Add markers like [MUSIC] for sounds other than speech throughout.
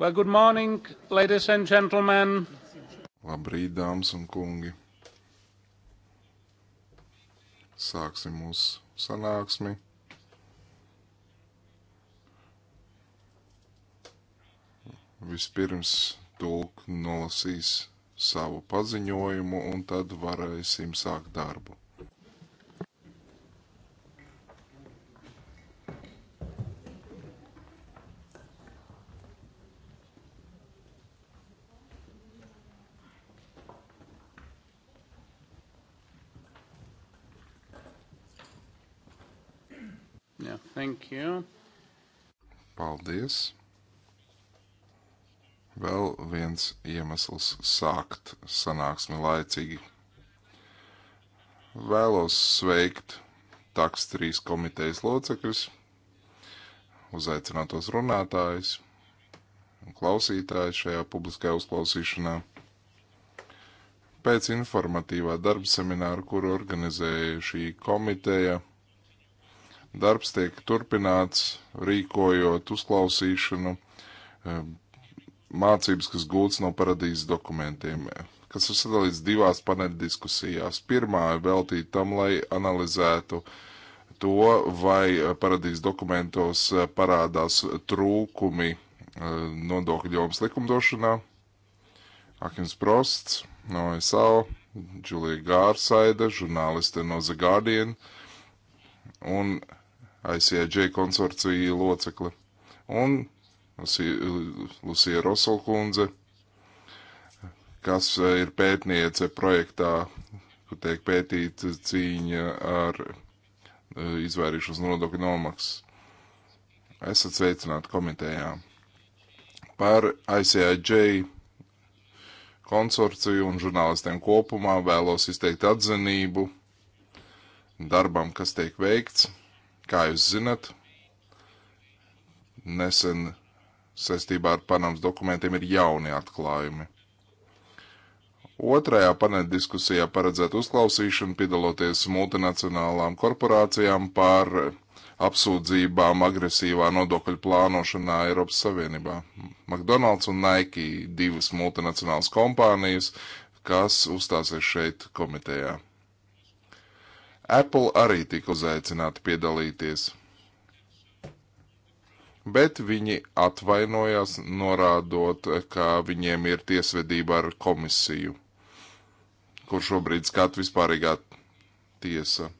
Well, good morning, ladies and gentlemen. Labrīt, dāmas un kungi. Sāksim mūsu sanāksmi. Vispirms tulk nolasīs savu paziņojumu un tad varēsim sākt darbu. Thank you. Paldies. Vēl viens iemesls sākt sanāksmi laicīgi. Vēlos sveikt taks trīs komitejas locekļus, uzaicinātos runātājus un klausītājus šajā publiskajā uzklausīšanā. Pēc informatīvā darba semināra, kuru organizēja šī komiteja, Darbs tiek turpināts, rīkojot uzklausīšanu, eh, mācības, kas gūts no paradīzes dokumentiem, kas ir sadalīts divās paneļa diskusijās. Pirmā ir veltīta tam, lai analizētu to, vai paradīzes dokumentos eh, parādās trūkumi eh, nodokļu jomas likumdošanā. Akims Prosts no SAO, Džulija Gārsaida, žurnāliste no The Guardian un ICIJ konsorcija locekli. Un Lucija Rosolkundze, kas ir pētniece projektā, kur tiek pētīta cīņa ar e, izvairīšanos nodokļu nomaksas. Esat sveicināti komitejā. Par ICIJ konsorciju un žurnālistiem kopumā vēlos izteikt atzinību darbam, kas tiek veikts Kā jūs zinat, nesen saistībā ar Panamas dokumentiem ir jauni atklājumi. Otrajā paneļa diskusijā paredzētu uzklausīšanu piedaloties multinacionālām korporācijām par apsūdzībām agresīvā nodokļu plānošanā Eiropas Savienībā. McDonald's un Nike divas multinacionālas kompānijas, kas uzstāsies šeit komitejā. Apple arī tika uzaicināti piedalīties, bet viņi atvainojās, norādot, ka viņiem ir tiesvedība ar komisiju, kur šobrīd skat vispārīgā tiesa.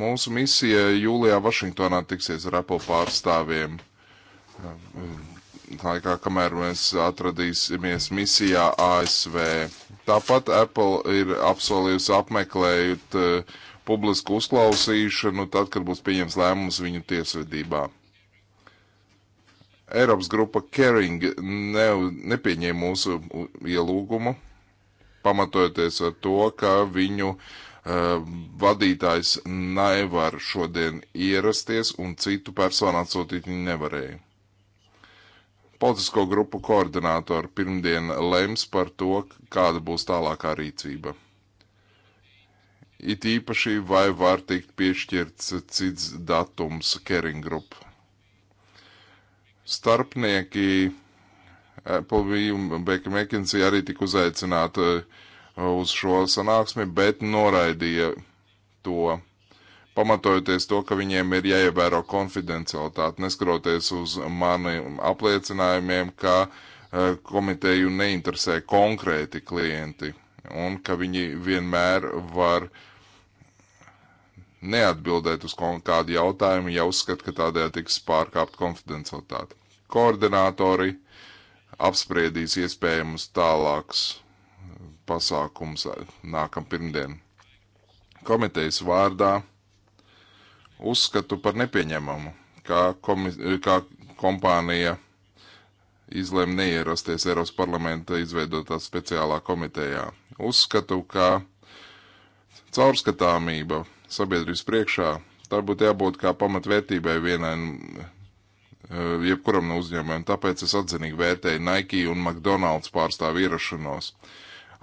Mūsu misija jūlijā Vašingtonā tiksies ar Apple pārstāvjiem laikā, kamēr mēs atradīsimies misijā ASV. Tāpat Apple ir apsolījusi apmeklējot uh, eh, publisku uzklausīšanu, tad, kad būs pieņems lēmums viņu tiesvedībā. Eiropas grupa Kering ne, nepieņēma mūsu ielūgumu, pamatojoties ar to, ka viņu uh, vadītājs nevar šodien ierasties un citu personu atsūtīt viņi nevarēja. Politisko grupu koordinātori pirmdien lems par to, kāda būs tālākā rīcība. It īpaši vai var tikt piešķirts cits datums Kering grupu. Starpnieki Applebee eh, un Beka McKenzie arī tika uzaicināti eh, uz šo sanāksmi, bet noraidīja to pamatojoties to, ka viņiem ir jāievēro konfidencialitāte, neskroties uz maniem apliecinājumiem, ka uh, komiteju neinteresē konkrēti klienti un ka viņi vienmēr var neatbildēt uz kādu jautājumu, ja uzskat, ka tādējā tiks pārkāpt konfidencialitāte. Koordinātori apspriedīs iespējamus tālākus pasākums e, nākam pirmdien. Komitejas vārdā uzskatu par nepieņemamu, kā, komis, kā kompānija izlēma neierasties Eiropas parlamenta izveidotā speciālā komitejā. Uzskatu, ka caurskatāmība sabiedrības priekšā tā būtu jābūt kā pamatvērtībai vienai eh, jebkuram no uzņēmumiem, tāpēc es atzinīgi vērtēju Nike un McDonald's pārstāvu ierašanos.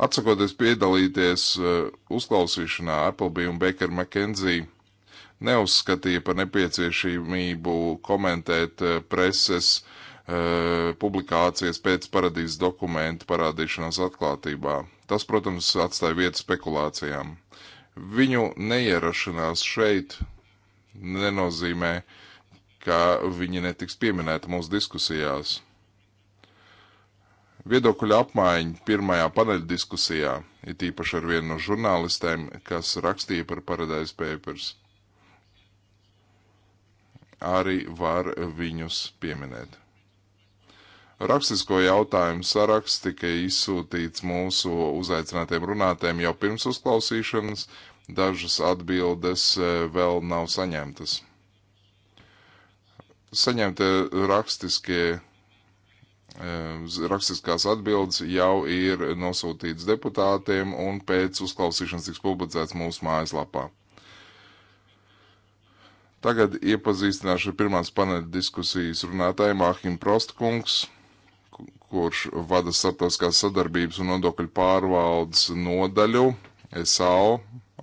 Atsakoties piedalīties eh, uzklausīšanā Applebee un Baker McKenzie neuzskatīja par nepieciešamību komentēt eh, preses uh, publikācijas pēc paradīzes dokumentu parādīšanās atklātībā. Tas, protams, atstāja vietu spekulācijām. Viņu neierašanās šeit nenozīmē, ka viņi netiks pieminēti mūsu diskusijās. Viedokļu apmaiņa pirmajā paneļa diskusijā, it īpaši ar vienu no žurnālistēm, kas rakstīja par Paradise Papers arī var viņus pieminēt. Rakstisko jautājumu saraksts tika izsūtīts mūsu uzaicinātiem runātēm jau pirms uzklausīšanas, dažas atbildes e, vēl nav saņemtas. Saņemtie rakstiskie e, rakstiskās atbildes jau ir nosūtītas deputātiem un pēc uzklausīšanas tiks publicēts mūsu mājaslapā. Tagad iepazīstināšu ar pirmās paneļa diskusijas runātājiem Ahim Prostkungs, kurš vada starptautiskās sadarbības un nodokļu pārvaldes nodaļu SAO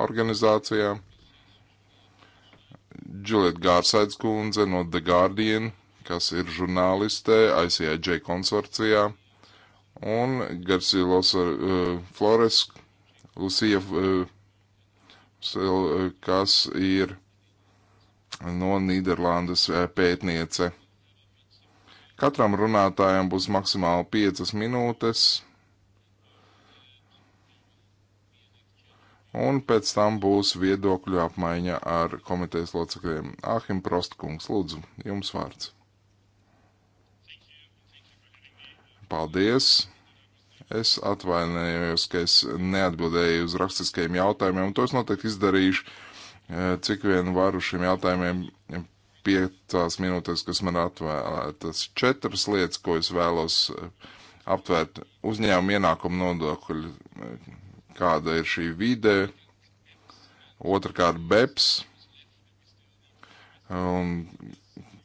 organizācijā. Džuliet Gārsaids kundze no The Guardian, kas ir žurnāliste ICIJ konsorcijā, un Garcilos uh, Flores, Lucija, uh, uh, kas ir no Nīderlandes eh, pētniece. Katram runātājam būs maksimāli 5 minūtes, un pēc tam būs viedokļu apmaiņa ar komitejas locekļiem. Ahim Prostkungs, lūdzu, jums vārds. Paldies! Es atvainojos, ka es neatbildēju uz rakstiskajiem jautājumiem, un to es noteikti izdarīšu Eh, cik vien varu šiem jautājumiem eh, piecās minūtēs, kas man atvēlētas. Četras lietas, ko es vēlos eh, aptvērt uzņēmumu ienākumu nodokļu, kāda ir šī vide, otrkārt BEPS, un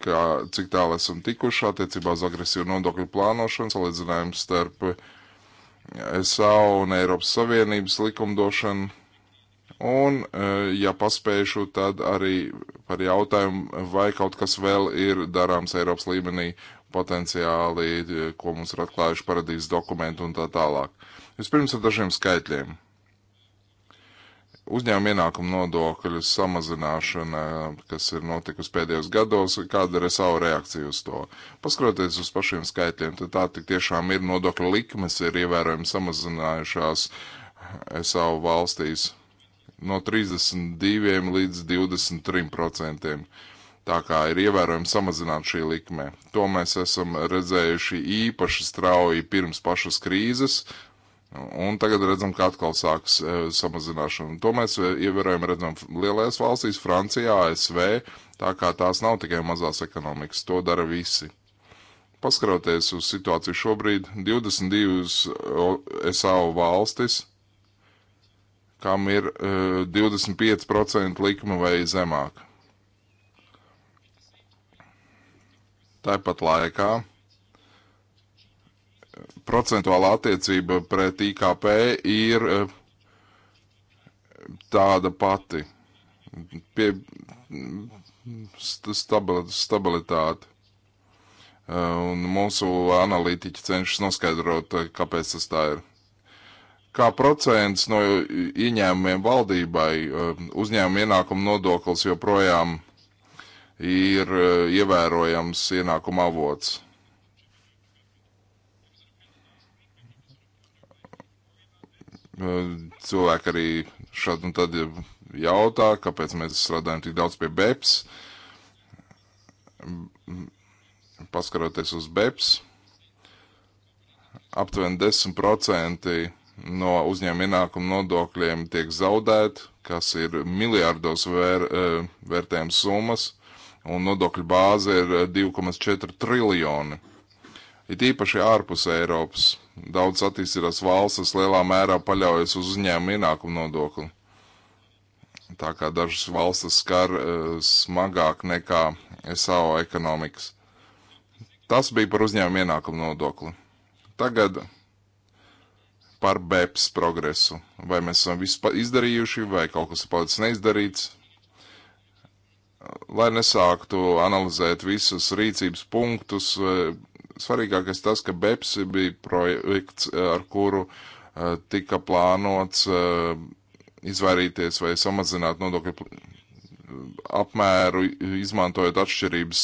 kā, cik tālu esam tikuši attiecībā uz agresīvu nodokļu plānošanu, salīdzinājums starp SAU un Eiropas Savienības likumdošanu Un, e, ja paspējušu, tad arī par jautājumu, vai kaut kas vēl ir darāms Eiropas līmenī potenciāli, e, ko mums ir atklājuši paradīzes dokumenti un tā tālāk. Vispirms ar dažiem skaitļiem. Uzņēmuma ienākuma nodokļu samazināšana, kas ir notikusi pēdējos gados, kāda ir savu reakciju uz to? Paskatoties uz pašiem skaitļiem, tad tā tik tiešām ir nodokļu likmes, ir ievērojami samazinājušās savu valstīs no 32 līdz 23 procentiem. Tā kā ir ievērojami samazināta šī likme. To mēs esam redzējuši īpaši strauji pirms pašas krīzes, un tagad redzam, ka atkal sāks e, samazināšana. To mēs e, ievērojami redzam lielajās valstīs, Francijā, ASV, tā kā tās nav tikai mazās ekonomikas, to dara visi paskaroties uz situāciju šobrīd, 22 SAO valstis kam ir uh, e, 25% likme vai zemāk. Tāpat laikā procentuāla attiecība pret IKP ir uh, tāda pati. Pie st stabil stabilitāte. Uh, un mūsu analītiķi cenšas noskaidrot, kāpēc tas tā ir kā procents no ieņēmumiem valdībai um, uzņēmuma ienākuma nodoklis joprojām ir uh, ievērojams ienākuma avots. Uh, cilvēki arī šad un nu tad jautā, kāpēc mēs strādājam tik daudz pie BEPS. Paskaroties uz BEPS, aptuveni 10% no uzņēmuma ienākuma nodokļiem tiek zaudēti, kas ir miljārdos vēr, e, vērtējums summas, un nodokļu bāze ir 2,4 e, triljoni. It īpaši ārpus Eiropas daudz attīstītās valstis lielā mērā paļaujas uz uzņēmuma ienākumu nodokli. Tā kā dažas valstis skar uh, smagāk nekā SAO ekonomikas. Tas bija par uzņēmuma ienākumu nodokli. Tagad par BEPS progresu. Vai mēs esam visu izdarījuši, vai kaut kas ir palicis neizdarīts. Lai nesāktu analizēt visus rīcības punktus, e, svarīgākais tas, ka BEPS bija projekts, e, ar kuru e, tika plānots izvairīties vai samazināt nodokļu apmēru, izmantojot atšķirības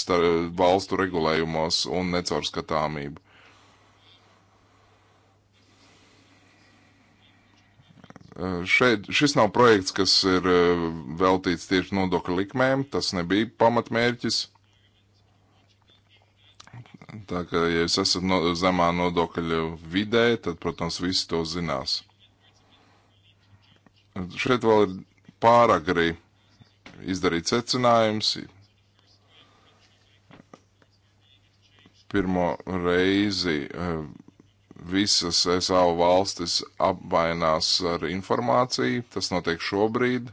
valstu regulējumos un necaurskatāmību. Šeit, э, šis nav projekts, kas ir э, veltīts tieši nodokļu likmēm, tas nebija pamatmērķis. Tā kā, ja jūs esat no, zemā nodokļa vidē, tad, protams, visi to zinās. Šeit vēl ir pārāk arī izdarīt secinājums. Pirmo reizi eh, visas SAO valstis apmainās ar informāciju. Tas notiek šobrīd.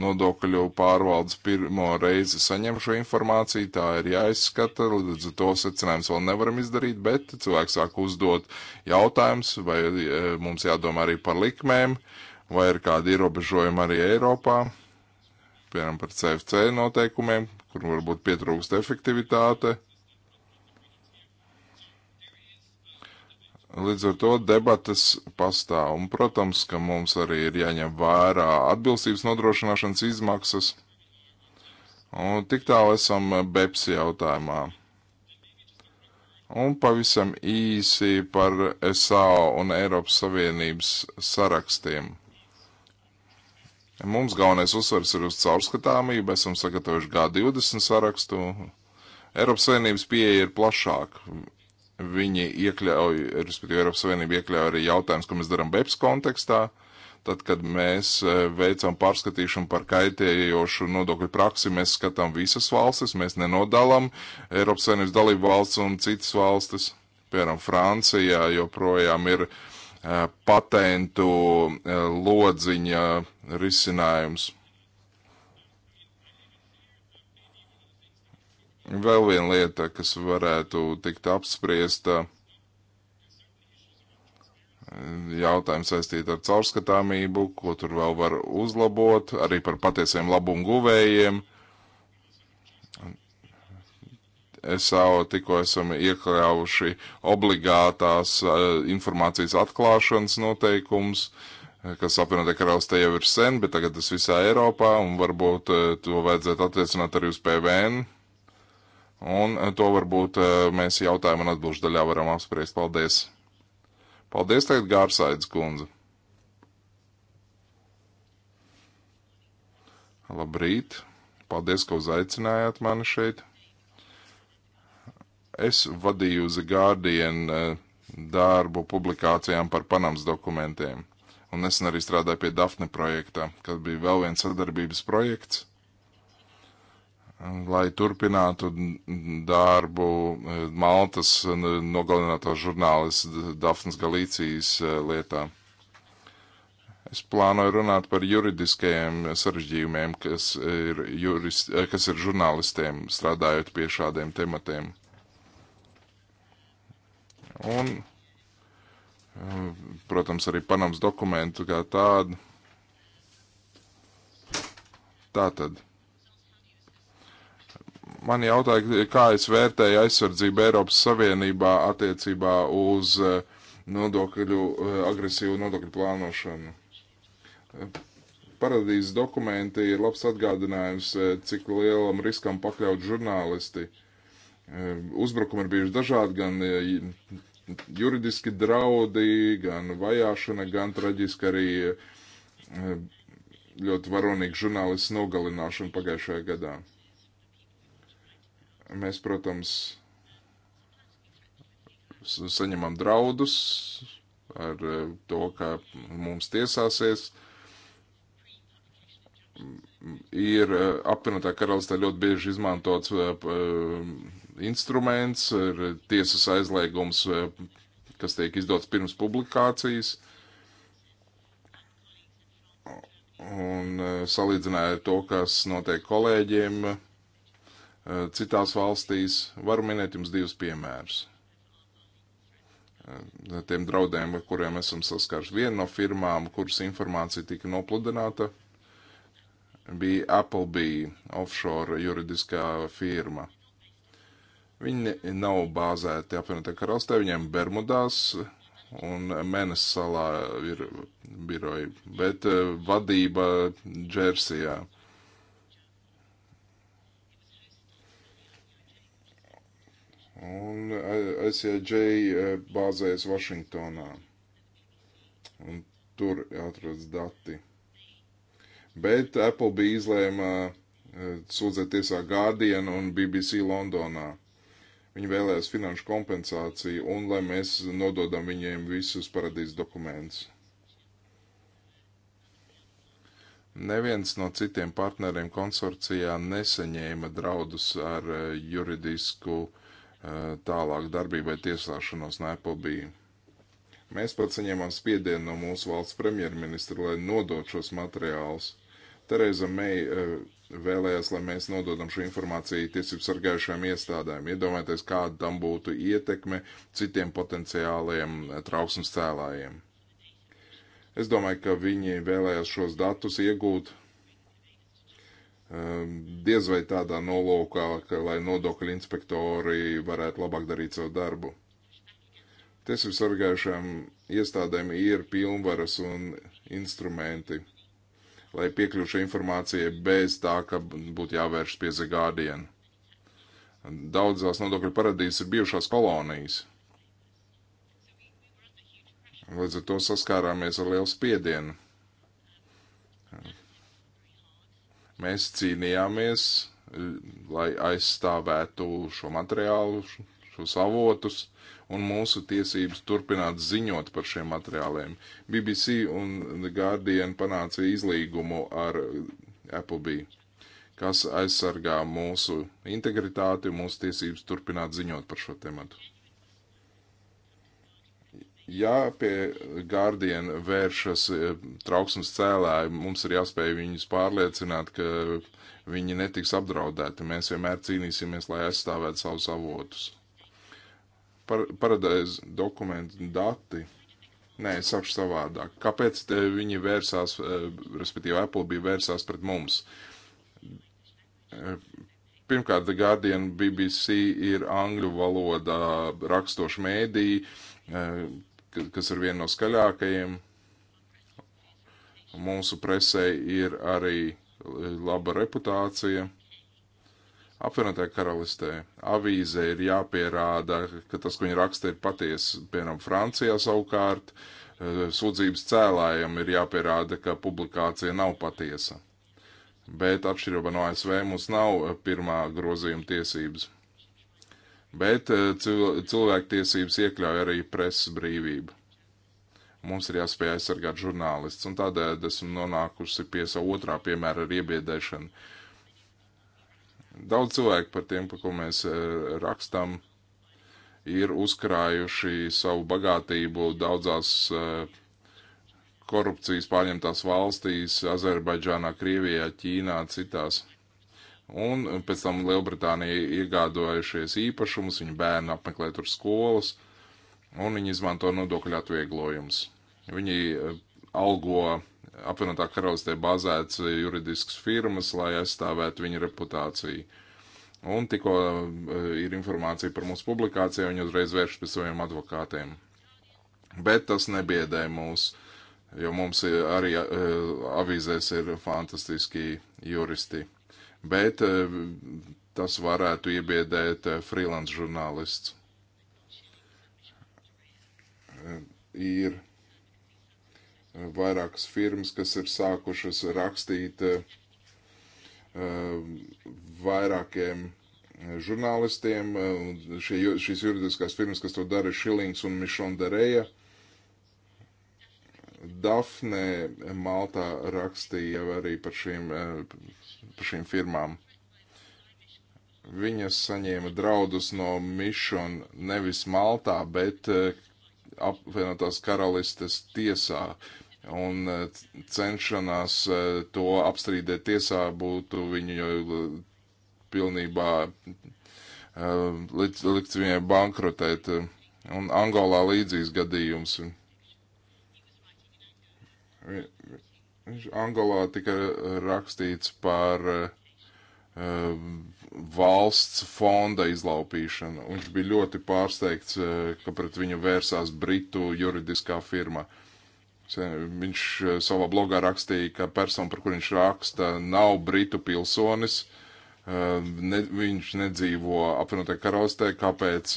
Nodokļu pārvaldes pirmo reizi saņem šo informāciju, tā ir jāizskata, līdz ar to secinājums vēl nevaram izdarīt, bet cilvēks sāk uzdot jautājumus, vai e, mums jādomā arī par likmēm, vai ir kādi ierobežojumi arī Eiropā, piemēram par CFC noteikumiem, kur varbūt pietrūkst efektivitāte Līdz ar to debatas pastāv. Un, protams, ka mums arī ir jāņem vērā atbilstības nodrošināšanas izmaksas. Un tik tālu esam BEPS jautājumā. Un pavisam īsi par SAO un Eiropas Savienības sarakstiem. Mums galvenais uzsvers ir uz caurskatāmību, esam sagatavojuši G20 sarakstu. Eiropas Savienības pieeja ir plašāka Viņi iekļauj, respektīvi Eiropas Savienība iekļauj arī jautājumus, ko mēs darām BEPS kontekstā, tad, kad mēs e, veicam pārskatīšanu par kaitējošu nodokļu praksi, mēs skatām visas valstis, mēs nenodalām Eiropas Savienības dalību valsts un citas valstis. Piemēram, Francijā joprojām ir e, patentu e, lodziņa risinājums. Vēl viena lieta, kas varētu tikt apspriesta, jautājums saistīt ar caurskatāmību, ko tur vēl var uzlabot, arī par patiesiem labumu guvējiem. SAO tikko esam iekļāvuši obligātās eh, informācijas atklāšanas noteikums, kas apvienotā karalistē jau ir sen, bet tagad tas visā Eiropā, un varbūt eh, to vajadzētu attiecināt arī uz PVN Un eh, to varbūt eh, mēs jautājumu un atbilžu daļā varam apspriest. Paldies! Paldies tagad Gārsaidas kundze! Labrīt! Paldies, ka uzaicinājāt mani šeit! Es vadīju The Guardian eh, darbu publikācijām par Panamas dokumentiem, un nesen arī strādāju pie Dafne projekta, kas bija vēl viens sadarbības projekts lai turpinātu darbu e, Maltas nogalināto žurnālistu Dafnas Galīcijas e, lietā. Es plānoju runāt par juridiskajiem sarežģījumiem, kas ir, jurist, e, kas ir žurnālistiem strādājot pie šādiem tematiem. Un, protams, arī Panamas dokumentu kā tādu. Tātad. Man jautāja, kā es vērtēju aizsardzību Eiropas Savienībā attiecībā uz eh, nodokļu, eh, agresīvu nodokļu plānošanu. Paradīzes dokumenti ir labs atgādinājums, eh, cik lielam riskam pakļaut žurnālisti. Uzbrukumi ir bijuši dažādi, gan juridiski draudi, gan vajāšana, gan traģiski arī ļoti varonīga žurnālists nogalināšana pagājušajā gadā. Mēs, protams, saņemam draudus ar e, to, ka mums tiesāsies. Ir e, apvienotā karalistē ļoti bieži izmantots e, instruments, ir tiesas aizliegums, kas tiek izdots pirms publikācijas. Un salīdzināja to, kas notiek kolēģiem, Eh, citās valstīs. Varu minēt jums divus piemērus. Eh, tiem draudiem, ar kuriem esam saskāruši. Viena no firmām, kuras informācija tika nopludināta, bija Applebee offshore juridiskā firma. Viņi nav bāzēti apvienotā karalstē, viņiem Bermudās un Menes salā ir biroji, bet eh, vadība Džersijā. Uh, un eh, SJJ e eh, bāzējas Vašingtonā. Un tur atrodas dati. Bet Apple bija izlēma eh, sūdzēt tiesā Guardian un BBC Londonā. Viņi vēlējās finanšu kompensāciju un lai mēs nododam viņiem visus paradīzes dokumentus. Neviens no citiem partneriem konsorcijā nesaņēma draudus ar juridisku uh, Eh, tālāk darbībai tiesāšanos Nēpobī. Mēs pat saņēmām spiedienu no mūsu valsts premjerministra, lai nodot šos materiālus. Tereza Meija eh, vēlējās, lai mēs nododam šo informāciju tiesību sargājušajām iestādēm, iedomājieties, kāda tam būtu ietekme citiem potenciāliem eh, trauksmes cēlājiem. Es domāju, ka viņi vēlējās šos datus iegūt Ehm, diez vai tādā nolūkā, ka, lai nodokļu inspektori varētu labāk darīt savu darbu. Tiesību sargājušām iestādēm ir pilnvaras un instrumenti, lai piekļūšu informācijai bez tā, ka būtu jāvērš pie The Guardian. Daudzās nodokļu paradīzes ir bijušās kolonijas. Līdz ar to saskārāmies ar lielu spiedienu Mēs cīnījāmies, eh, lai aizstāvētu šo materiālu, šos avotus un mūsu tiesības turpināt ziņot par šiem materiāliem. BBC un The Guardian panāca izlīgumu ar Applebee, kas aizsargā mūsu integritāti un mūsu tiesības turpināt ziņot par šo tematu. Ja pie Guardian vēršas eh, trauksmes cēlāji, mums ir jāspēj viņus pārliecināt, ka viņi netiks apdraudēti. Mēs vienmēr cīnīsimies, lai aizstāvētu savus avotus. Par, paradēs dokumentu dati. Nē, es saku savādāk. Kāpēc viņi vērsās, eh, respektīvi Apple bija vērsās pret mums? Eh, pirmkārt, The Guardian BBC ir angļu valodā rakstoša mēdīja kas ir viena no skaļākajiem. Mūsu presē ir arī laba reputācija. Apvienotā karalistē avīze ir jāpierāda, ka tas, ko viņi raksta, ir patiesa. Piemēram, Francijā savukārt eh, sūdzības cēlājiem ir jāpierāda, ka publikācija nav patiesa. Bet atšķirībā no ASV mums nav eh, pirmā grozījuma tiesības bet eh, cilvēktiesības iekļauj arī presas brīvību. Mums ir jāspēj aizsargāt žurnālists, un tādēļ esmu nonākusi pie savu otrā piemēra ar iebiedēšanu. Daudz cilvēku par tiem, par ko mēs eh, rakstam, ir uzkrājuši savu bagātību daudzās eh, korupcijas pārņemtās valstīs, Azerbaidžānā, Krievijā, Ķīnā, citās. Un pēc tam Lielbritānija iegādājušies īpašumus, viņu bērni apmeklē tur skolas, un viņi izmanto nodokļu atvieglojumus. Viņi eh, algo apvienotā karalistē bazēts juridisks firmas, lai aizstāvētu viņu reputāciju. Un tikko eh, ir informācija par mūsu publikāciju, viņi uzreiz vērš pie saviem advokātiem. Bet tas nebiedē mūs, jo mums arī eh, avīzēs ir fantastiski juristi bet eh, tas varētu iebiedēt eh, freelance žurnālists. Eh, ir vairākas firmas, kas ir sākušas rakstīt vairākiem žurnālistiem. Šie, šīs juridiskās firmas, kas to dara, ir Šilings un Mišona Dereja. Dafne Maltā rakstīja arī par šīm par šīm firmām. Viņas saņēma draudus no Mission nevis Maltā, bet eh, apvienotās karalistes tiesā. Un eh, cenšanās eh, to apstrīdēt tiesā būtu viņu pilnībā likt, likt viņai bankrotēt. Un Angolā līdzīgs gadījums. Angolā tika eh, rakstīts par eh, eh, valsts fonda izlaupīšanu. Viņš bija ļoti pārsteigts, ka pret viņu vērsās Britu juridiskā firma. Viņš savā blogā rakstīja, ka persona, par kur viņš raksta, nav Britu pilsonis. Ne, viņš nedzīvo apvienotā karalistē, kāpēc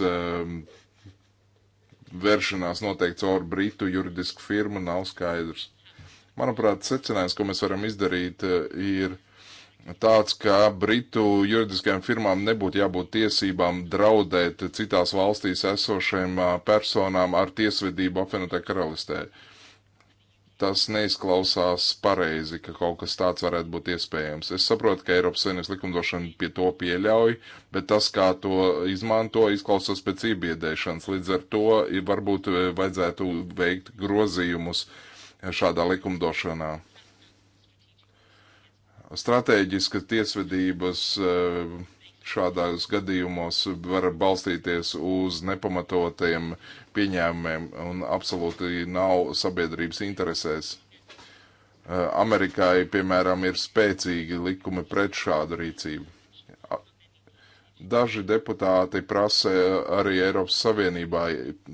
vēršanās noteikti caur Britu juridisku firmu nav skaidrs. Manuprāt, secinājums, ko mēs varam izdarīt, eh, ir tāds, ka Britu juridiskajām firmām nebūtu jābūt tiesībām draudēt citās valstīs esošiem eh, personām ar tiesvedību apvienotā karalistē. Tas neizklausās pareizi, ka kaut kas tāds varētu būt iespējams. Es saprotu, ka Eiropas Savienības likumdošana pie to pieļauj, bet tas, kā to izmanto, izklausās pēc iebiedēšanas. Līdz ar to varbūt eh, vajadzētu veikt grozījumus uh, šādā likumdošanā. Stratēģiska tiesvedības eh, šādās gadījumos var balstīties uz nepamatotajiem pieņēmumiem un absolūti nav sabiedrības interesēs. Eh, Amerikāji, piemēram, ir spēcīgi likumi pret šādu rīcību. Daži deputāti prasa arī Eiropas Savienībā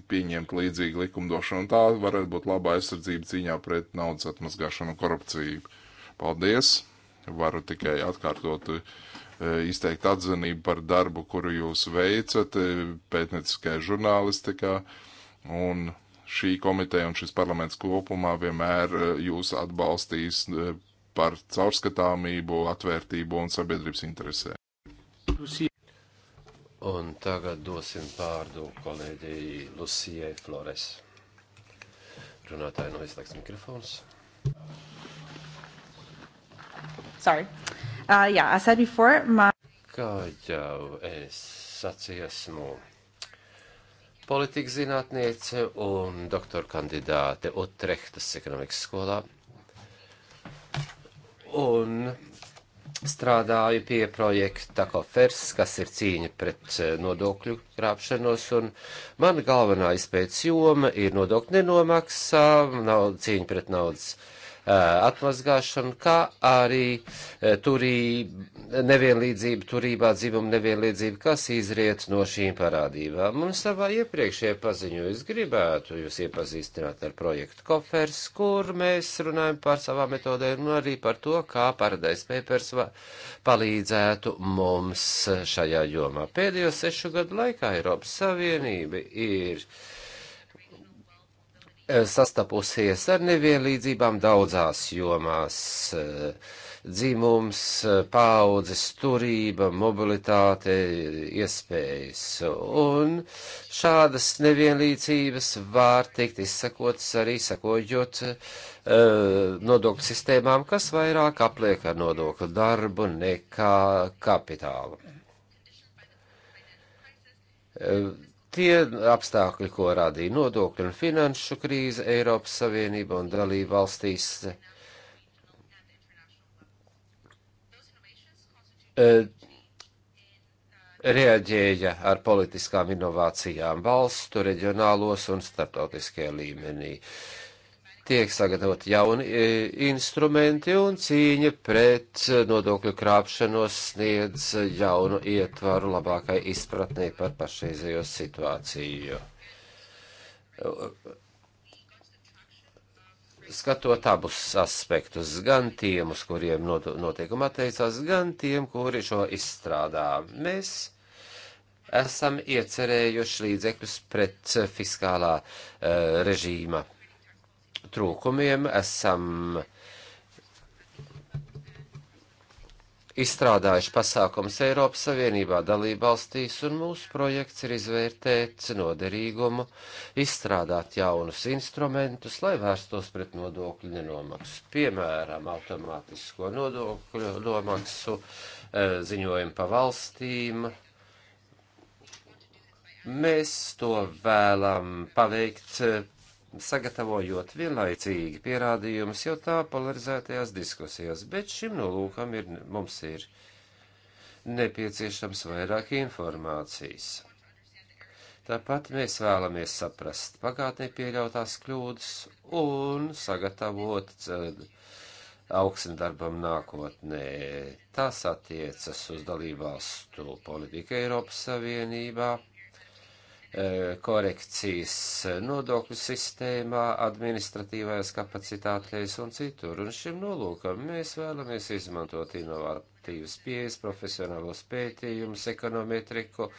pieņemt līdzīgu likumdošanu, un tā varētu būt laba aizsardzība cīņā pret naudas atmazgāšanu un korupciju. Paldies! Varu tikai atkārtot e, izteikt atzinību par darbu, kuru jūs veicat e, pētnieciskajā žurnālistikā, un šī komiteja un šis parlaments kopumā vienmēr e, jūs atbalstīs par caurskatāmību, atvērtību un sabiedrības interesēm. Un tagad dosim pārdu kolēģei Lucijai Flores. Runātāji no izslēgts mikrofons. Sorry. Uh, yeah, I said before, my... Kā jau es sacīju, esmu politikas zinātniece un doktora kandidāte Utrehtas ekonomikas skolā. Un strādāju pie projekta Kofers, kas ir cīņa pret e, nodokļu krāpšanos, un mana galvenā izpētes joma ir nodokļu nenomaksā, cīņa pret naudas uh, Eh, atmazgāšanu, kā arī eh, turī, nevienlīdzība turībā, dzimuma nevienlīdzība, kas izriet no šīm parādībām. Un savā iepriekšējā paziņu es gribētu jūs iepazīstināt ar projektu Kofers, kur mēs runājam par savām metodēm un arī par to, kā Paradise Papers palīdzētu mums šajā jomā. Pēdējo sešu gadu laikā Eiropas Savienība ir Eh, sastapusies ar nevienlīdzībām daudzās jomās eh, - dzimums, eh, paudzes, turība, mobilitāte, iespējas. Un šādas nevienlīdzības var tikt izsakotas arī sakojot nodokļu sistēmām, kas vairāk apliek ar nodokļu darbu nekā kapitālu Tie apstākļi, ko radīja nodokļu un finanšu krīze Eiropas Savienība un dalība valstīs, e, reaģēja ar politiskām inovācijām valstu, reģionālos un starptautiskajā līmenī. Uh, tiek sagatavoti jauni e, instrumenti un cīņa pret nodokļu krāpšanos sniedz jaunu ietvaru labākai izpratnē par pašreizējo situāciju. Skatot abus aspektus, gan tiem, uz kuriem noteikuma atteicās, gan tiem, kuri šo izstrādā, mēs esam iecerējuši līdzekļus pret fiskālā uh, režīma trūkumiem, esam izstrādājuši pasākums Eiropas Savienībā dalībvalstīs, un mūsu projekts ir izvērtēt noderīgumu, izstrādāt jaunus instrumentus, lai vērstos pret nodokļu nenomaksu, piemēram, automātisko nodokļu nomaksu, eh, ziņojumu pa valstīm. Mēs to vēlam paveikt eh, sagatavojot vienlaicīgi pierādījumus jau tā polarizētajās diskusijās, bet šim nolūkam ir, mums ir nepieciešams vairāk informācijas. Tāpat mēs vēlamies saprast pagātnē pieļautās kļūdas un sagatavot eh, augsni darbam nākotnē. Tas attiecas uz dalībvalstu politiku Eiropas Savienībā E, korekcijas nodokļu sistēmā, administratīvās kapacitātēs un citur. Un šim nolūkam mēs vēlamies izmantot inovatīvas pieejas, profesionālos pētījumus, ekonometriku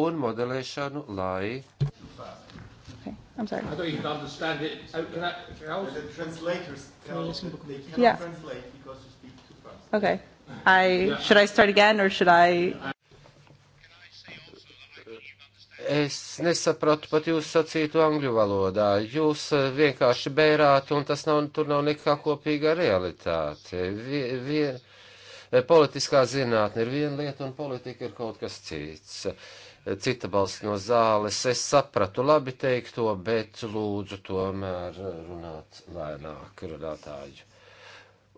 un modelēšanu, lai. Okay. I'm sorry. I don't even understand it. How oh, can I? How? The translators tell they cannot yeah. translate because you speak too fast. Okay. I yeah. should I start again or should I? Es nesapratu pat jūs sacītu angļu valodā. Jūs eh, vienkārši bērāt, un tas nav, tur nav nekā kopīga realitāte. Vien, vien, eh, politiskā zinātne ir viena lieta, un politika ir kaut kas cits. Eh, cita balss no zāles. Es sapratu labi teikto, bet lūdzu tomēr runāt lēnāk runātāju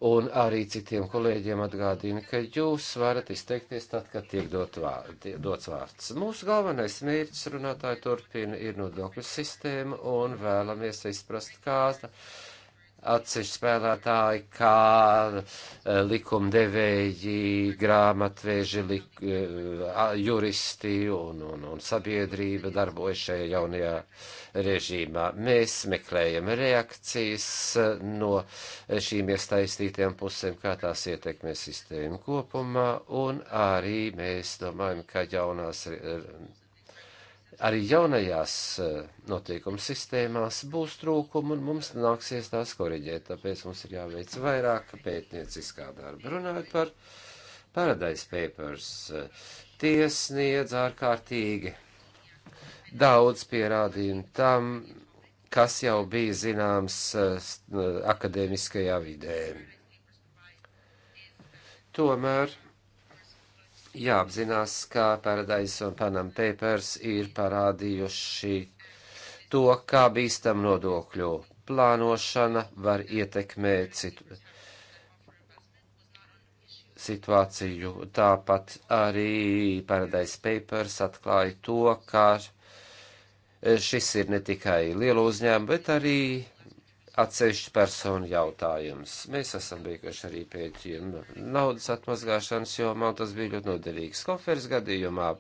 un arī citiem kolēģiem atgādina, ka jūs varat izteikties tad, kad tiek dot vār, dots vārds. Mūsu galvenais mērķis runātāji turpina ir nodokļu sistēma un vēlamies izprast, kāda atsevišķi spēlētāji, kā e, likumdevēji, grāmatvēži, lik, e, juristi un, un, un sabiedrība darbojas šajā jaunajā režīmā. Mēs meklējam reakcijas e, no šīm iesaistītajām pusēm, kā tās ietekmē sistēmu kopumā, un arī mēs domājam, ka jaunās. Re, arī jaunajās eh, notiekuma sistēmās būs trūkumi un mums nāksies tās koriģēt, tāpēc mums ir jāveic vairāk pētnieciskā darba. Runājot par Paradise Papers, eh, tie sniedz ārkārtīgi daudz pierādījumu tam, kas jau bija zināms eh, akadēmiskajā vidē. Tomēr jāapzinās, ka Paradise un Panam Papers ir parādījuši to, kā bīstam nodokļu plānošana var ietekmēt citu situāciju. Tāpat arī Paradise Papers atklāja to, ka šis ir ne tikai liela uzņēmuma, bet arī atsevišķu personu jautājums. Mēs esam beiguši arī pētījumu naudas atmazgāšanas jomā, un tas bija ļoti noderīgs. Koferis gadījumā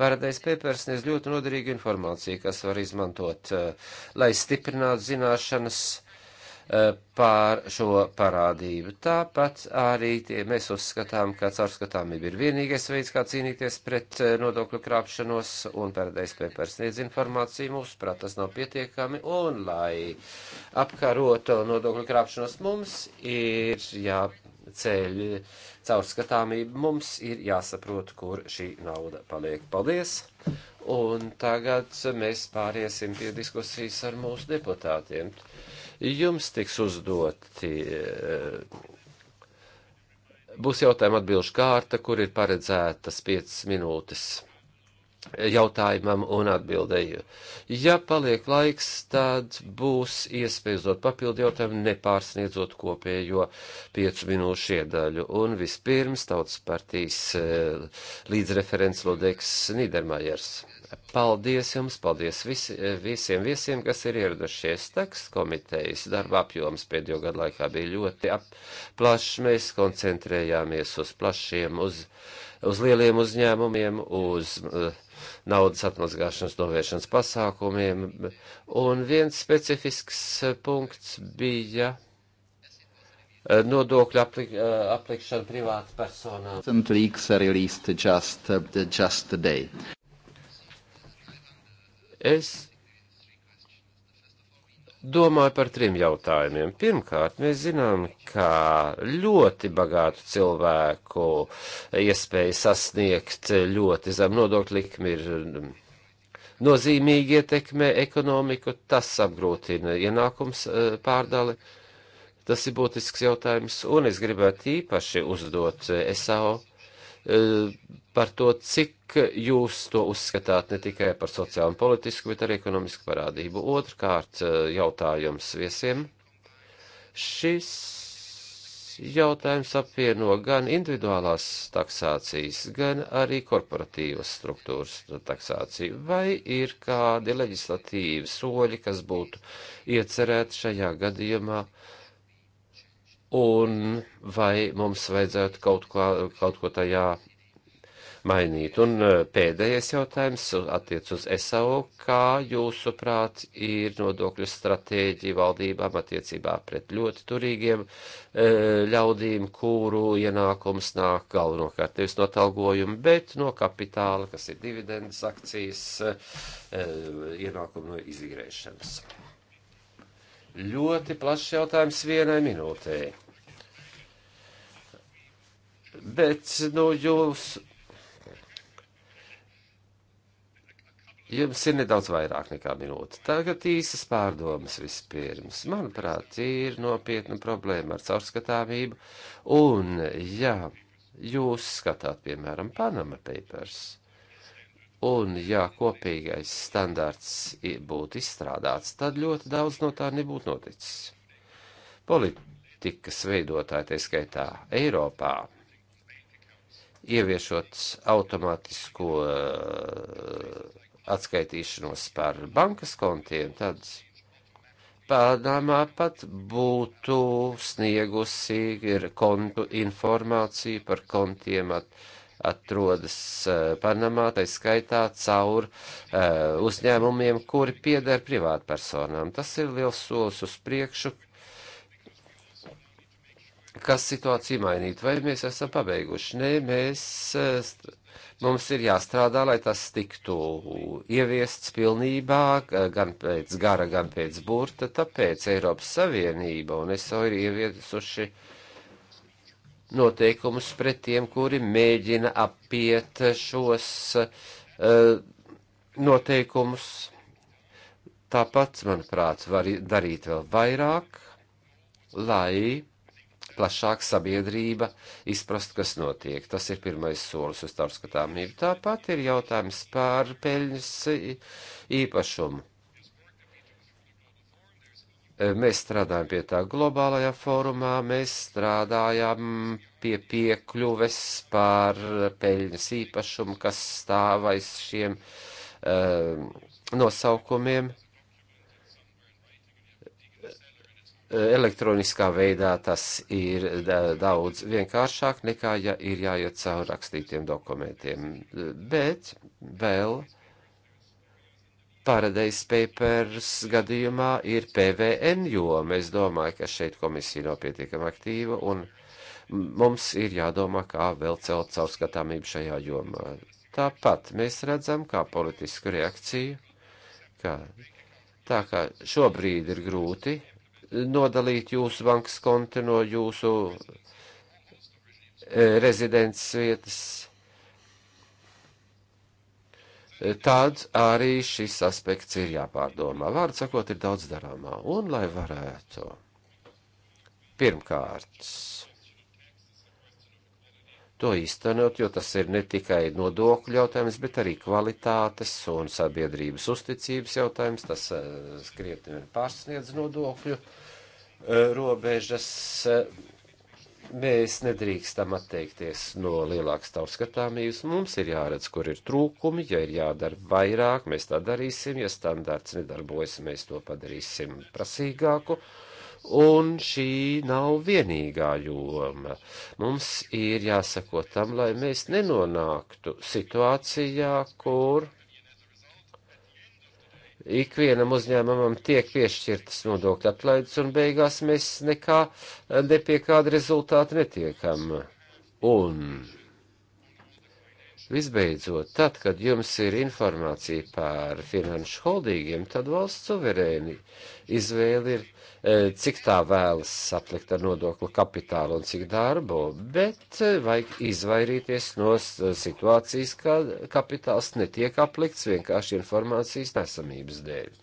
Paradise Papers sniedz ļoti noderīgu informāciju, kas var izmantot, eh, lai stiprinātu zināšanas Eh, pār šo parādību. Tāpat arī tie, mēs uzskatām, ka caurskatāmība ir vienīgais veids, kā cīnīties pret eh, nodokļu krāpšanos un pēdējais pēpērs sniedz informāciju mums, prāt, tas nav pietiekami, un lai apkarotu nodokļu krāpšanos mums ir jāceļ caurskatāmība, mums ir jāsaprot, kur šī nauda paliek. Paldies! Un tagad mēs pāriesim pie diskusijas ar mūsu deputātiem. Jums tiks uzdoti, eh, būs jautājuma atbilžu kārta, kur ir paredzētas 5 minūtes jautājumam un atbildēju. Ja paliek laiks, tad būs iespēja uzdot papildu jautājumu, nepārsniedzot kopējo piecu minūšu iedaļu. Un vispirms tautas partijas eh, līdzreferents Lodeks Nīdermajers. Paldies jums, paldies visi, eh, visiem viesiem, kas ir ieradušies tekstu komitejas. Darba apjoms pēdējo gadu laikā bija ļoti plašs. Mēs koncentrējāmies uz plašiem, uz, uz lieliem uzņēmumiem, uz uh, naudas atmazgāšanas novēršanas pasākumiem. Un viens specifisks eh, punkts bija nodokļu aplik aplikšanu privātu personām. Es domāju par trim jautājumiem. Pirmkārt, mēs zinām, ka ļoti bagātu cilvēku iespēja sasniegt ļoti zem nodokļu likmi ir mm, nozīmīgi ietekmē ekonomiku, tas apgrūtina ienākums e, pārdali. Tas ir būtisks jautājums, un es gribētu īpaši uzdot e, SAO Eh, par to, cik jūs to uzskatāt ne tikai par sociālu un politisku, bet arī ekonomisku parādību. Otrkārt, eh, jautājums viesiem. Šis jautājums apvieno gan individuālās taksācijas, gan arī korporatīvas struktūras taksāciju. Vai ir kādi leģislatīvi soļi, kas būtu iecerēti šajā gadījumā? Uh, un vai mums vajadzētu kaut, klā, kaut ko tajā mainīt. Un e, pēdējais jautājums attiec uz SAO. Kā jūsuprāt ir nodokļu stratēģija valdībām attiecībā pret ļoti turīgiem e, ļaudīm, kuru ienākums nāk galvenokārt nevis no atalgojuma, bet no kapitāla, kas ir dividendes akcijas, e, ienākumu no izīrēšanas? Ļoti plašs jautājums vienai minūtē. Bet, nu, jūs. Jums ir nedaudz vairāk nekā minūte. Tagad īsas pārdomas vispirms. Manuprāt, ir nopietna problēma ar caurskatāmību. Un, ja jūs skatāt, piemēram, Panama papers, Un, ja kopīgais standarts būtu izstrādāts, tad ļoti daudz no tā nebūtu noticis. Politikas veidotāji, tā skaitā Eiropā, ieviešot automātisko eh, atskaitīšanos par bankas kontiem, tad Pādāmā pat būtu sniegusi kontu informāciju par kontiem atskaitīšanos atrodas eh, Panamā, tai skaitā caur uh, uzņēmumiem, kuri pieder privātpersonām. Tas ir liels solis uz priekšu, kas situāciju mainītu. Vai mēs esam pabeiguši? Nē, mēs, eh, mums ir jāstrādā, lai tas tiktu ieviests pilnībā, gan pēc gara, gan pēc burta. Tāpēc Eiropas Savienība un es jau ir ieviesuši uh, noteikumus pret tiem, kuri mēģina apiet šos uh, noteikumus. Tāpat, manuprāt, var darīt vēl vairāk, lai plašāk sabiedrība izprast, kas notiek. Tas ir pirmais solis uz caurskatāmību. Tāpat ir jautājums par peļņas īpašumu Eh, mēs strādājam pie tā globālajā fórumā, mēs strādājam pie piekļuves par peļņas īpašumu, kas stāv aiz šiem uh, nosaukumiem. Eh, elektroniskā veidā tas ir daudz vienkāršāk nekā, ja ir jāiet cauri rakstītiem dokumentiem. Bet vēl. Uh, Paradise Papers gadījumā ir PVN joma. Es domāju, ka šeit komisija nav pietiekami aktīva un mums ir jādomā, kā vēl celt caurskatāmību šajā jomā. Tāpat mēs redzam, kā politisku reakciju, ka tā kā šobrīd ir grūti nodalīt jūsu bankas konti no jūsu eh, rezidents vietas tad arī šis aspekts ir jāpārdomā. Vārds sakot, ir daudz darāmā. Un lai varētu. Pirmkārt, to īstenot, jo tas ir ne tikai nodokļu jautājums, bet arī kvalitātes un sabiedrības uzticības jautājums. Tas eh, skrietni pārsniedz nodokļu eh, robežas eh, Mēs nedrīkstam atteikties no lielākas tautskatāmības. Mums ir jāredz, kur ir trūkumi, ja ir jādara vairāk, mēs tā darīsim, ja standarts nedarbojas, mēs to padarīsim prasīgāku. Un šī nav vienīgā joma. Mums ir jāsako tam, lai mēs nenonāktu situācijā, kur ikvienam uzņēmumam tiek piešķirtas nodokļu atlaides, un beigās mēs nekā, ne pie kāda rezultāta netiekam. Un Visbeidzot, tad, kad jums ir informācija par finanšu holdīgiem, tad valsts suverēni izvēli ir, e, cik tā vēlas atlikt ar nodokli kapitālu un cik darbu, bet e, vajag izvairīties no e, situācijas, kad kapitāls netiek aplikts vienkārši informācijas nesamības dēļ.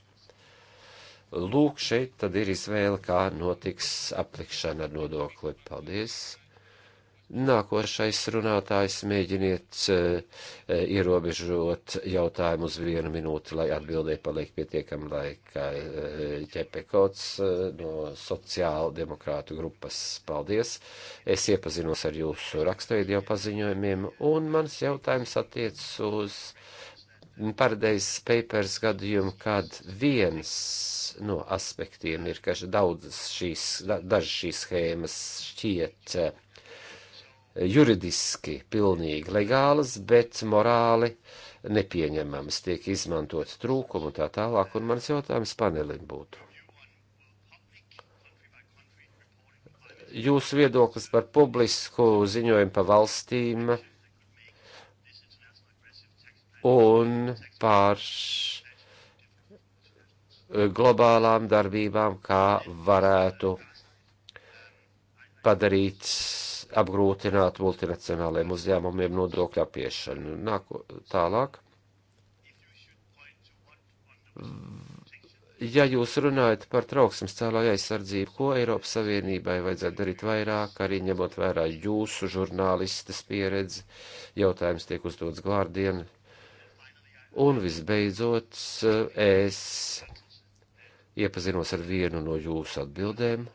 Lūk, šeit tad ir izvēle, kā notiks aplikšana ar nodokli. Paldies! Nākošais runātājs mēģiniet eh, eh, ierobežot jautājumu uz vienu minūti, lai atbildē paliek pietiekami laika. Ķepekots eh, no sociāldemokrātu grupas, paldies. Es iepazinos ar jūsu raksturīdu jau paziņojumiem, un mans jautājums attiec uz paradeiz papers gadījumu, kad viens no aspektiem ir, ka daudz šīs, dažas šīs schēmas šķiet juridiski pilnīgi legālas, bet morāli nepieņemamas, tiek izmantot trūkumu un tā tālāk, un mans jautājums panelim būtu. Jūsu viedoklis par publisku ziņojumu pa valstīm un par eh, globālām darbībām, kā varētu padarīt apgrūtināt multinacionāliem uzņēmumiem nodokļu apiešanu. Nāko tālāk. Ja jūs runājat par trauksmes cēlāju aizsardzību, ko Eiropas Savienībai vajadzētu darīt vairāk, arī ņemot vērā jūsu žurnālistas pieredzi, jautājums tiek uzdots Guardian. Un visbeidzot, es iepazinos ar vienu no jūsu atbildēm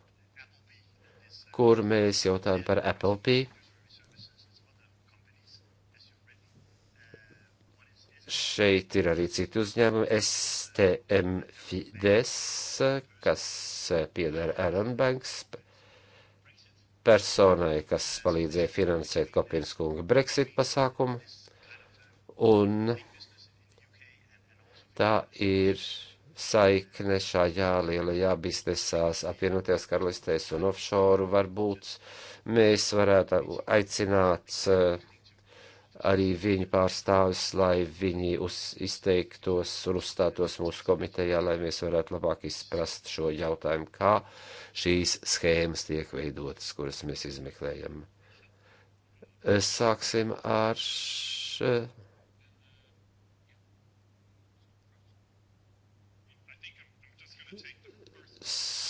kur mēs jautājam par Apple Pay. Šeit ir arī citi uzņēmumi, STM Fides, kas piedara Aaron Banks, personai, kas palīdzēja finansēt Kopins kunga Brexit pasākumu, un tā ir saikne šajā lielajā biznesās apvienoties karalistēs un offshore varbūt mēs varētu aicināt eh, arī viņu pārstāvis, lai viņi uz, izteiktos un uzstātos mūsu komitejā, lai mēs varētu labāk izprast šo jautājumu, kā šīs schēmas tiek veidotas, kuras mēs izmeklējam. Eh, sāksim ar. Še eh,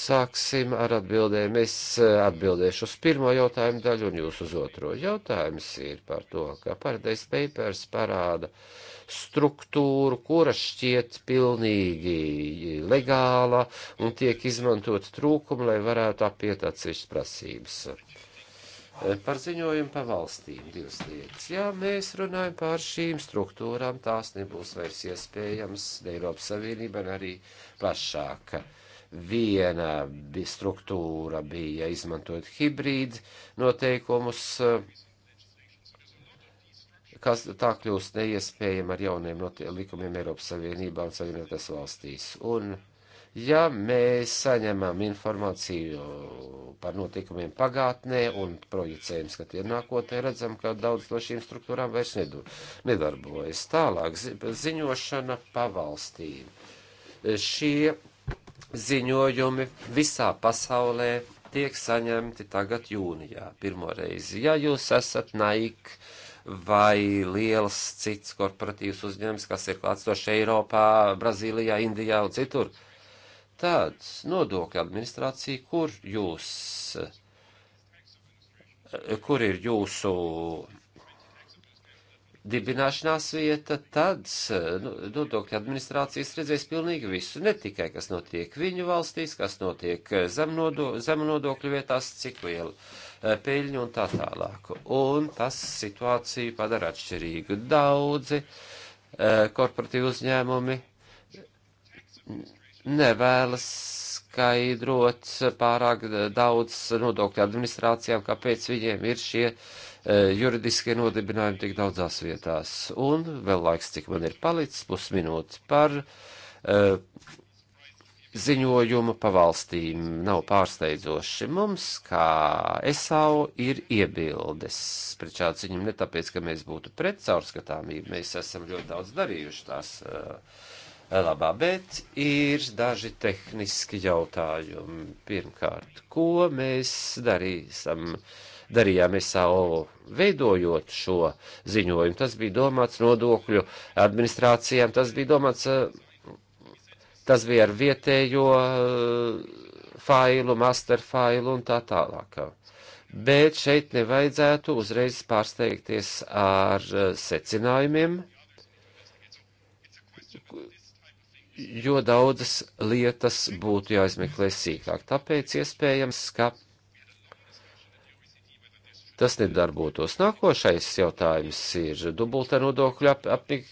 Sāksim ar atbildēm. Es eh, atbildēšu uz pirmo jautājumu daļu un jūs uz otro. Jautājums ir par to, ka Paradise Papers parāda struktūru, kura šķiet pilnīgi legāla un tiek izmantot trūkumu, lai varētu apiet atsevišķas prasības. Eh, par ziņojumu pa valstīm divas lietas. Jā, mēs runājam par šīm struktūrām, tās nebūs vairs iespējams Eiropas Savienībā un arī plašāka. Uh, Viena bija struktūra bija izmantot hibrīd noteikumus, kas tā kļūst neiespējama ar jauniem likumiem Eiropas Savienībā un Savienotās valstīs. Un, ja mēs saņemam informāciju par notikumiem pagātnē un projicējam skatiem nākotnē, redzam, ka daudz no šīm struktūrām vairs nedarbojas. Tālāk ziņošana pa valstīm. Šie ziņojumi visā pasaulē tiek saņemti tagad jūnijā pirmo reizi. Ja jūs esat naik vai liels cits korporatīvs uzņēmums, kas ir klātsoši Eiropā, Brazīlijā, Indijā un citur, tad nodokļu administrācija, kur jūs, kur ir jūsu dibināšanās vieta, tad eh, nu, nodokļu administrācijas redzēs pilnīgi visu, ne tikai kas notiek viņu valstīs, kas notiek eh, zem, nodo, zem nodokļu vietās, cik liela eh, peļņa un tā tālāk. Un tas situāciju padara atšķirīgu. Daudzi korporatīvi uzņēmumi nevēlas skaidrot pārāk daudz nodokļu administrācijām, kāpēc viņiem ir šie uh, Eh, juridiskie nodibinājumi tik daudzās vietās. Un vēl laiks, cik man ir palicis, pusminūtes par uh, ziņojumu pa valstīm nav pārsteidzoši. Mums, kā ESAU, ir iebildes pret šādu ziņu ne tāpēc, ka mēs būtu pret caurskatāmību, mēs esam ļoti daudz darījuši tās. Uh, labā, bet ir daži tehniski jautājumi. Pirmkārt, ko mēs darīsim? Uh, darījām SAO veidojot šo ziņojumu. Tas bija domāts nodokļu administrācijām, tas bija domāts, eh, tas bija ar vietējo eh, failu, master failu un tā tālāk. Bet šeit nevajadzētu uzreiz pārsteigties ar eh, secinājumiem, jo daudzas lietas būtu jāizmeklē sīkāk. Tāpēc iespējams, ka tas nedarbotos. Nākošais jautājums ir dubulta nodokļu ap, apnik,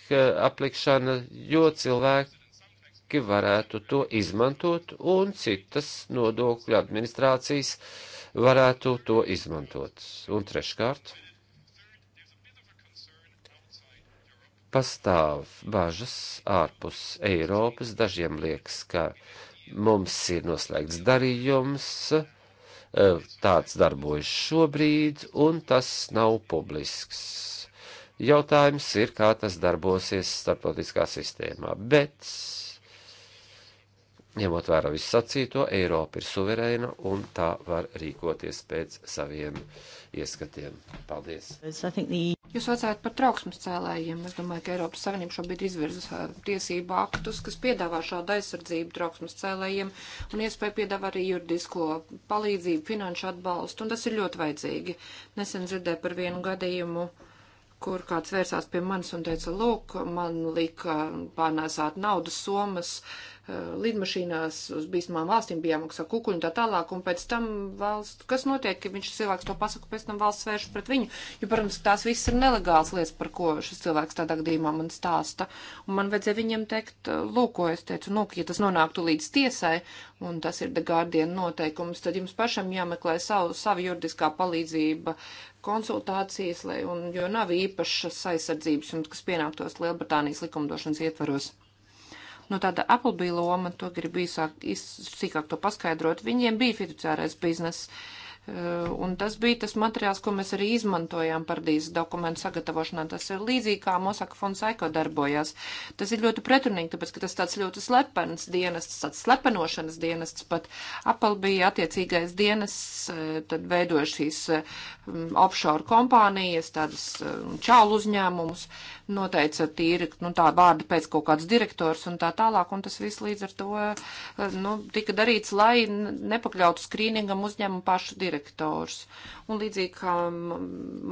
aplikšana, jo cilvēki varētu to izmantot un citas nodokļu administrācijas varētu to izmantot. Un treškārt, pastāv bažas ārpus Eiropas. Dažiem liekas, ka mums ir noslēgts darījums Eh, tāds darbojas šobrīd, un tas nav publisks. Jautājums ir, kā tas darbosies starptautiskā sistēmā, bet Ņemot vērā visu sacīto, Eiropa ir suverēna un tā var rīkoties pēc saviem ieskatiem. Paldies! Jūs vecājat par trauksmes cēlējiem. Es domāju, ka Eiropas Savienība šobrīd izvirza tiesību aktus, kas piedāvā šādu aizsardzību trauksmes cēlējiem un iespēju piedāvā arī juridisko palīdzību, finanšu atbalstu, un tas ir ļoti vajadzīgi. Nesen dzirdēju par vienu gadījumu kur kāds vērsās pie manis un teica, lūk, man lika pārnēsāt naudas summas Eh, lidmašīnās uz bīstamām valstīm bijām, kas ar kukuļu un tā tālāk, un pēc tam valsts, kas notiek, ka viņš cilvēks to pasaka, pēc tam valsts vērš pret viņu, jo, protams, tās viss ir nelegāls lietas, par ko šis cilvēks tādā gadījumā man stāsta, un man vajadzēja viņiem teikt, eh, lūk, ko es teicu, nu, ja tas nonāktu līdz tiesai, un tas ir The Guardian noteikums, tad jums pašam jāmeklē savu, savu juridiskā palīdzība, konsultācijas, lai, un, jo nav īpašas aizsardzības, un kas pienāktos Lielbritānijas likumdošanas ietvaros nu, tāda Applebee loma, to gribu īsāk, sīkāk to paskaidrot, viņiem bija fiduciārais bizness. Eh, un tas bija tas materiāls, ko mēs arī izmantojām pardīzes dokumentu sagatavošanā. Tas ir līdzīgi kā Mosaka fonds Aiko darbojās. Tas ir ļoti pretrunīgi, tāpēc, ka tas tāds ļoti slepens dienests, tāds slepenošanas dienests, pat Apple bija attiecīgais dienests, eh, tad veidoja šīs eh, offshore kompānijas, tādas čālu uzņēmumus. Uh, noteica tīri, nu, tā vārdu pēc kaut kāds direktors un tā tālāk, un tas viss līdz ar to, eh, nu, tika darīts, lai nepakļautu skrīningam uzņēmumu pašu direktors. Un līdzīgi kā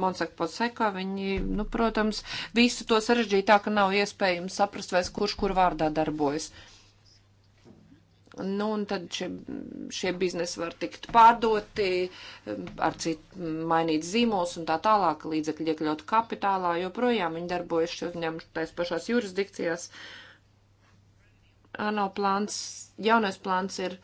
Monsaka Poseka, viņi, nu, protams, visu to sarežģītāk nav iespējams saprast, vai kurš kur vārdā darbojas. Uh, Nu, un tad šie, šie biznesi var tikt pārdoti, ar citu mainīt zīmos un tā tālāk, līdzekļi iekļaut kapitālā, joprojām viņi darbojas šie uzņēmumi tais pašās jurisdikcijās. Ano plāns, jaunais plāns ir,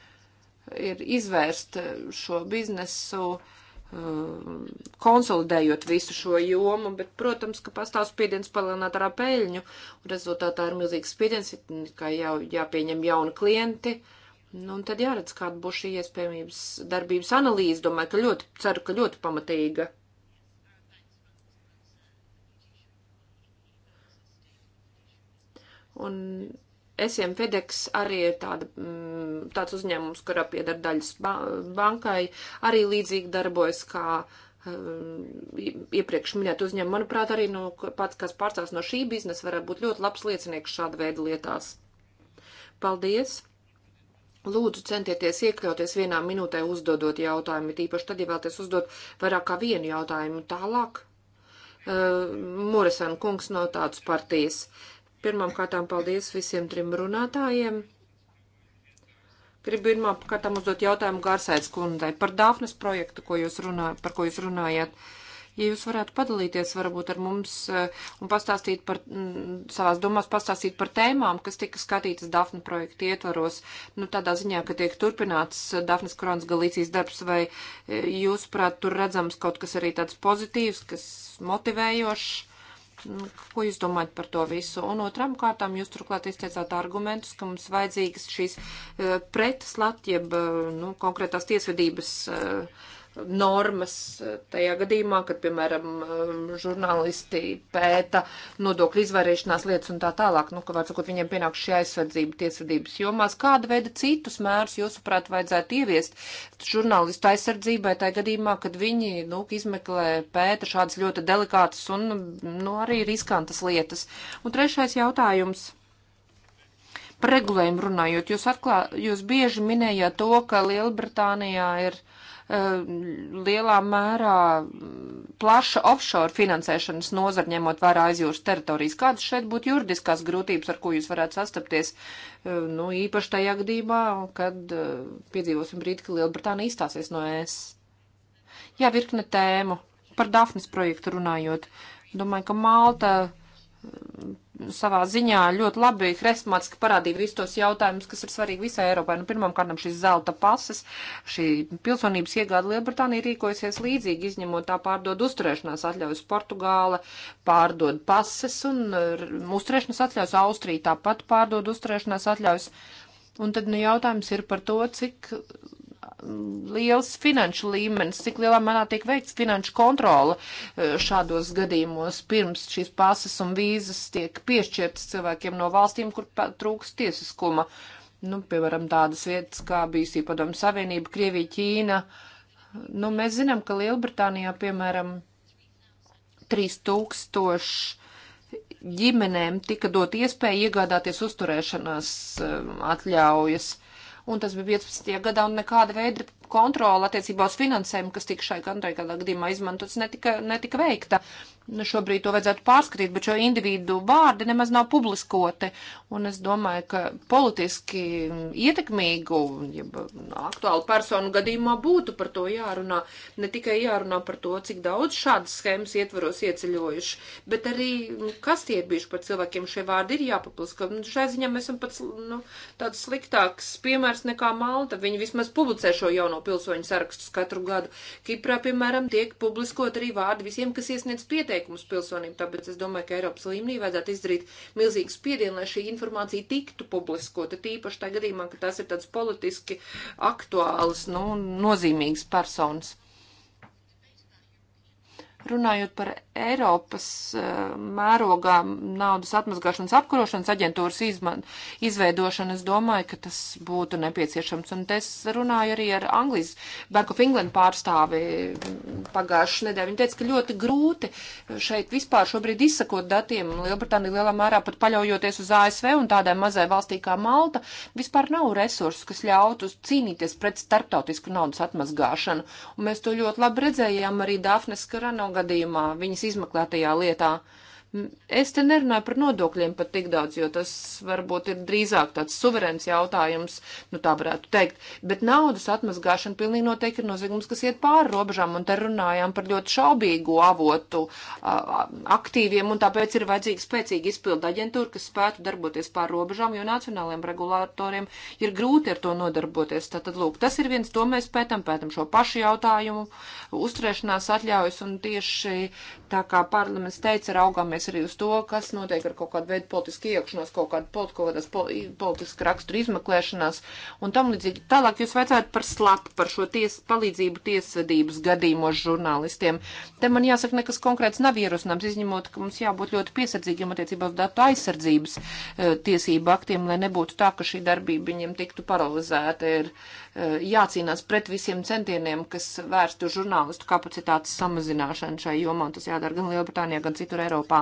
ir izvērst šo biznesu, uh, konsolidējot visu šo jomu, bet, protams, ka pastāv spiediens palielināt ar apēļņu, un rezultātā ir milzīgs spiediens, kā jau jāpieņem jauni klienti, uh, Nu, un tad jāredz, kāda būs šī iespējamības darbības analīze. Domāju, ka ļoti, ceru, ka ļoti pamatīga. Un esiem FedEx arī ir tāda, mm, tāds uzņēmums, kurā piedar daļas bankai, arī līdzīgi darbojas kā mm, iepriekš minēt uzņēmumu. Manuprāt, arī no, pats, kas pārcās no šī biznesa, varētu būt ļoti labs liecinieks šāda veida lietās. Paldies! Lūdzu, centieties iekļauties vienā minūtē uzdodot jautājumu, tīpaši tad, ja vēlaties uzdot vairāk kā vienu jautājumu tālāk. Uh, eh, Morisan kungs no tādas partijas. Pirmām kārtām paldies visiem trim runātājiem. Gribu pirmām kārtām uzdot jautājumu Gārsaits kundzei par Dāfnes projektu, ko jūs runā, par ko jūs runājāt. Uh, Ja jūs varētu padalīties varbūt ar mums eh, un pastāstīt par, m, mm, savās domās pastāstīt par tēmām, kas tika skatītas Dafna projekta ietvaros, nu tādā ziņā, ka tiek turpināts eh, Dafnas Korons Galīcijas darbs, vai eh, jūs, prāt, tur redzams kaut kas arī tāds pozitīvs, kas motivējošs? Nu, ko jūs domājat par to visu? Un otram kārtām jūs turklāt izteicāt argumentus, ka mums vajadzīgas šīs uh, pretas latjeb, uh, nu, konkrētās tiesvedības uh, normas eh, tajā gadījumā, kad, piemēram, eh, žurnālisti pēta nodokļu izvairīšanās lietas un tā tālāk, nu, ka, var sakot, viņiem pienāk šī aizsardzība tiesvedības jomās, kāda veida citus mērus, jūsuprāt, vajadzētu ieviest žurnālistu aizsardzībai tajā gadījumā, kad viņi, nu, izmeklē pēta šādas ļoti delikātas un, nu, arī riskantas lietas. Un trešais jautājums par regulējumu runājot, jūs, atklā, jūs bieži minējāt to, ka Lielbritānijā ir uh, Um, lielā mērā plaša offshore finansēšanas nozara, ņemot vērā aizjūras teritorijas. Kādas šeit būtu juridiskās grūtības, ar ko jūs varētu sastapties, um, nu, īpaši tajā gadījumā, kad uh, piedzīvosim brīdi, ka Lielbritānija izstāsies no ES? Jā, virkne tēmu. Par Dafnes projektu runājot. Domāju, ka Malta um, savā ziņā ļoti labi hresmātiski parādīja visus tos jautājumus, kas ir svarīgi visai Eiropai. Nu, pirmām kārtām šis zelta pases, šī pilsonības iegāda Lielbritānija rīkojasies līdzīgi, izņemot tā pārdod uzturēšanās atļaujas Portugāla, pārdod pases un uh, uzturēšanās atļaujas Austrija tāpat pārdod uzturēšanās atļaujas. Un tad, nu, jautājums ir par to, cik liels finanšu līmenis, cik lielā manā tiek veikts finanšu kontrola e, šādos gadījumos pirms šīs pasas un vīzas tiek piešķirtas cilvēkiem no valstīm, kur trūks tiesiskuma. Nu, piemēram, tādas vietas kā bijusī padomu savienība, Krievija, Ķīna. Nu, mēs zinām, ka Lielbritānijā, piemēram, 3000 ģimenēm tika dot iespēja iegādāties uzturēšanās e, atļaujas. Uh, un tas bija 15. gadā, un nekāda veida kontrola attiecībā uz finansējumu, kas tika šai kantrai kādā gadījumā izmantots, netika, netika veikta. Nu, šobrīd to vajadzētu pārskatīt, bet šo individu vārdi nemaz nav publiskoti. Un es domāju, ka politiski ietekmīgu, ja aktuālu personu gadījumā būtu par to jārunā. Ne tikai jārunā par to, cik daudz šādas schēmas ietvaros ieceļojuši, bet arī, nu, kas tie ir bijuši par cilvēkiem, šie vārdi ir jāpapliska. Nu, šai ziņā mēs esam pats nu, tāds sliktāks piemērs nekā Malta. Viņi vismaz publicē šo jauno savu pilsoņu sarakstus katru gadu. Kiprā, piemēram, tiek publiskot arī vārdi visiem, kas iesniedz pieteikumus pilsonību, tāpēc es domāju, ka Eiropas līmenī vajadzētu izdarīt milzīgu spiedienu, lai šī informācija tiktu publiskota, tīpaši tā gadījumā, ka tas ir tāds politiski aktuāls, nu, nozīmīgs personas. Runājot par Eiropas eh, mērogā naudas atmazgāšanas apkarošanas aģentūras izman, izveidošanu, es domāju, ka tas būtu nepieciešams. Un es runāju arī ar Anglijas Bank of England pārstāvi pagājušajā nedēļā. Viņi teica, ka ļoti grūti šeit vispār šobrīd izsakot datiem. Lielbritānija lielā mērā pat paļaujoties uz ASV un tādai mazai valstī kā Malta, vispār nav resursus, kas ļautu cīnīties pret starptautisku naudas atmazgāšanu. Un mēs to ļoti labi redzējām arī Dāfnes Karano gadījumā viņas izmeklētajā lietā. Uh, Es te nerunāju par nodokļiem pat tik daudz, jo tas varbūt ir drīzāk tāds suverēns jautājums, nu tā varētu teikt, bet naudas atmazgāšana pilnīgi noteikti ir noziegums, kas iet pāri robežām, un te runājām par ļoti šaubīgu avotu aktīviem, un tāpēc ir vajadzīga spēcīga izpilda aģentūra, kas spētu darboties pāri robežām, jo nacionāliem regulātoriem ir grūti ar to nodarboties. Tātad, lūk, tas ir viens, to mēs pētam, pētam šo pašu jautājumu, uzturēšanās atļaujas, un tieši tā kā parlaments teica, raugāmies jāraugais arī uz to, kas notiek ar kaut kādu veidu politisku iekšanos, kaut kādu polit, kaut kādas politisku raksturu izmeklēšanās un tam līdzīgi. Tālāk jūs vajadzētu par slapu, par šo ties, palīdzību tiesvedības gadījumos žurnālistiem. Te man jāsaka, nekas konkrēts nav ierosināms, izņemot, ka mums jābūt ļoti piesardzīgiem attiecībā uz datu aizsardzības eh, tiesību aktiem, lai nebūtu tā, ka šī darbība viņiem tiktu paralizēta. Ir, Eh, jācīnās pret visiem centieniem, kas vērstu žurnālistu kapacitātes samazināšanu šai jomā. Tas jādara gan Lielbritānijā, gan citur Eiropā.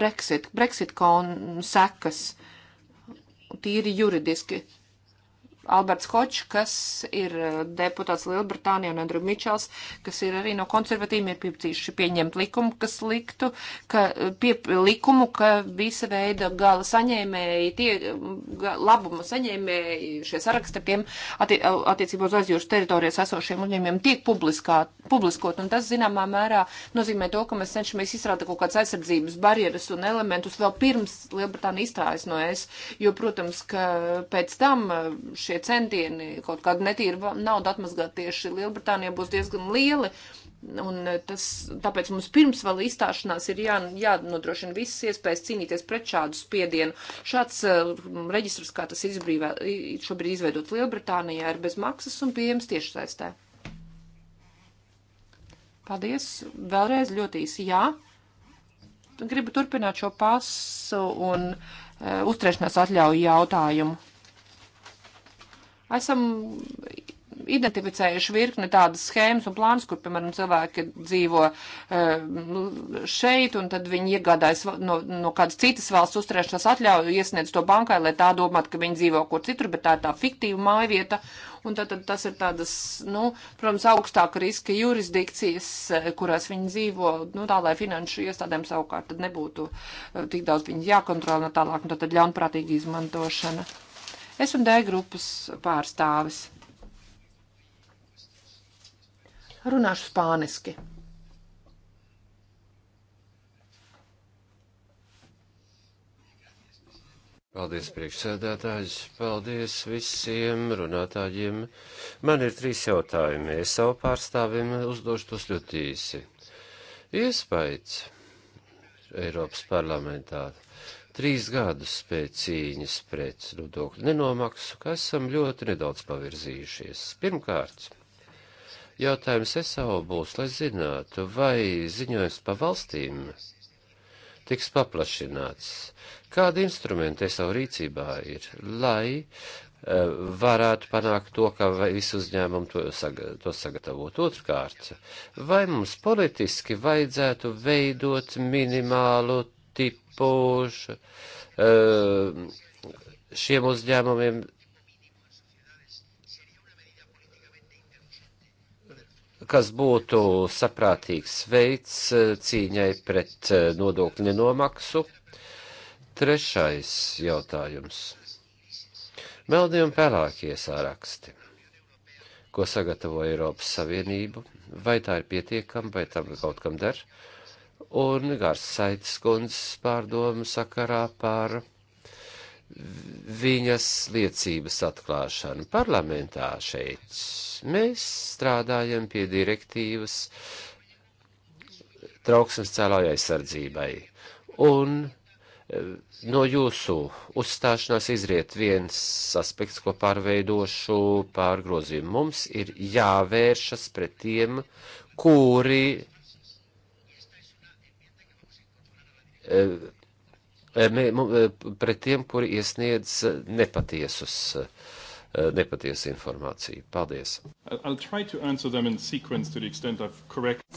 Brexit, Brexit kon sekas, tīri juridiski Alberts Hočs, kas ir eh, deputāts Lielbritānijā, un Andrew Mičels, kas ir arī no konservatīviem, ir pieprasījuši pieņemt likumu, kas liktu, ka, eh, pie, likumu, ka visa veida gala saņēmēji, tie mm, labuma saņēmēji, šie saraksti tiem attie, attiecībā uz aizjūras teritorijas esošiem uzņēmiem tiek publiskā, publiskot, un tas, zināmā mērā, nozīmē to, ka mēs cenšamies izstrādāt kaut kādas aizsardzības barjeras un elementus vēl pirms Lielbritānija izstājas no es, jo, protams, ka pēc tam eh, šie šie centieni kaut kādu netīru naudu atmazgāt tieši Lielbritānijā būs diezgan lieli. Un eh, tas, tāpēc mums pirms vēl izstāšanās ir jā, jānodrošina visas iespējas cīnīties pret šādu spiedienu. Šāds uh, reģistrs, kā tas izbrīvē, šobrīd izveidot Lielbritānijā, ir bez maksas un pieejams tiešsaistē. Paldies. Vēlreiz ļoti īsi. Jā. Gribu turpināt šo pasu un uh, uzturēšanās atļauju jautājumu. Esam identificējuši virkni tādas schēmas un plānus, kur, piemēram, cilvēki dzīvo eh, nu, šeit, un tad viņi iegādājas no, no kādas citas valsts uzturēšanās atļauju, iesniedz to bankai, lai tā domātu, ka viņi dzīvo kur citur, bet tā ir tā fiktīva mājvieta, un tad, tad tas ir tādas, nu, protams, augstāka riska jurisdikcijas, eh, kurās viņi dzīvo, nu, tā, lai finanšu iestādēm savukārt tad nebūtu eh, tik daudz viņas jākontrolē un tālāk, un tad, tad ļaunprātīga izmantošana. Es un D grupas pārstāvis. Runāšu spāniski. Paldies, priekšsēdētājs. Paldies visiem runātājiem. Man ir trīs jautājumi. Es savu pārstāvim uzdošu tos ļoti īsi. Iespējams, Eiropas parlamentā trīs gadus pēc cīņas pret nodokļu nenomaksu, ka esam ļoti nedaudz pavirzījušies. Pirmkārt, jautājums SAO būs, lai zinātu, vai ziņojums pa valstīm tiks paplašināts. Kādi instrumenti SAO rīcībā ir, lai eh, varētu panākt to, ka visi uzņēmumi to, saga, to sagatavot. Otrkārt, vai mums politiski vajadzētu veidot minimālu tipu būs e, šiem uzņēmumiem kas būtu saprātīgs veids cīņai pret nodokļu nenomaksu. Trešais jautājums. Melnie un pelākie sāraksti, ko sagatavo Eiropas Savienību, vai tā ir pietiekama, vai tam kaut kam der? Uh, un Garsaitas kundzes pārdomu sakarā par viņas liecības atklāšanu parlamentā šeit. Mēs strādājam pie direktīvas trauksmes cēlāju aizsardzībai. Un e, no jūsu uzstāšanās izriet viens aspekts, ko pārveidošu pārgrozījumu. Mums ir jāvēršas pret tiem, kuri Eh, eh, eh, pret tiem, kuri iesniedz nepatiesus, nepatiesu informāciju. Paldies!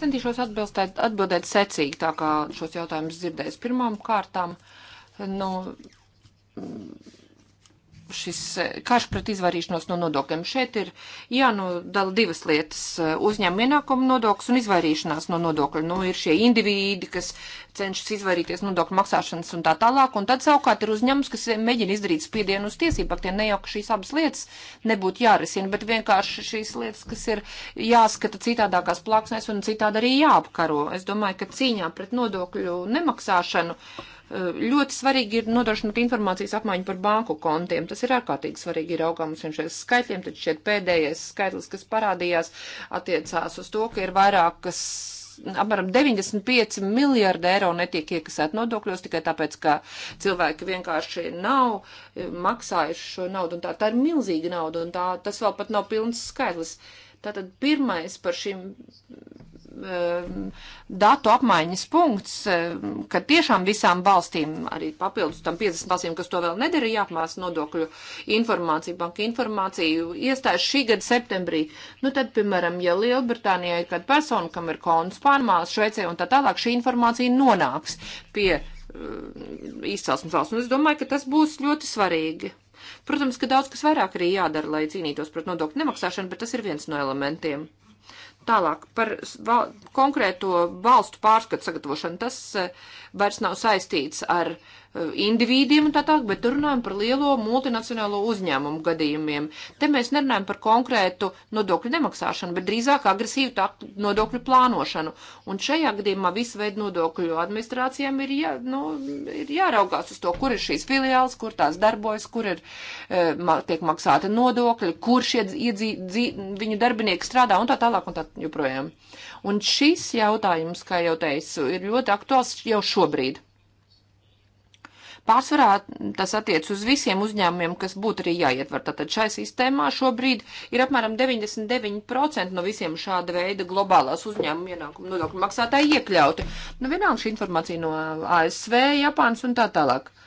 Centīšos atbildēt, atbildēt secīgi, tā kā šos jautājumus dzirdējis pirmām kārtām. Nu, šis eh, karš pret izvairīšanos no nodokļiem. Šeit ir jānodala divas lietas eh, - uzņēmuma ienākuma nodoklis un izvairīšanās no nodokļa. Nu, ir šie indivīdi, kas cenšas izvairīties nodokļu maksāšanas un tā tālāk, un tad savukārt ir uzņēmums, kas mēģina izdarīt spiedienu uz tiesību aktiem. Ne jau, ka šīs abas lietas nebūtu jārisina, bet vienkārši šīs lietas, kas ir jāskata citādākās plāksnēs un citādi arī jāapkaro. Es domāju, ka cīņā pret nodokļu nemaksāšanu. Uh, ļoti svarīgi ir nodrošināt informācijas apmaiņu par banku kontiem. Tas ir ārkārtīgi svarīgi ir augams šiem šiem skaitļiem, taču šeit pēdējais skaitlis, kas parādījās, attiecās uz to, ka ir vairākas apmēram 95 miljārdi eiro netiek iekasēt nodokļos tikai tāpēc, ka cilvēki vienkārši nav e, maksājuši šo naudu un tā. Tā ir milzīga nauda un tā, tas vēl pat nav pilns skaidrs. Tātad pirmais par šīm Um, datu apmaiņas punkts, um, ka tiešām visām valstīm, arī papildus tam 50 valstīm, kas to vēl nedara, jāapmās nodokļu informāciju, banka informāciju, iestājas šī gada septembrī. Nu tad, piemēram, ja Lielbritānijā ir kāda persona, kam ir konts Panamās, Šveicē un tā tālāk, šī informācija nonāks pie um, izcelsmes valsts. Un es domāju, ka tas būs ļoti svarīgi. Protams, ka daudz kas vairāk arī jādara, lai cīnītos pret nodokļu nemaksāšanu, bet tas ir viens no elementiem. Tālāk par val konkrēto valstu pārskatu sagatavošanu. Tas eh, vairs nav saistīts ar uh, individiem un tā tālāk, bet runājam par lielo multinacionālo uzņēmumu gadījumiem. Te mēs nerunājam par konkrētu nodokļu nemaksāšanu, bet drīzāk agresīvu nodokļu plānošanu. Un šajā gadījumā visu veidu nodokļu administrācijām ir, jā, nu, ir jāraugās uz to, kur ir šīs filiāls, kur tās darbojas, kur ir, uh, tiek maksāta nodokļi, kur šie iedzī, dzī, viņu darbinieki strādā un tā tālāk un tā joprojām. Uh, Un šis jautājums, kā jau teicu, ir ļoti aktuāls jau šobrīd. Pārsvarā tas attiec uz visiem uzņēmumiem, kas būtu arī jāietver. Tātad šai sistēmā šobrīd ir apmēram 99% no visiem šāda veida globālās uzņēmuma ienākumu nodokļu maksātāji iekļauti. Nu, vienalga šī informācija no ASV, Japānas un tā tālāk. Uh,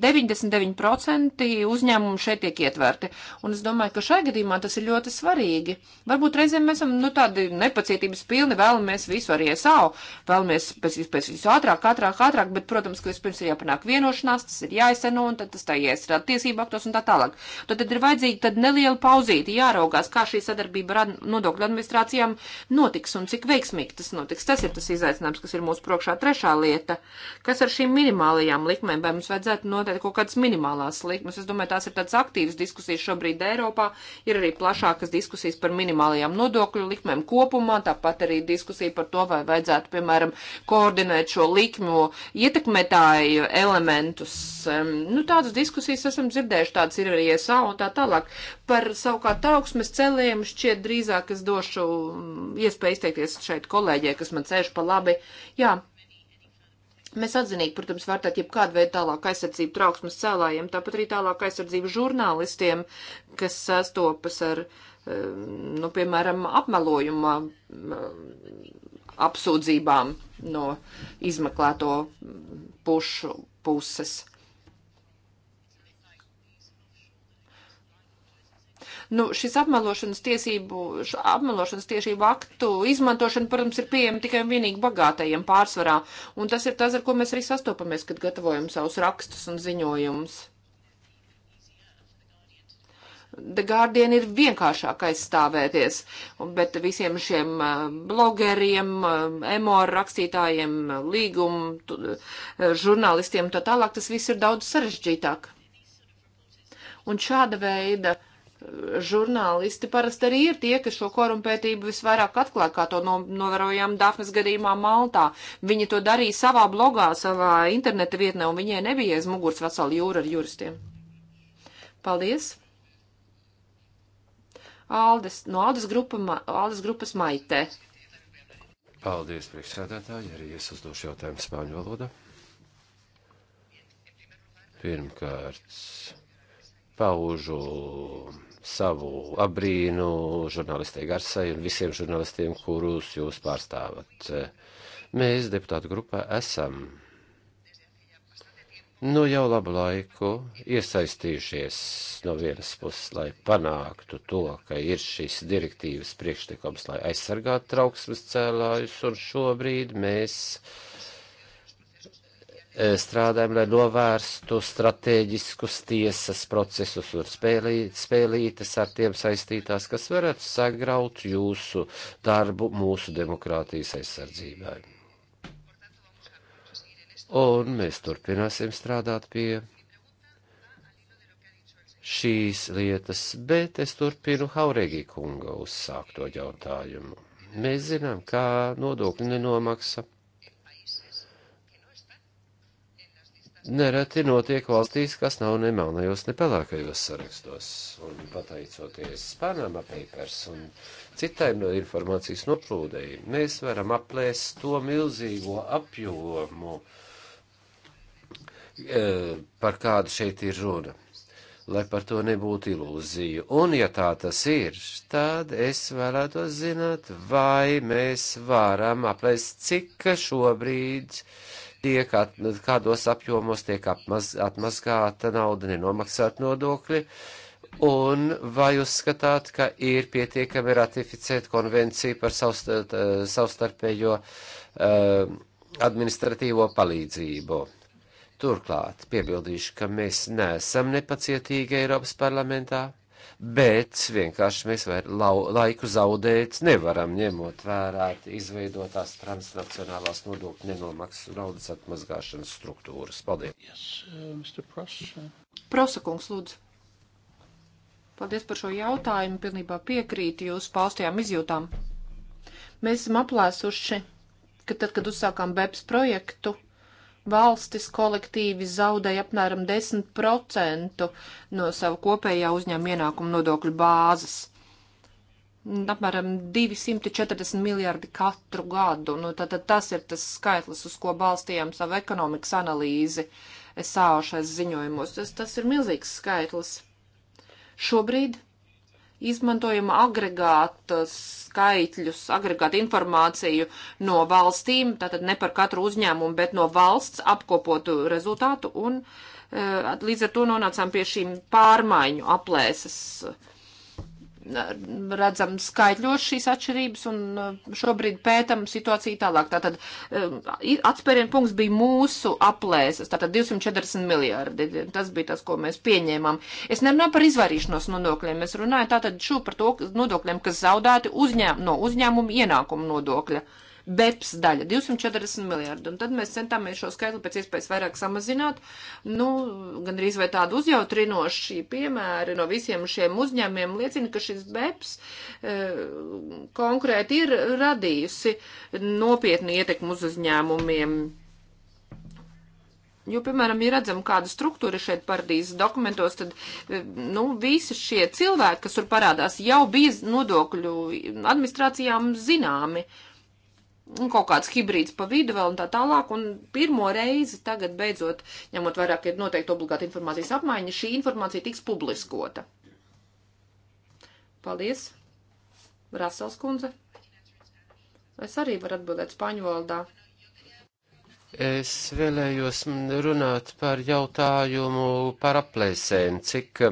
99% uzņēmumu šeit tiek ietverti. Un es domāju, ka šajā gadījumā tas ir ļoti svarīgi. Varbūt reizēm mēs esam nu, tādi nepacietības pilni, vēlamies visu ar iesau, vēlamies pēc, pēc visu ātrāk, ātrāk, ātrāk, bet, protams, ka vispirms ir jāpanāk vienošanās, tas ir jāizseno un tad tas tā iestrādā tiesību aktos un tā tālāk. Tad, tad ir vajadzīga tad neliela pauzīte, jāraugās, kā šī sadarbība ar nodokļu administrācijām notiks un cik veiksmīgi tas notiks. Tas ir tas izaicinājums, kas ir mūsu priekšā. Trešā lieta, kas ar šīm minimālajām likmēm, vai mums vajadzētu noteikti garantēt kaut kādas minimālās likmes. Es domāju, tās ir tādas aktīvas diskusijas šobrīd Eiropā. Ir arī plašākas diskusijas par minimālajām nodokļu likmēm kopumā, tāpat arī diskusija par to, vai vajadzētu, piemēram, koordinēt šo likmu ietekmētāju elementus. Nu, tādas diskusijas esam dzirdējuši, tādas ir arī ESA un tā tālāk. Par savukārt augsmes celējiem šķiet drīzāk es došu mm, iespēju izteikties šeit kolēģiem kolēģiem, kas man sēž pa labi. Jā, Mēs atzinīgi, protams, vērtēt jebkādu veidu tālāk aizsardzību trauksmes cēlājiem, tāpat arī tālāk aizsardzību žurnālistiem, kas sastopas ar, eh, nu, piemēram, apmelojuma eh, apsūdzībām no izmeklēto pušu puses. Nu, šis apmelošanas tiesību, apmelošanas tiesību aktu izmantošana, protams, ir pieejama tikai un vienīgi bagātajiem pārsvarā, un tas ir tas, ar ko mēs arī sastopamies, kad gatavojam savus rakstus un ziņojumus. The Guardian ir vienkāršāk aizstāvēties, bet visiem šiem uh, blogeriem, emora uh, rakstītājiem, līgumu uh, žurnālistiem tā tālāk tas viss ir daudz sarežģītāk. Un šāda veida uh, žurnālisti parasti arī ir tie, kas šo korumpētību visvairāk atklāja, kā to no, novērojām Dafnes gadījumā Maltā. Viņa to darīja savā blogā, savā interneta vietnē, un viņai nebija aiz muguras vesela jūra ar juristiem. Paldies! Aldes, no Aldes, grupa, Aldes grupas Maitē. Paldies, priekšsēdētāji, arī es uzdošu jautājumu spāņu valodā. Pirmkārt, paužu savu abrīnu žurnālistei Garsai un visiem žurnālistiem, kurus jūs pārstāvat. Mēs deputātu grupā esam nu jau labu laiku iesaistījušies no vienas puses, lai panāktu to, ka ir šīs direktīvas priekšlikums, lai aizsargātu trauksmes cēlājus, un šobrīd mēs uh, E, strādājam, lai novērstu strateģiskus tiesas procesus un spēlī, spēlītes ar tiem saistītās, kas varētu sagraut jūsu darbu mūsu demokrātijas aizsardzībai. Un mēs turpināsim strādāt pie šīs lietas, bet es turpinu Haurēgī kunga uzsākto jautājumu. Mēs zinām, kā nodokļu nenomaksa nereti notiek valstīs, kas nav ne melnajos, ne pelēkajos sarakstos. Un pateicoties Panama Papers un citai no informācijas noplūdēji, mēs varam aplēst to milzīgo apjomu, e, par kādu šeit ir runa. Lai par to nebūtu ilūziju. Un, ja tā tas ir, tad es vēlētos zināt, vai mēs varam aplēst, cik šobrīd uh, tiek, at, kādos apjomos tiek apmaz, atmazgāta nauda, nenomaksāt nodokļi. Un vai uzskatāt, ka ir pietiekami ratificēt konvenciju par savstart, eh, savstarpējo uh, administratīvo palīdzību? Turklāt piebildīšu, ka mēs neesam nepacietīgi Eiropas parlamentā bet vienkārši mēs vair, lau, laiku zaudēt nevaram, ņemot vērā izveidotās transnacionālās nodokļu nenomaksas un naudas atmazgāšanas struktūras. Paldies! Yes, uh, uh. Prosakungs, lūdzu! Paldies par šo jautājumu. Pilnībā piekrītu jūsu paustajām izjūtām. Mēs esam aplēsuši, ka tad, kad uzsākām BEPS projektu, valstis kolektīvi zaudēja apmēram 10% no savu kopējā uzņēmuma ienākuma nodokļu bāzes. Apmēram 240 miljardi katru gadu. Nu, tad, tad tas ir tas skaitlis, uz ko balstījām savu ekonomikas analīzi sāošais ziņojumos. Tas, tas ir milzīgs skaitlis. Šobrīd izmantojam agregātu skaitļus, agregātu informāciju no valstīm, tātad ne par katru uzņēmumu, bet no valsts apkopotu rezultātu un eh, līdz ar to nonācām pie šīm pārmaiņu aplēses uh, redzam skaidļos šīs atšķirības un uh, šobrīd pētam situāciju tālāk. Tātad um, atspērienu punkts bija mūsu aplēses, tātad 240 miljārdi. Tas bija tas, ko mēs pieņēmām. Es nerunāju par izvairīšanos nodokļiem, es runāju tātad šo par to nodokļiem, kas zaudēti uzņēm, no uzņēmuma ienākuma nodokļa. Uh, BEPS daļa - 240 miljardi. Un tad mēs centāmies šo skaitli pēc iespējas vairāk samazināt. Nu, gan arī vai tādu uzjautrinoši piemēri no visiem šiem uzņēmiem liecina, ka šis BEPS e, konkrēti ir radījusi nopietnu ietekmu uz uzņēmumiem. Jo, piemēram, ja redzam, kāda struktūra šeit paradīzes dokumentos, tad, e, nu, visi šie cilvēki, kas tur parādās, jau bija nodokļu administrācijām zināmi. Uh, un kaut kāds hibrīds pa vidu vēl un tā tālāk, un pirmo reizi tagad beidzot, ņemot vairāk, ir noteikti obligāta informācijas apmaiņa, šī informācija tiks publiskota. Paldies, Rasels kundze. Es arī varu atbildēt spāņu valodā. Es vēlējos runāt par jautājumu par aplēsēm, cik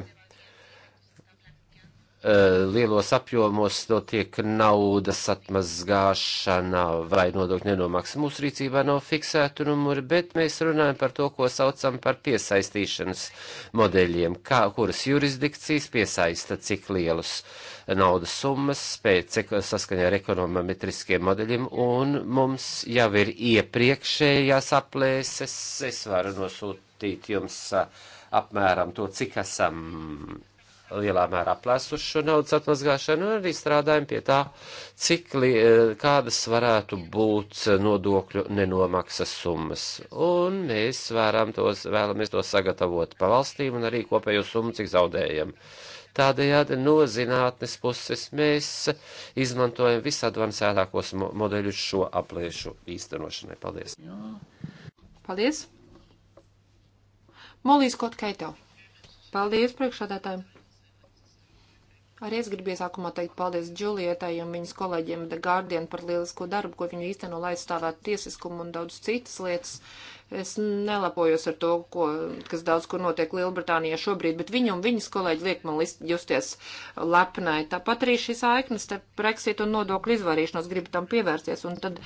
Eh, lielos apjomos notiek naudas atmazgāšana vai nodokļu nenomaksa. Mūsu rīcībā nav fiksētu numuri, bet mēs runājam par to, ko saucam par piesaistīšanas modeļiem, kā, kuras jurisdikcijas piesaista cik lielus naudas summas pēc saskaņā ar ekonometriskiem modeļiem, un mums jau ir iepriekšējās aplēses, es varu nosūtīt jums eh, apmēram to, cik esam lielā mērā plēsušu naudas atmazgāšanu un arī strādājam pie tā, cik li, e, kādas varētu būt nodokļu nenomaksas summas. Un mēs vēram tos, vēlamies to sagatavot pa valstīm un arī kopējo summu, cik zaudējam. Tādējādi no zinātnes puses mēs izmantojam visadvansētākos mo modeļus šo apliešu īstenošanai. Paldies! Paldies! Molīs Kotkaito! Paldies priekšādātājiem! Arī es gribu iesākumā teikt paldies Džulietai un viņas kolēģiem The Guardian par lielisko darbu, ko viņi īsteno, lai aizstāvētu tiesiskumu un daudz citas lietas, Es nelapojos ar to, ko, kas daudz kur notiek Lielbritānijā šobrīd, bet viņu un viņas kolēģi liek man list, justies lepnai. Tāpat arī šī saiknes starp Brexit un nodokļu izvairīšanos grib tam pievērsties. Un tad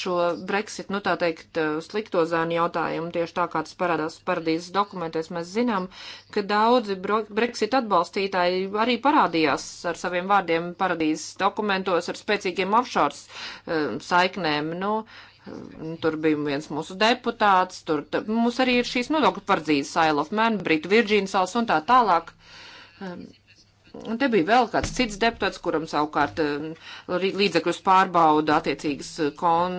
šo Brexit, nu tā teikt, slikto zēnu jautājumu, tieši tā kā tas parādās paradīzes dokumentēs, mēs zinām, ka daudzi Brexit atbalstītāji arī parādījās ar saviem vārdiem paradīzes dokumentos ar spēcīgiem offshore eh, saiknēm. Nu, uh, Nu, tur bija viens mūsu deputāts, tur tā, mums arī ir šīs nodokļu pardzīs, Isle of Man, Britu Virģīnas salas un tā tālāk. Um, Un te bija vēl kāds cits deputāts, kuram savukārt um, līdzekļus pārbauda attiecīgas uh, kon,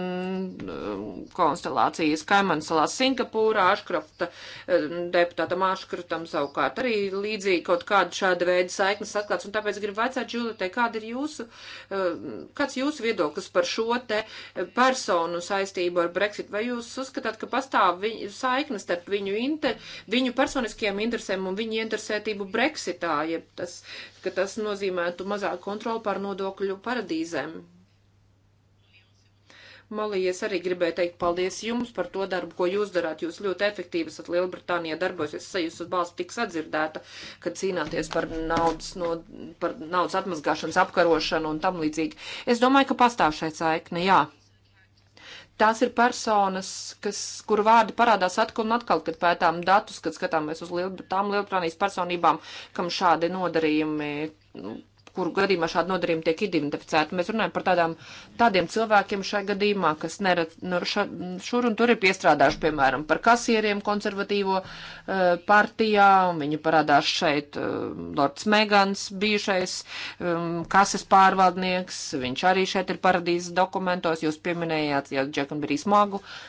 um, konstelācijas Kaimana salās Singapūrā, Aškrafta um, deputātam Aškraftam savukārt arī līdzīgi kaut kāda šāda veida saiknes atklāts. Un tāpēc gribu vaicāt, Džulietē, kāda ir jūsu, kāds jūsu viedoklis par šo te uh, personu saistību ar Brexit? Vai jūs uzskatāt, ka pastāv viņu, saiknes starp viņu, inter, viņu personiskajām interesēm un viņu interesētību Brexitā? Ja tas, uh, ka tas nozīmētu mazāk kontroli pār nodokļu paradīzēm. Malī, es arī gribēju teikt paldies jums par to darbu, ko jūs darāt. Jūs ļoti efektīvi esat Lielbritānijā darbojos. Es sajūtu, ka balsts tiks atdzirdēta, kad cīnāties par naudas, no, par naudas atmazgāšanas apkarošanu un tam līdzīgi. Es domāju, ka pastāv šai saikne, jā. Tās ir personas, kas, kuru vārdi parādās atkal un atkal, kad pētām datus, kad skatāmies uz liel, tām Lielbritānijas personībām, kam šādi nodarījumi nu, kuru gadījumā šāda nodarījuma tiek identificēta. Mēs runājam par tādām, tādiem cilvēkiem šajā gadījumā, kas nerad, nu, ša, šur un tur ir piestrādājuši, piemēram, par kasieriem konservatīvo uh, partijā, un viņi parādās šeit uh, Lords Megans, bijušais um, kases pārvaldnieks, viņš arī šeit ir paradīzes dokumentos, jūs pieminējāt, ja Džekan bija smagu. Uh,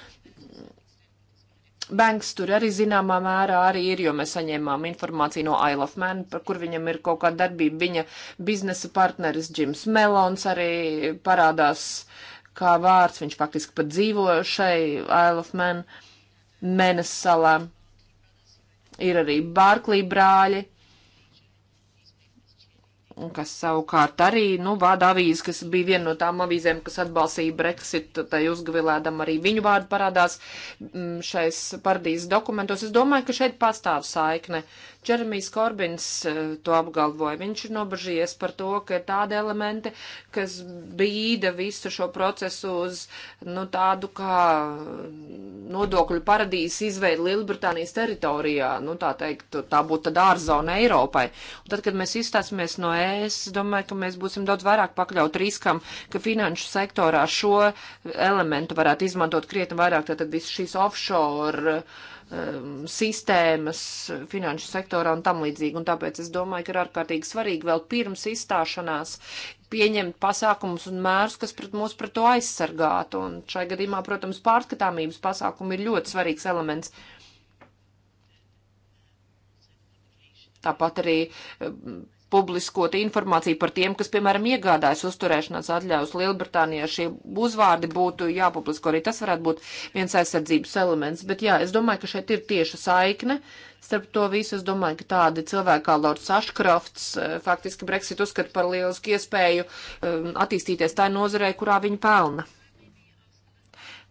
Banks tur arī zināmā mērā arī ir, jo mēs saņēmām informāciju no Isle of Man, par kur viņam ir kaut kāda darbība. Viņa biznesa partneris Džims Melons arī parādās kā vārds. Viņš faktiski pat dzīvo šai Isle of Man, Menes salā. Ir arī Barklī brāļi, kas savukārt arī, nu, vāda avīze, kas bija viena no tām avīzēm, kas atbalstīja Brexit, tai uzgavilēdam arī viņu vārdu parādās mm, šais paradīzes dokumentos. Es domāju, ka šeit pastāv saikne Džeremijs Korbins eh, to apgalvoja. Viņš ir nobažījies par to, ka ir tādi elementi, kas bīda visu šo procesu uz nu, tādu kā nodokļu paradīzes izveidu Lielbritānijas teritorijā. Nu, tā, teikt, tā būtu tāda ārzona Eiropai. Un tad, kad mēs izstāsimies no ES, domāju, ka mēs būsim daudz vairāk pakļaut riskam, ka finanšu sektorā šo elementu varētu izmantot krietni vairāk, tātad visas šīs offshore uh, Um, sistēmas finanšu sektorā un tam līdzīgi. Un tāpēc es domāju, ka ir ārkārtīgi svarīgi vēl pirms izstāšanās pieņemt pasākumus un mērus, kas pret mūs pret to aizsargātu. Un šai gadījumā, protams, pārskatāmības pasākumi ir ļoti svarīgs elements. Tāpat arī um, publiskot informāciju par tiem, kas, piemēram, iegādājas uzturēšanās atļaus Lielbritānijā. Šie uzvārdi būtu jāpublisko arī. Tas varētu būt viens aizsardzības elements. Bet jā, es domāju, ka šeit ir tieša saikne. Starp to visu es domāju, ka tādi cilvēki kā Lords Ashkrofts eh, faktiski Brexit uzskata par lielisku iespēju eh, attīstīties tā nozarē, kurā viņi pelna.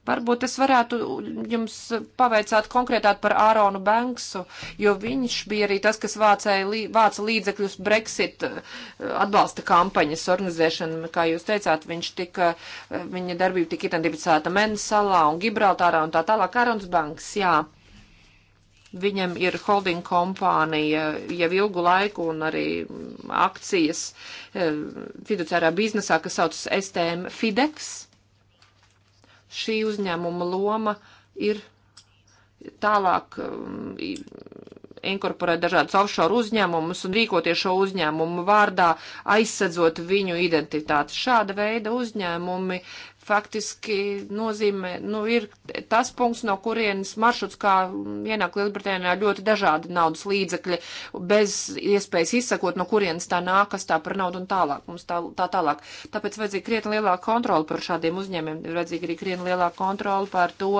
Varbūt es varētu jums paveicāt konkrētāk par Āronu Banksu, jo viņš bija arī tas, kas vācēja, lī, vāca līdzekļus Brexit eh, atbalsta kampaņas organizēšanu. Kā jūs teicāt, viņš tika, eh, viņa darbība tika identificēta Mensalā un Gibraltārā un tā tālāk. Ārons Banks, jā. Viņam ir holding kompānija jau ilgu laiku un arī akcijas eh, fiduciārā biznesā, kas saucas STM Fidex šī uzņēmuma loma ir tālāk um, inkorporēt dažādus offshore uzņēmumus un rīkoties šo uzņēmumu vārdā, aizsedzot viņu identitāti. Šāda veida uzņēmumi faktiski nozīmē, nu, ir tas punkts, no kurienes maršruts, kā ienāk Lielbritānijā, ļoti dažādi naudas līdzekļi, bez iespējas izsakot, no kurienes tā nāk, kas tā par naudu un tālāk, mums tā, tā tālāk. Tāpēc vajadzīga krietni lielāka kontrola par šādiem uzņēmiem, ir vajadzīga arī krietni lielāka kontrola par to,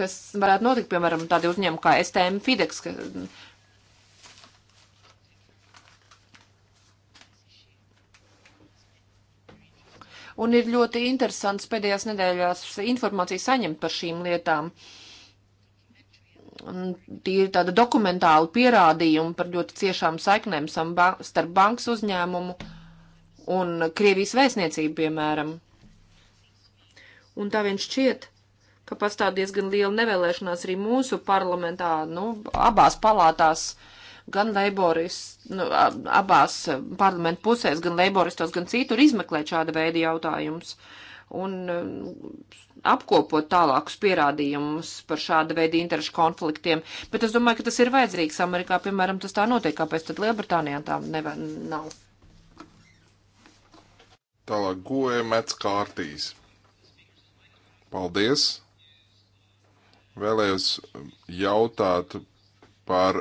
kas varētu notikt, piemēram, tādi uzņēmumi kā STM Fidex, ka, un ir ļoti interesants pēdējās nedēļās informāciju saņemt par šīm lietām. Tīri tāda dokumentāla pierādījuma par ļoti ciešām saiknēm starp bankas uzņēmumu un Krievijas vēstniecību, piemēram. Un tā viens šķiet, ka pastāv diezgan liela nevēlēšanās arī mūsu parlamentā, nu, abās palātās uh, gan leiboris, nu, abās e, parlamentu pusēs, gan leiboristos, gan citur izmeklēt šāda veida jautājumus un e, apkopot tālākus pierādījumus par šāda veida interešu konfliktiem. Bet es domāju, ka tas ir vajadzīgs. Amerikā, piemēram, tas tā notiek, kāpēc tad Lielbritānijā tā neva, nav. Tālāk goja mets kārtīs. Paldies! Vēlējos jautāt par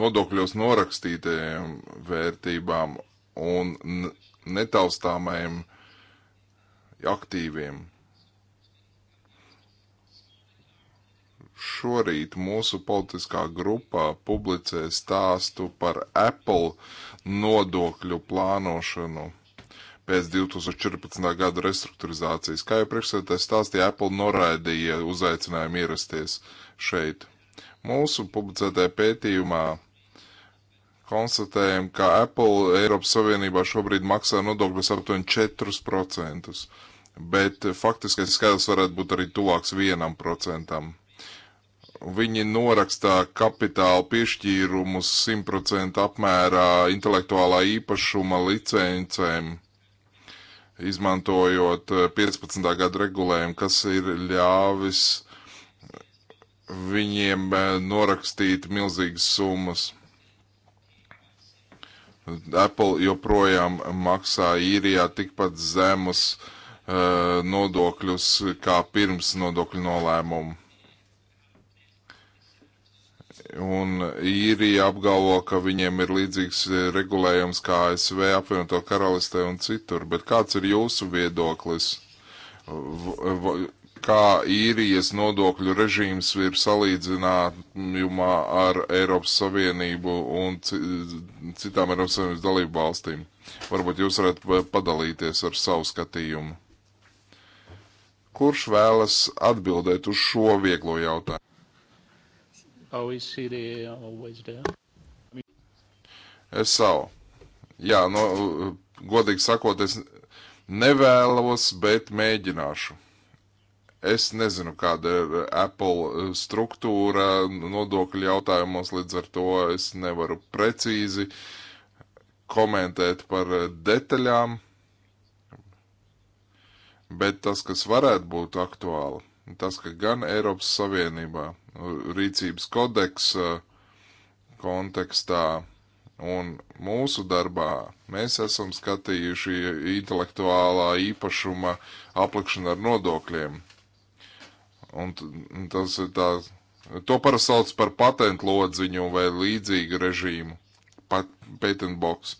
nodokļos norakstītajām vērtībām un netaustāmajiem aktīviem. Šorīt mūsu politiskā grupā publicē stāstu par Apple nodokļu plānošanu pēc 2014. gada restruktūrizācijas. Kā jau priekšsēdētājs stāstīja, Apple noraidīja uzaicinājumu ierasties šeit. Mūsu publicētajā pētījumā konstatējam, ka Apple Eiropas Savienībā šobrīd maksā nodokļus aptuveni 4%, bet faktiskais skaidrs varētu būt arī tuvāks 1%. Viņi norakstā kapitāla piešķīrumus 100% apmērā intelektuālā īpašuma licencēm, izmantojot 15. gadu regulējumu, kas ir ļāvis viņiem eh, norakstīt milzīgas summas. Apple joprojām maksā īrijā tikpat zemus uh, eh, nodokļus kā pirms nodokļu nolēmumu. Un īrija apgalvo, ka viņiem ir līdzīgs eh, regulējums kā ASV, apvienoto karalistē un citur. Bet kāds ir jūsu viedoklis? V kā īrijas nodokļu režīms ir salīdzinājumā ar Eiropas Savienību un citām Eiropas Savienības dalību valstīm. Varbūt jūs varat padalīties ar savu skatījumu. Kurš vēlas atbildēt uz šo vieglo jautājumu? Es savu. Jā, no, godīgi sakot, es nevēlos, bet mēģināšu. Es nezinu, kāda ir e, Apple e, struktūra nodokļu jautājumos, līdz ar to es nevaru precīzi komentēt par e, detaļām, bet tas, kas varētu būt aktuāli, tas, ka gan Eiropas Savienībā rīcības kodeksa kontekstā un mūsu darbā mēs esam skatījuši intelektuālā īpašuma aplikšanu ar nodokļiem – Un, un tas ir tā, to parasti sauc par patentlodziņu vai līdzīgu režīmu, pat, patent box.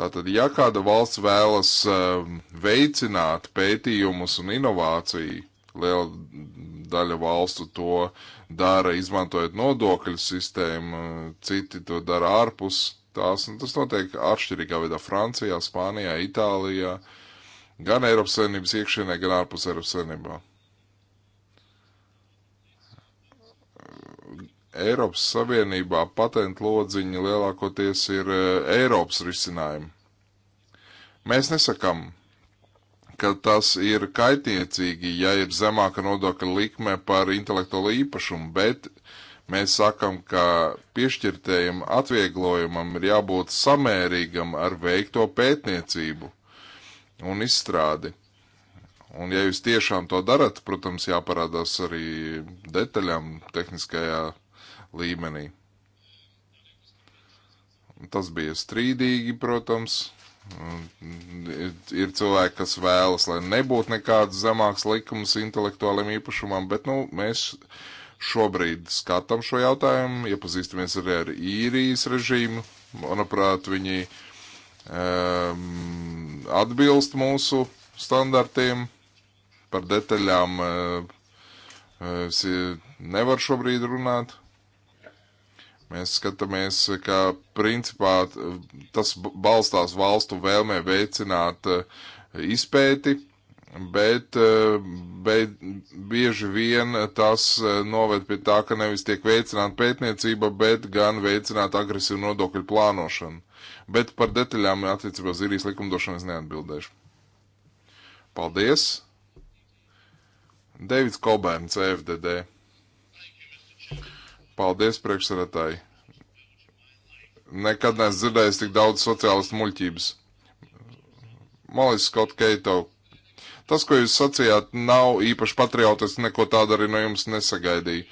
Tātad, ja kāda valsts vēlas um, veicināt pētījumus un inovāciju, liela daļa valstu to dara, izmantojot nodokļu sistēmu, citi to dara ārpus tās, un tas notiek atšķirīgā veidā Francijā, Spānijā, Itālijā, gan Eiropas Savienības iekšienē, gan ārpus Eiropas Savienībā. Eiropas Savienībā patentu lodziņi lielākoties ir e, Eiropas risinājumi. Mēs nesakām, ka tas ir kaitniecīgi, ja ir zemāka nodokļa likme par intelektuālo īpašumu, bet mēs sakam, ka piešķirtējiem atvieglojumam ir jābūt samērīgam ar veikto pētniecību un izstrādi. Un, ja jūs tiešām to darat, protams, jāparādās arī detaļām tehniskajā līmenī. Tas bija strīdīgi, protams. Ir cilvēki, kas vēlas, lai nebūtu nekāds zemāks likums intelektuāliem īpašumam, bet nu, mēs šobrīd skatām šo jautājumu, iepazīstamies arī ar īrijas režīmu. Manuprāt, viņi um, atbilst mūsu standartiem par detaļām. Uh, eh, es eh, nevaru šobrīd runāt. Mēs skatāmies, ka principā tas balstās valstu vēlmē veicināt eh, izpēti, bet, eh, bet bieži vien tas eh, noved pie tā, ka nevis tiek veicināta pētniecība, bet gan veicināt agresīvu nodokļu plānošanu. Bet par detaļām attiecībā uz īrijas likumdošanas neatbildēšu. Paldies! Deivids Kobērns, e FDD. Paldies, priekšsarētāji. Nekad neesmu dzirdējis tik daudz sociālistu muļķības. Malis Skot Keito, tas, ko jūs sacījāt, nav īpaši patriotiski, neko tādu arī no jums nesagaidīju.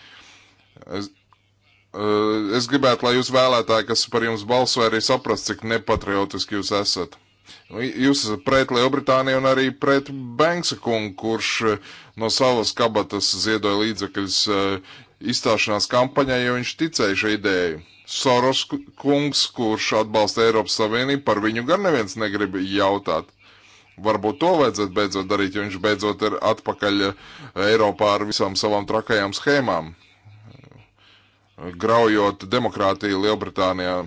Es, eh, es gribētu, lai jūs vēlētāji, kas par jums balsoja, arī saprast, cik nepatriotiski jūs esat. Nu, jūs esat pret Lielbritāniju un arī pret Banksa kungu, kurš eh, no savas kabatas ziedoja līdzekļus eh, izstāšanās kampaņā, jo viņš ticēja šai idejai. Soros kungs, kurš atbalsta Eiropas Savienību, par viņu gan neviens negrib jautāt. Varbūt to vajadzētu beidzot darīt, jo viņš beidzot ir atpakaļ eh, Eiropā ar visām savām trakajām schēmām, graujot demokrātiju Lielbritānijā.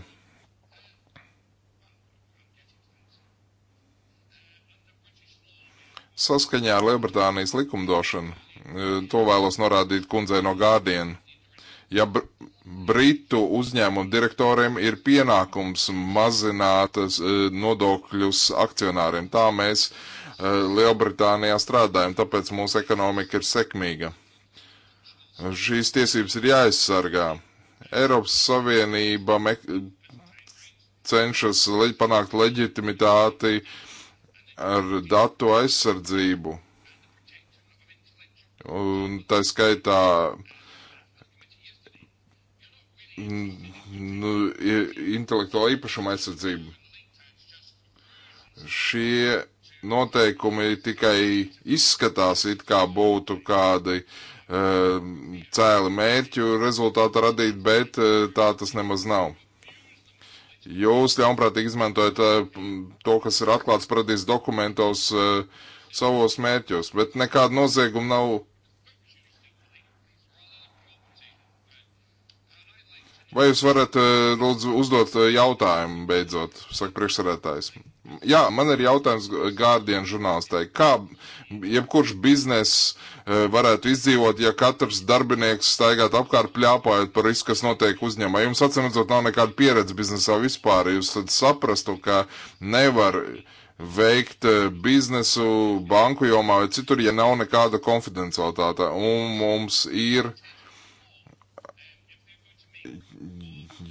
Saskaņā ar Lielbritānijas likumdošanu Eh, to vēlos norādīt kundzei no Guardian. Ja br Britu uzņēmumu direktoriem ir pienākums mazināt eh, nodokļus akcionāriem, tā mēs eh, Lielbritānijā strādājam, tāpēc mūsu ekonomika ir sekmīga. Šīs tiesības ir jāaizsargā. Eiropas Savienība cenšas leģ panākt leģitimitāti ar datu aizsardzību Un tā skaitā nu, intelektuāla īpašuma aizsardzība. Šie noteikumi tikai izskatās, it kā būtu kādi uh, cēli mērķu rezultātu radīt, bet uh, tā tas nemaz nav. Jūs ļaunprātīgi izmantojat uh, to, kas ir atklāts paradīzes dokumentos eh, savos mērķos, bet nekāda nozieguma nav Vai jūs varat eh, lūdzu uzdot eh, jautājumu beidzot, saka priekšsarētājs? Jā, man ir jautājums Guardian žurnālistai. Kā jebkurš biznes eh, varētu izdzīvot, ja katrs darbinieks staigāt apkārt pļāpājot par visu, kas notiek uzņēmumā? Jums atcīmredzot nav nekāda pieredze biznesā vispār. Jūs tad saprastu, ka nevar veikt biznesu banku jomā vai citur, ja nav nekāda konfidencialitāte. Un mums ir. Uh,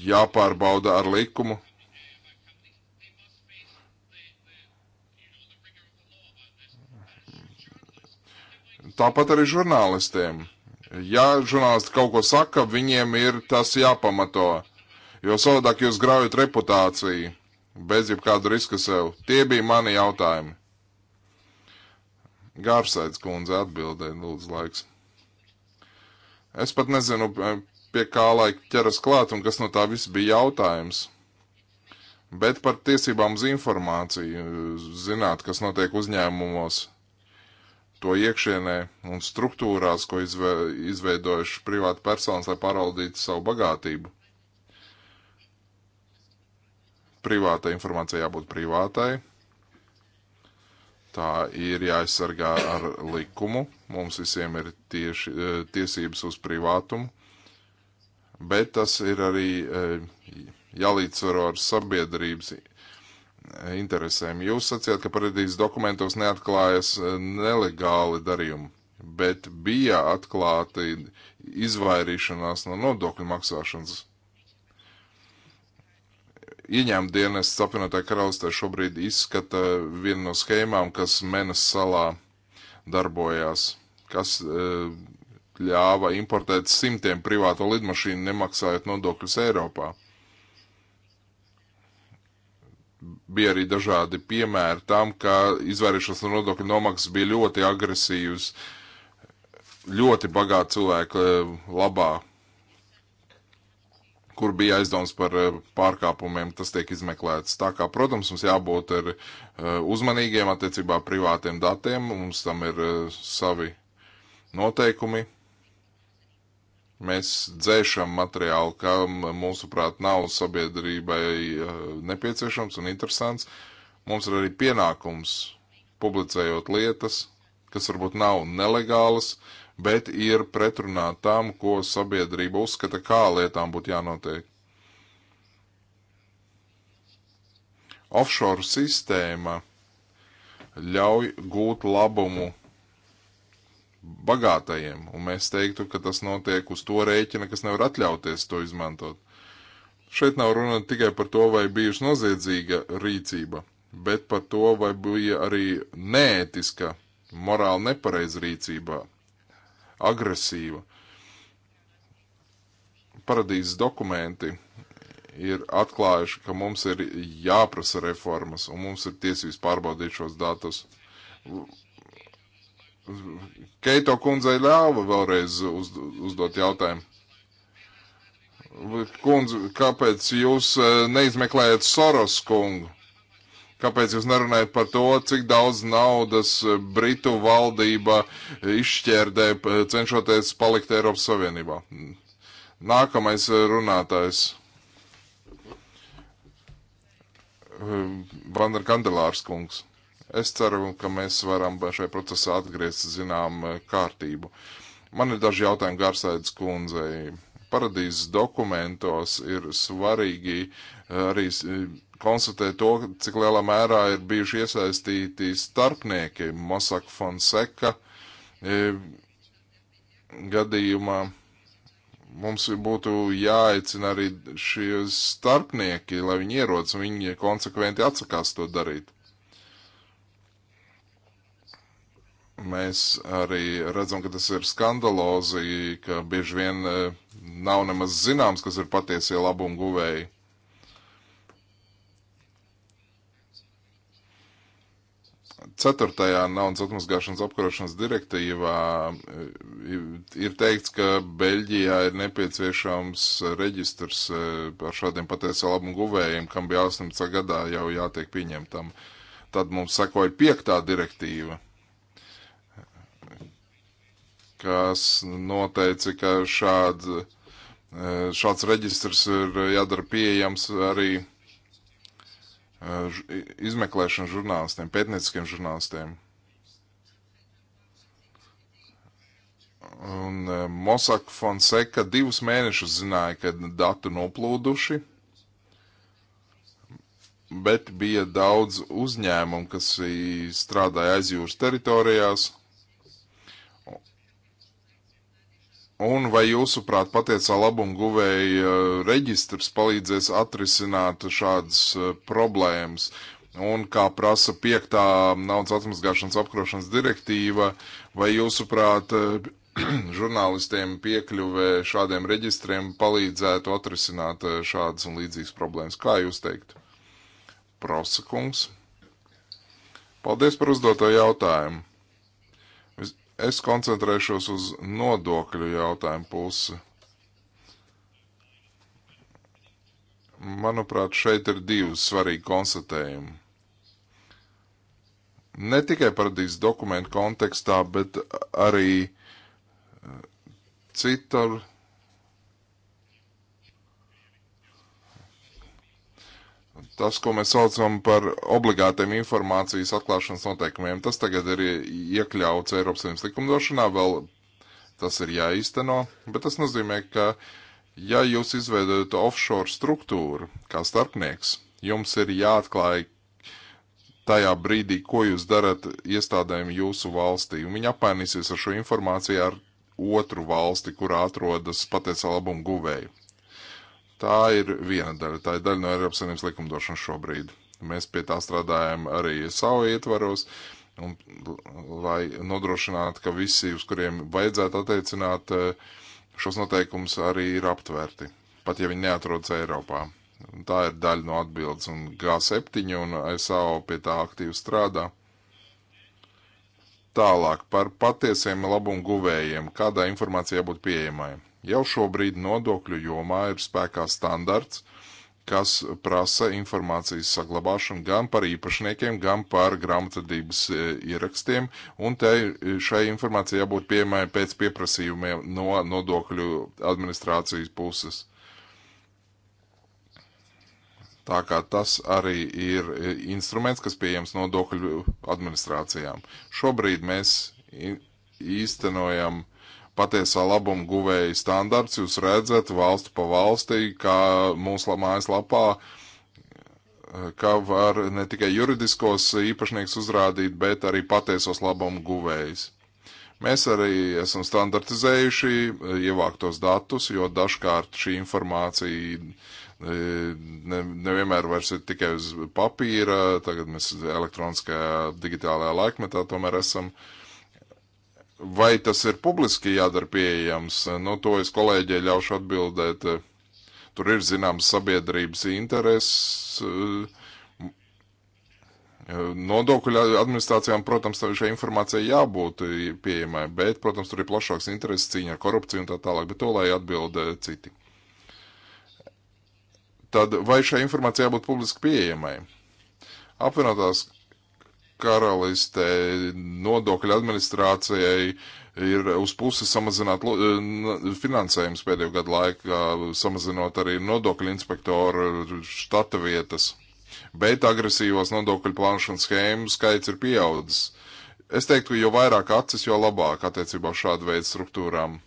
jāpārbauda ar likumu. Tāpat arī žurnālistiem. Ja žurnālisti kaut ko saka, viņiem ir tas jāpamato, jo savādāk jūs graujat reputāciju bez jebkāda riska sev. Tie bija mani jautājumi. Gārsaids kundze atbildēja, lūdzu, laiks. Es pat nezinu, pie kā lai ķeras klāt un kas no tā viss bija jautājums. Bet par tiesībām uz informāciju, zināt, kas notiek uzņēmumos, to iekšienē un struktūrās, ko izve, izveidojuši privāti personas, lai pārvaldītu savu bagātību. Privātai informācijai jābūt privātai. Tā ir jāaizsargā ar likumu. Mums visiem ir tieši, eh, tiesības uz privātumu bet tas ir arī e, jālīdzsvaro ar sabiedrības e, interesēm. Jūs sacījāt, ka paradīzes dokumentos neatklājas e, nelegāli darījumi, bet bija atklāti izvairīšanās no nodokļu maksāšanas. Ieņēmuma dienas apvienotā karalistē šobrīd izskata vienu no schēmām, kas Menas salā darbojās, kas e, ļāva importēt simtiem privāto lidmašīnu, nemaksājot nodokļus Eiropā. Bija arī dažādi piemēri tam, ka izvairīšanās no nodokļu nomaksas bija ļoti agresīvs, ļoti bagāta cilvēka eh, labā, kur bija aizdevums par eh, pārkāpumiem, tas tiek izmeklēts. Tā kā, protams, mums jābūt ar eh, uzmanīgiem attiecībā privātiem datiem, mums tam ir savi noteikumi Mēs dzēšam materiālu, kam mūsuprāt nav sabiedrībai eh, nepieciešams un interesants. Mums ir arī pienākums publicējot lietas, kas varbūt nav nelegālas, bet ir pretrunā tam, ko sabiedrība uzskata, kā lietām būtu jānotiek. Offshore sistēma ļauj gūt labumu bagātajiem, un mēs teiktu, ka tas notiek uz to rēķina, kas nevar atļauties to izmantot. Šeit nav runa tikai par to, vai bijusi noziedzīga rīcība, bet par to, vai bija arī neētiska, morāli nepareiza rīcība, agresīva. Paradīzes dokumenti ir atklājuši, ka mums ir jāprasa reformas, un mums ir tiesības pārbaudīt šos datus Keito kundzei ļāva vēlreiz uz, uzdot jautājumu. Kundze, kāpēc jūs eh, neizmeklējat Soros kungu? Kāpēc jūs nerunājat par to, cik daudz naudas eh, Britu valdība izšķērdē, eh, cenšoties palikt Eiropas Savienībā? Nākamais runātājs. Vandar Kandelārs kungs. Es ceru, ka mēs varam šajā procesā atgriezt zinām eh, kārtību. Man ir daži jautājumi Garsēdas kundzei. Paradīzes dokumentos ir svarīgi eh, arī eh, konstatēt to, cik lielā mērā ir bijuši iesaistīti starpnieki Mosaka Fonseca gadījumā mums būtu jāaicina arī šie starpnieki, lai viņi ierodas, un viņi konsekventi atsakās to darīt. Mēs arī redzam, ka tas ir skandalozi, ka bieži vien e, nav nemaz zināms, kas ir patiesie labumu guvēji. Ceturtajā naudas atmazgāšanas apkarošanas direktīvā e, ir teikts, ka Beļģijā ir nepieciešams reģistrs e, par šādiem patiesie labumu guvējiem, kam bija 18 gadā jau jātiek pieņemtam. Tad mums sekoja piektā direktīva kas noteica, ka šād, e, šāds reģistrs ir jādara pieejams arī e, izmeklēšanu žurnālistiem, pētnieciskiem žurnālistiem. Un e, Mosaka Fonseca divus mēnešus zināja, ka datu noplūduši, bet bija daudz uzņēmumu, kas strādāja aizjūras teritorijās – Un vai jūsuprāt, patiesā labuma guvēja reģistrs palīdzēs atrisināt šādas eh, problēmas? Un kā prasa piektā naudas atmazgāšanas apkarošanas direktīva, vai jūsuprāt, eh, [CLEARS THROAT] žurnālistiem piekļuvē šādiem reģistriem palīdzētu atrisināt eh, šādas un līdzīgas problēmas? Kā jūs teiktu? Prosakungs. Paldies par uzdoto jautājumu. Es koncentrēšos uz nodokļu jautājumu pusi. Manuprāt, šeit ir divi svarīgi konstatējumi. Ne tikai paradīzes dokumentu kontekstā, bet arī eh, citur tas, ko mēs saucam par obligātiem informācijas atklāšanas noteikumiem, tas tagad ir iekļauts Eiropas Savienības likumdošanā, vēl tas ir jāīsteno, bet tas nozīmē, ka ja jūs izveidojat offshore struktūru kā starpnieks, jums ir jāatklāj tajā brīdī, ko jūs darat iestādēm jūsu valstī, un viņi apmainīsies ar šo informāciju ar otru valsti, kurā atrodas patiesā labuma guvēja. Tā ir viena daļa, tā ir daļa no Eiropas Savienības likumdošanas šobrīd. Mēs pie tā strādājam arī savu ietvaros, un, lai nodrošinātu, ka visi, uz kuriem vajadzētu attiecināt eh, šos noteikumus, arī ir aptverti, pat ja viņi neatrodas Eiropā. Un tā ir daļa no atbildes, un G7 un SAO pie tā aktīvi strādā. Tālāk par patiesiem labumu guvējiem, kādā informācijā būtu pieejamai. Jau šobrīd nodokļu jomā ir spēkā standarts, kas prasa informācijas saglabāšanu gan par īpašniekiem, gan par grāmatvedības e, ierakstiem, un te e, šai informācijai jābūt pieejamai pēc pieprasījumiem no nodokļu administrācijas puses. Tā kā tas arī ir e, instruments, kas pieejams nodokļu administrācijām. Šobrīd mēs īstenojam patiesā labuma guvēja standarts. Jūs redzat valstu pa valstī, kā mūsu mājaslapā, ka var ne tikai juridiskos īpašnieks uzrādīt, bet arī patiesos labumu guvējus. Mēs arī esam standartizējuši ievāktos datus, jo dažkārt šī informācija e, ne, nevienmēr vairs ir tikai uz papīra, tagad mēs elektroniskajā digitālajā laikmetā tomēr esam. Uh, vai tas ir publiski jādara pieejams, nu to es kolēģei ļaušu atbildēt. Tur ir zināms sabiedrības intereses. Eh, nodokļu administrācijām, protams, šai informācijai jābūt pieejamai, bet, protams, tur ir plašāks intereses cīņa ar korupciju un tā tālāk, bet to lai atbild eh, citi. Tad vai šai informācijai jābūt publiski pieejamai? Apvienotās karalistē nodokļu administrācijai ir uz pusi samazināt eh, finansējums pēdējo gadu laikā, samazinot arī nodokļu inspektoru štata vietas. Bet agresīvos nodokļu plānošanas schēmu skaits ir pieaudzis. Es teiktu, ka jo vairāk acis, jo labāk attiecībā uz šādu veidu struktūrām.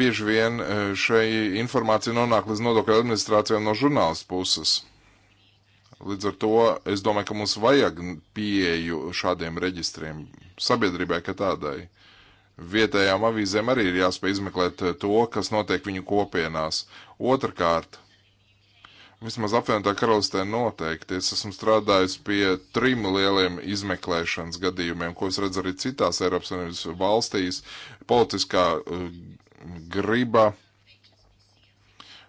Bieži vien eh, šai informācija nonāk līdz nodokļu administrācijām no žurnālistu puses Līdz ar to es domāju, ka mums vajag pieeju šādiem reģistriem sabiedrībai, ka tādai. Vietējām avīzēm arī ir jāspēj izmeklēt eh, to, kas notiek viņu kopienās. Otrakārt, vismaz apvienotā karalistē noteikti, es esmu strādājis pie trim lieliem izmeklēšanas gadījumiem, ko es redzu arī citās Eiropas Savienības valstīs. Politiskā eh, griba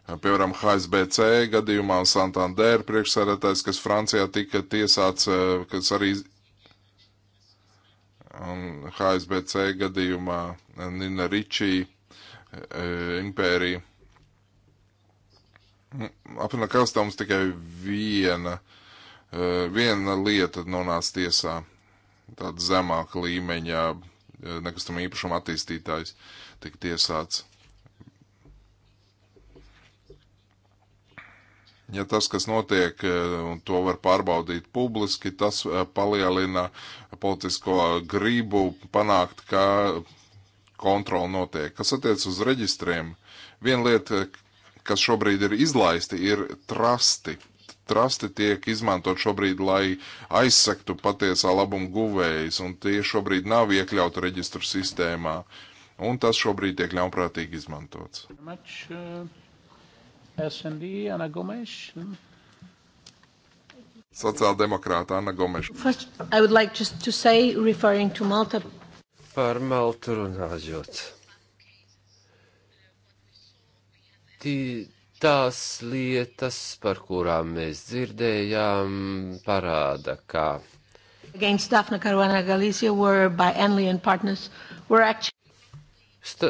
Piemēram, HSBC gadījumā un Santander priekšsēdētājs, kas Francijā tika tiesāts, eh, kas arī un HSBC gadījumā eh, Nina Ričī, eh, impērija. Nu, apvienotā karalistē mums tikai viena, viena lieta nonāca tiesā, tāda zemāka līmeņa nekustama īpašuma attīstītājs tika tiesāts. Ja tas, kas notiek, e, un to var pārbaudīt publiski, tas e, palielina politisko gribu panākt, ka kontrola notiek. Kas attiec uz reģistriem, viena lieta, kas šobrīd ir izlaisti, ir trasti. Trasti tiek izmantot šobrīd, lai aizsektu patiesā labuma guvējus, un tie šobrīd nav iekļauti reģistru sistēmā. Un tas šobrīd tiek ļaunprātīgi izmantots. Much, uh... SND, Ana Gomes. Sociāldemokrāta Anna Gomeša. First, I would like just to say, referring to Malta. Par Maltu runājot. Tī, tās lietas, par kurām mēs dzirdējām, parāda, kā. Against Daphne Caruana Galicia were by Enley and partners were actually. St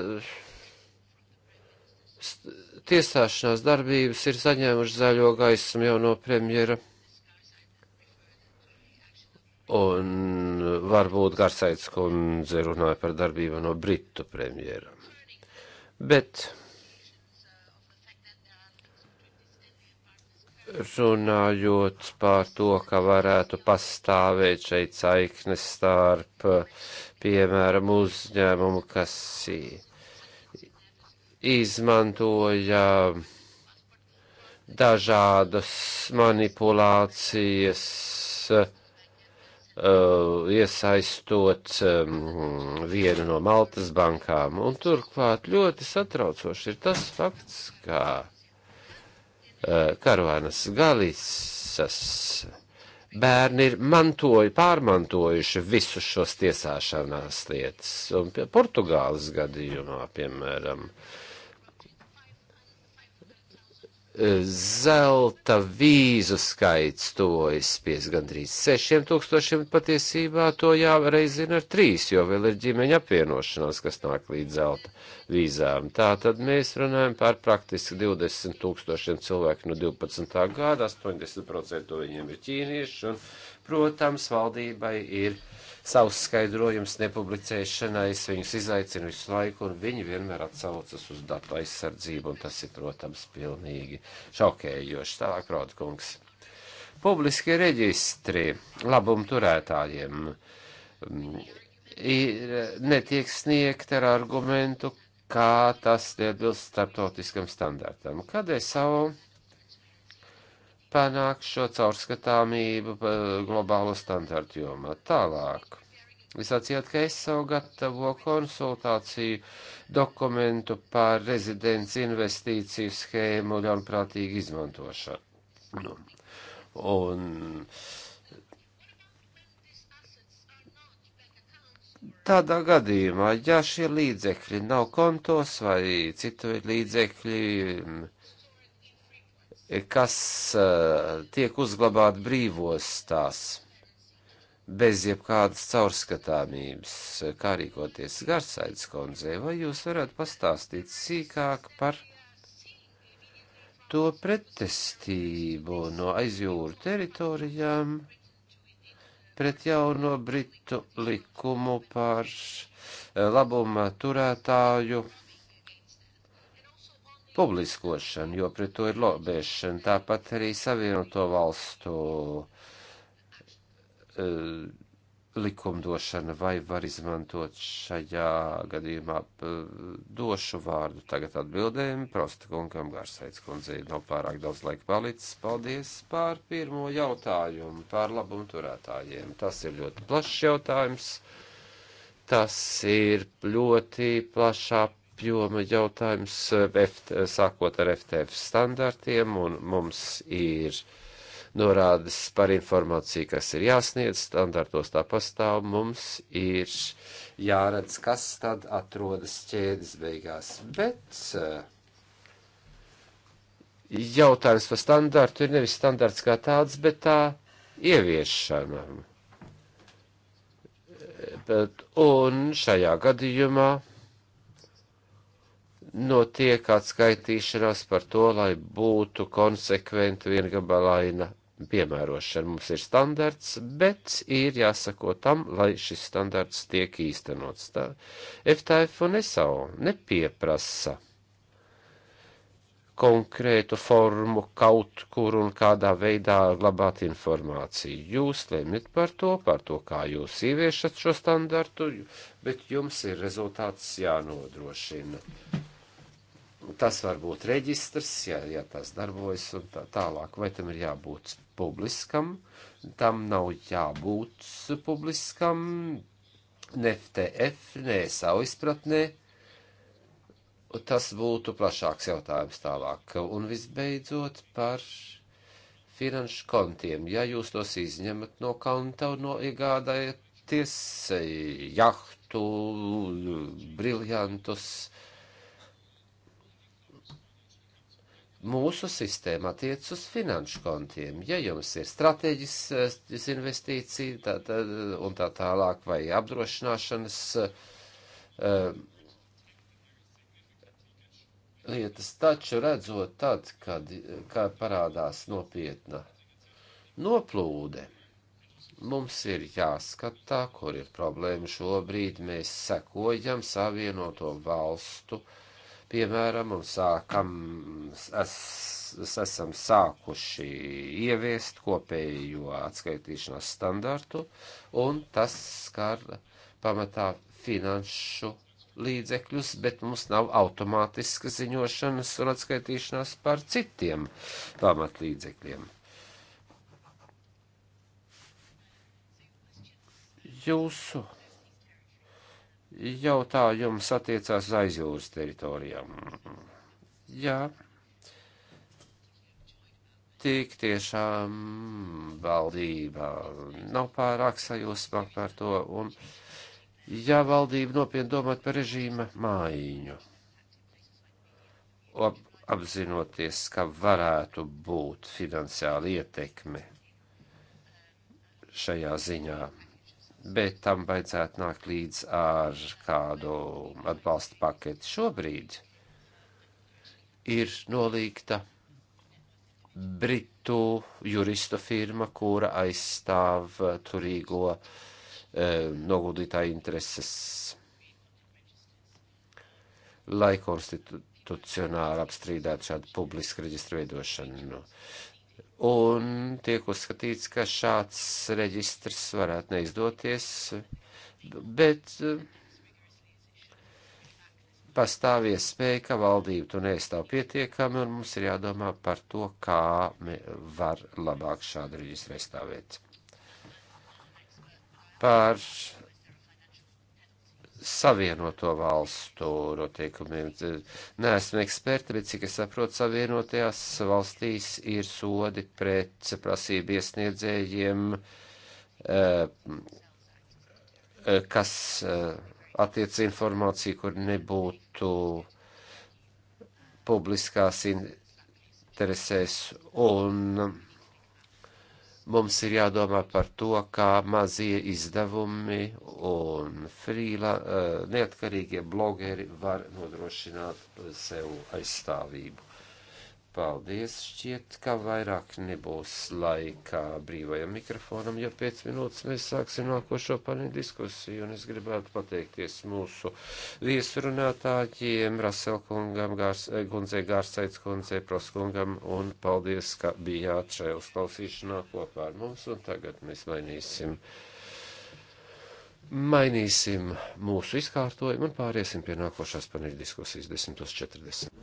st tiesāšanās darbības ir saņēmuši zaļo gaismu jau no premjera. Un varbūt Garsaits kundze runāja par darbību no Britu premjera. Bet runājot par to, ka varētu pastāvēt šeit saiknes starp, piemēram, uzņēmumu, kas ir izmantoja dažādas manipulācijas, uh, iesaistot um, vienu no Maltas bankām. Un turklāt ļoti satraucoši ir tas fakts, ka uh, karavānas galisas bērni ir mantoju, pārmantojuši visus šos tiesāšanās lietas. Un Portugāles gadījumā, piemēram, uh, zelta vīzu skaits tojas pies gandrīz sešiem tūkstošiem, patiesībā to jāreizina ar trīs, jo vēl ir ģimeņa apvienošanās, kas nāk līdz zelta vīzām. Tā tad mēs runājam par praktiski 20 tūkstošiem cilvēku no 12. gada, 80% no viņiem ir ķīnieši, un, protams, valdībai ir savus skaidrojumus nepublicēšanai. Es viņus izaicinu visu laiku, un viņi vienmēr atsaucas uz datu aizsardzību, un tas ir, protams, pilnīgi šokējoši. Tālāk, Rodkungs. Publiski reģistri labumturētājiem mm, ir, netiek sniegt ar argumentu, kā tas neatbilst starptautiskam standartam. Kad es savu panāk šo caurskatāmību globālo standartu jomā. Tālāk. Jūs atsījāt, ka es savu gatavo konsultāciju dokumentu par rezidents investīciju schēmu ļaunprātīgu izmantošanu. Un tādā gadījumā, ja šie līdzekļi nav kontos vai citu līdzekļi kas eh, tiek uzglabāti brīvostās bez jebkādas caurskatāmības, kā rīkoties Garsaidas konzē, vai jūs varētu pastāstīt sīkāk par to pretestību no aizjūru teritorijām pret jauno Britu likumu par eh, labuma turētāju publiskošanu, jo pret to ir lobēšana. Tāpat arī Savienoto valstu uh, likumdošana vai var izmantot šajā gadījumā e, došu vārdu tagad atbildēm. Prosta kungam Gārsaits kundzei nav pārāk daudz laika palicis. Paldies pār pirmo jautājumu pār labumturētājiem. Tas ir ļoti plašs jautājums. Tas ir ļoti plašā apjoma jautājums, eh, F, eh, sākot ar FTF standartiem, un mums ir norādes par informāciju, kas ir jāsniedz, standartos tā pastāv, mums ir jāredz, kas tad atrodas ķēdes beigās. Bet eh, jautājums par standartu ir nevis standarts kā tāds, bet tā ieviešana. Bet, un šajā gadījumā notiek atskaitīšanās par to, lai būtu konsekventi viengabalaina piemērošana. Mums ir standarts, bet ir jāsako tam, lai šis standarts tiek īstenots. Tā FTF un SAO nepieprasa konkrētu formu kaut kur un kādā veidā glabāt informāciju. Jūs lemjat par to, par to, kā jūs ieviešat šo standartu, bet jums ir rezultāts jānodrošina. Tas var būt reģistrs, ja, ja tas darbojas un tā tālāk, vai tam ir jābūt publiskam, tam nav jābūt publiskam, ne FTF, ne savu izpratnē, tas būtu plašāks jautājums tālāk. Un visbeidzot par finanšu kontiem. Ja jūs tos izņemat no konta un no iegādājaties jahtu, briljantus, mūsu sistēma attiec uz finanšu kontiem. Ja jums ir strateģiskas eh, investīcija tā, tā, un tā tālāk, vai apdrošināšanas uh, lietas, taču redzot tad, kad, kad parādās nopietna noplūde, mums ir jāskatā, kur ir problēma šobrīd, mēs sekojam savienoto valstu uh, Piemēram, un sākam, es, es esam sākuši ieviest kopējo atskaitīšanās standartu, un tas skar pamatā finanšu līdzekļus, bet mums nav automātiska ziņošanas un atskaitīšanās par citiem pamatlīdzekļiem. Jūsu jautājums attiecās uz aizjūras teritorijām. Jā, tik tiešām valdība nav pārāk sajūsmā par to, un ja valdība nopietni domāt par režīma mājiņu, ap, apzinoties, ka varētu būt finansiāla ietekme šajā ziņā bet tam vajadzētu nākt līdz ar kādu atbalsta paketi. Šobrīd ir nolīgta Britu juristu firma, kura aizstāv turīgo e, noguldītāju intereses, lai konstitucionāli apstrīdētu šādu publisku reģistru veidošanu. No un tiek uzskatīts, ka šāds reģistrs varētu neizdoties, bet eh, pastāv iespēja, ka valdība to neizstāv pietiekami, un mums ir jādomā par to, kā var labāk šādu reģistru aizstāvēt. Par Savienoto valstu notikumiem. Neesmu eksperta, bet cik es saprotu, Savienotajās valstīs ir sodi pret prasību iesniedzējiem, eh, kas eh, attiec informāciju, kur nebūtu publiskās interesēs un Mums ir jādomā par to, kā mazie izdevumi un frīla eh, neatkarīgie blogeri var nodrošināt sev aizstāvību. Paldies! Šķiet, ka vairāk nebūs laikā brīvajam mikrofonam, jo pēc minūtes mēs sāksim nākošo paneļu diskusiju, un es gribētu pateikties mūsu viesrunātāģiem, Raselkungam, Gārs, Gundzei eh, Gārsaits, Gundzei Proskungam, un paldies, ka bijāt šajā uzklausīšanā kopā ar mums, un tagad mēs mainīsim. Mainīsim mūsu izkārtojumu un pāriesim pie nākošās paneļa diskusijas 10.40.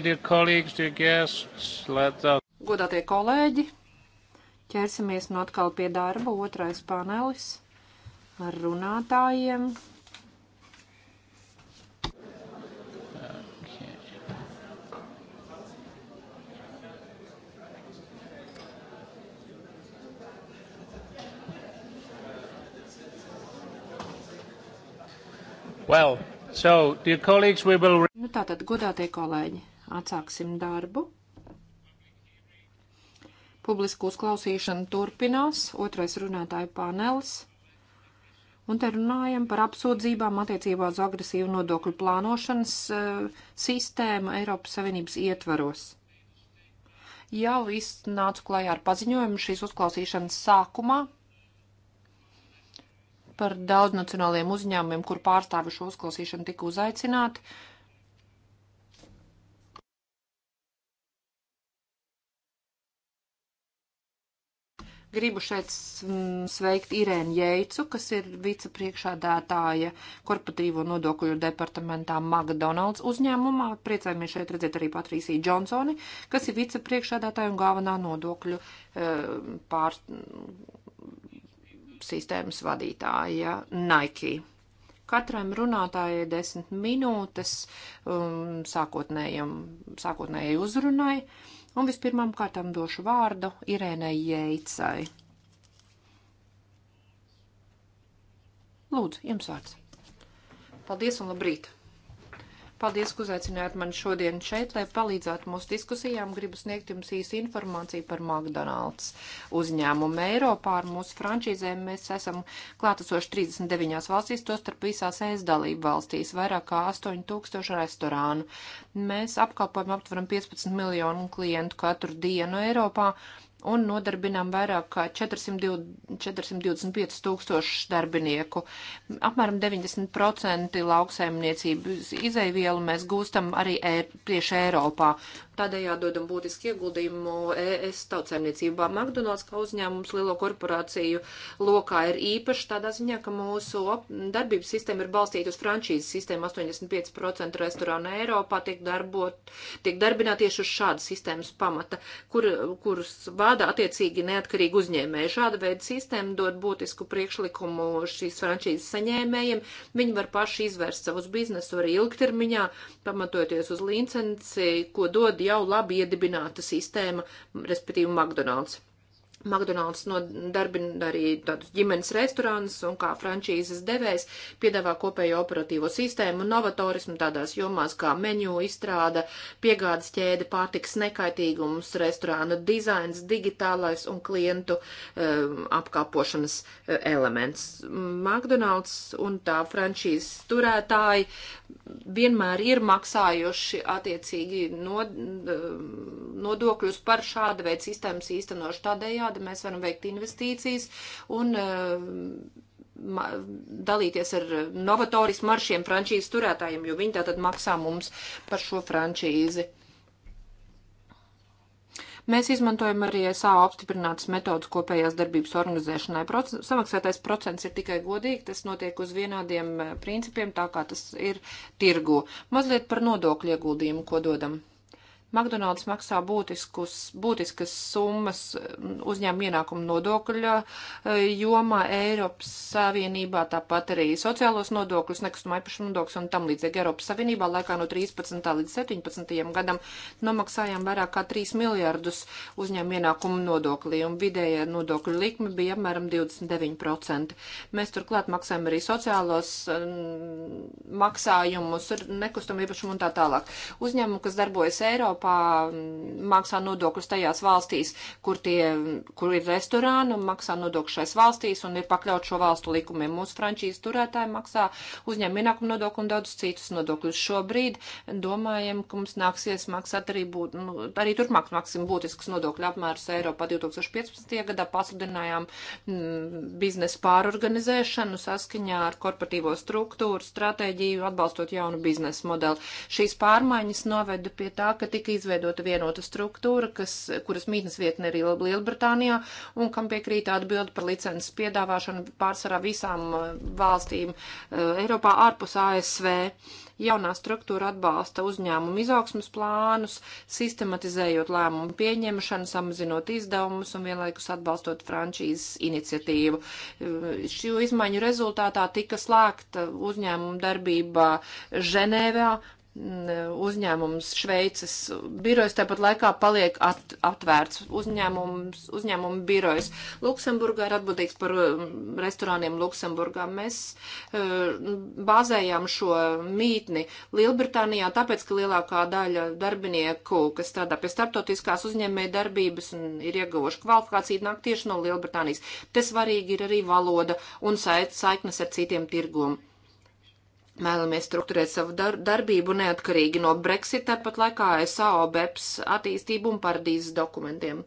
Okay, dear colleagues, dear guests, let us. Uh, godātie kolēģi, ķersimies no nu atkal pie darba, otrais panelis ar runātājiem. Okay. Well, so, dear colleagues, we will... Nu tātad, godātie kolēģi, Atsāksim darbu. Publisko uzklausīšana turpinās, otrais runātāju panelis. Un te runājam par apsūdzībām attiecībā uz agresīvu nodokļu plānošanas uh, sistēmu Eiropas Savienības ietvaros. Jau iznācu klajā ar paziņojumu šīs uzklausīšanas sākumā par daudznacionāliem uzņēmumiem, kur pārstāvi šo uzklausīšanu tika uzaicināti. Uh, Gribu šeit sveikt Irēnu Jeicu, kas ir vicepriekšādātāja korporatīvo nodokļu departamentā McDonald's uzņēmumā. Priecājamies šeit redzēt arī Patrīsiju Džonsoni, kas ir vicepriekšādātāja un galvenā nodokļu e, pār sistēmas vadītāja Nike. Katram runātājai desmit minūtes um, sākotnējai uzrunai. Uh, Un vispirmām kārtām došu vārdu Irēnai Jeicai. Lūdzu, jums vārds. Paldies un labrīt! Paldies, ka uzaicinājāt mani šodien šeit, lai palīdzētu mūsu diskusijām. Gribu sniegt jums īsu informāciju par McDonald's uzņēmumu Eiropā. Ar mūsu frančīzēm mēs esam klātesoši 39 valstīs, tostarp visās ES dalību valstīs, vairāk kā 8000 restorānu. Mēs apkalpojam aptveram 15 miljonu klientu katru dienu Eiropā un nodarbinām vairāk kā 420, 425 tūkstošu darbinieku. Apmēram 90% lauksaimniecības izaivielu mēs gūstam arī e tieši Eiropā. Tādējādi dodam būtiski ieguldījumu ES tautsēmniecībā. McDonald's kā uzņēmums lielo korporāciju lokā ir īpaši tādā ziņā, ka mūsu darbības sistēma ir balstīta uz frančīzes sistēmu. 85% restorāna Eiropā tiek, darbot, tiek darbināti tieši uz šādas sistēmas pamata, kur, kurus vada attiecīgi neatkarīgi uzņēmēji. Šāda veida sistēma dod būtisku priekšlikumu šīs frančīzes saņēmējiem. Viņi var paši izvērst savus biznesu arī ilgtermiņā, pamatojoties uz licenci, ko dod jau labi iedibināta sistēma, respektīvi McDonald's. McDonald's nodarbina arī tādus ģimenes restorānus un kā frančīzes devējs piedāvā kopējo operatīvo sistēmu un novatorismu tādās jomās kā menu izstrāda, piegādes ķēde, pārtiks nekaitīgums, restorāna dizains, digitālais un klientu um, apkalpošanas uh, elements. McDonald's un tā frančīzes turētāji vienmēr ir maksājuši attiecīgi nod, um, nodokļus par šāda veida sistēmas īstenošanu tādējādi Tādējādi mēs varam veikt investīcijas un uh, dalīties ar novatorismu ar šiem frančīzes turētājiem, jo viņi tātad maksā mums par šo frančīzi. Mēs izmantojam arī SA apstiprinātas metodas kopējās darbības organizēšanai. Proc samaksātais procents ir tikai godīgi, tas notiek uz vienādiem uh, principiem, tā kā tas ir tirgu. Mazliet par nodokļu ieguldījumu, ko dodam. McDonald's maksā būtiskus, būtiskas summas mm, uzņēmuma ienākuma nodokļa e, jomā Eiropas Savienībā, tāpat arī sociālos nodokļus, nekustamā īpašuma nodokļus un tam līdzīgi. Eiropas Savienībā laikā no 13. līdz 17. gadam nomaksājām vairāk kā 3 miljardus uzņēmuma ienākuma nodokļi un vidējā nodokļu likme bija apmēram 29%. Mēs turklāt maksājam arī sociālos mm, maksājumus, nekustamā īpašuma un tā tālāk. Uzņēmumu, kas darbojas Eiropā, Eiropā maksā nodokļus tajās valstīs, kur, tie, kur ir restorāni un maksā nodokļus šais valstīs un ir pakļaut šo valstu likumiem. Mūsu frančīzes turētāji maksā uzņēmuma ienākuma nodokļu un daudz citus nodokļus. Šobrīd domājam, ka mums nāksies maksāt arī, būt, nu, arī turpmāk maksim būtisks nodokļu apmērus Eiropā 2015. gadā pasludinājām m, biznesa pārorganizēšanu saskaņā ar korporatīvo struktūru, stratēģiju, atbalstot jaunu biznesa modeli. Šīs pārmaiņas noveda pie tā, ka tika tiktu izveidota vienota struktūra, kas, kuras mītnes vietne ir Lielbritānijā un kam piekrīt atbildi par licences piedāvāšanu pārsvarā visām uh, valstīm uh, Eiropā ārpus ASV. Jaunā struktūra atbalsta uzņēmumu izaugsmas plānus, sistematizējot lēmumu pieņemšanu, samazinot izdevumus un vienlaikus atbalstot frančīzes iniciatīvu. Uh, šo izmaiņu rezultātā tika slēgta uzņēmuma darbība Ženēvā uzņēmums Šveices birojas, tāpat laikā paliek at, atvērts uzņēmums, uzņēmuma birojas. Luksemburgā ir atbildīgs par um, restorāniem Luksemburgā. Mēs uh, bāzējām šo mītni Lielbritānijā, tāpēc, ka lielākā daļa darbinieku, kas strādā pie starptautiskās uzņēmēja darbības un ir ieguvuši kvalifikāciju, nāk tieši no Lielbritānijas. Te svarīgi ir arī valoda un saiknes ar citiem tirgumiem Vēlamies strukturēt savu dar darbību neatkarīgi no Brexit, tāpat laikā SAO, BEPS attīstību un paradīzes dokumentiem.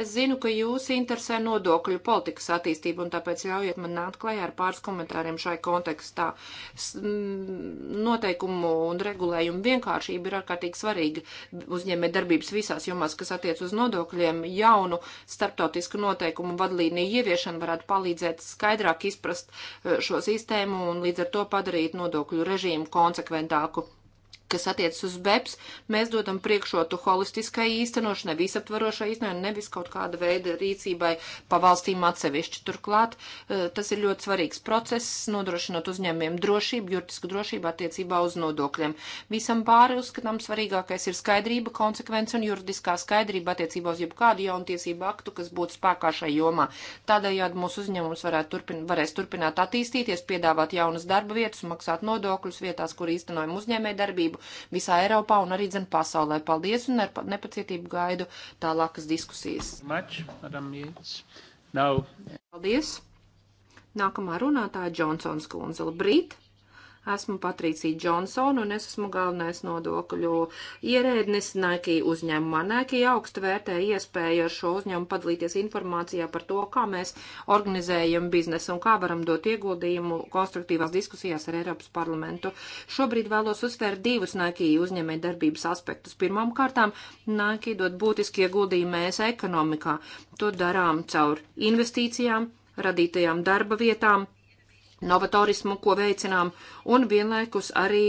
Es zinu, ka jūs interesē nodokļu politikas attīstība, un tāpēc ļaujiet man nākt klajā ar pāris komentāriem šai kontekstā. Mm, noteikumu un regulējumu vienkāršība ir ārkārtīgi svarīga uzņēmē darbības visās jomās, kas attiec uz nodokļiem. Jaunu starptautisku noteikumu vadlīniju ieviešana varētu palīdzēt skaidrāk izprast e, šo sistēmu un līdz ar to padarīt nodokļu režīmu konsekventāku kas attiecas uz BEPS, mēs dodam priekšrotu holistiskai īstenošanai, visaptvarošai īstenošanai, nevis kaut kāda veida rīcībai pa valstīm atsevišķi. Turklāt eh, tas ir ļoti svarīgs process, nodrošinot uzņēmiem drošību, juridisku drošību attiecībā uz nodokļiem. Visam pāri uzskatām svarīgākais ir skaidrība, konsekvence un juridiskā skaidrība attiecībā uz jebkādu jaunu tiesību aktu, kas būtu spēkā šai jomā. Tādējādi mūsu uzņēmums varētu turpin, varēs turpināt attīstīties, piedāvāt jaunas darba vietas un maksāt nodokļus vietās, kur īstenojam uzņēmē darbību visā Eiropā un arī dzen pasaulē. Paldies un ar nepacietību gaidu tālākas diskusijas. Much, Paldies! Nākamā runātāja Džonsons kundze. Labrīt! Esmu Patricija Džonsona un es esmu galvenais nodokļu ierēdnis Nike uzņēmumā. Nike augstu vērtē iespēju ar šo uzņēmumu padalīties informācijā par to, kā mēs organizējam biznesu un kā varam dot ieguldījumu konstruktīvās diskusijās ar Eiropas parlamentu. Šobrīd vēlos uzsvērt divus Nike uzņēmē darbības aspektus. Pirmām kārtām Nike dod būtiski ieguldījumu mēs ekonomikā. To darām caur investīcijām, radītajām darba vietām novatorismu, ko veicinām, un vienlaikus arī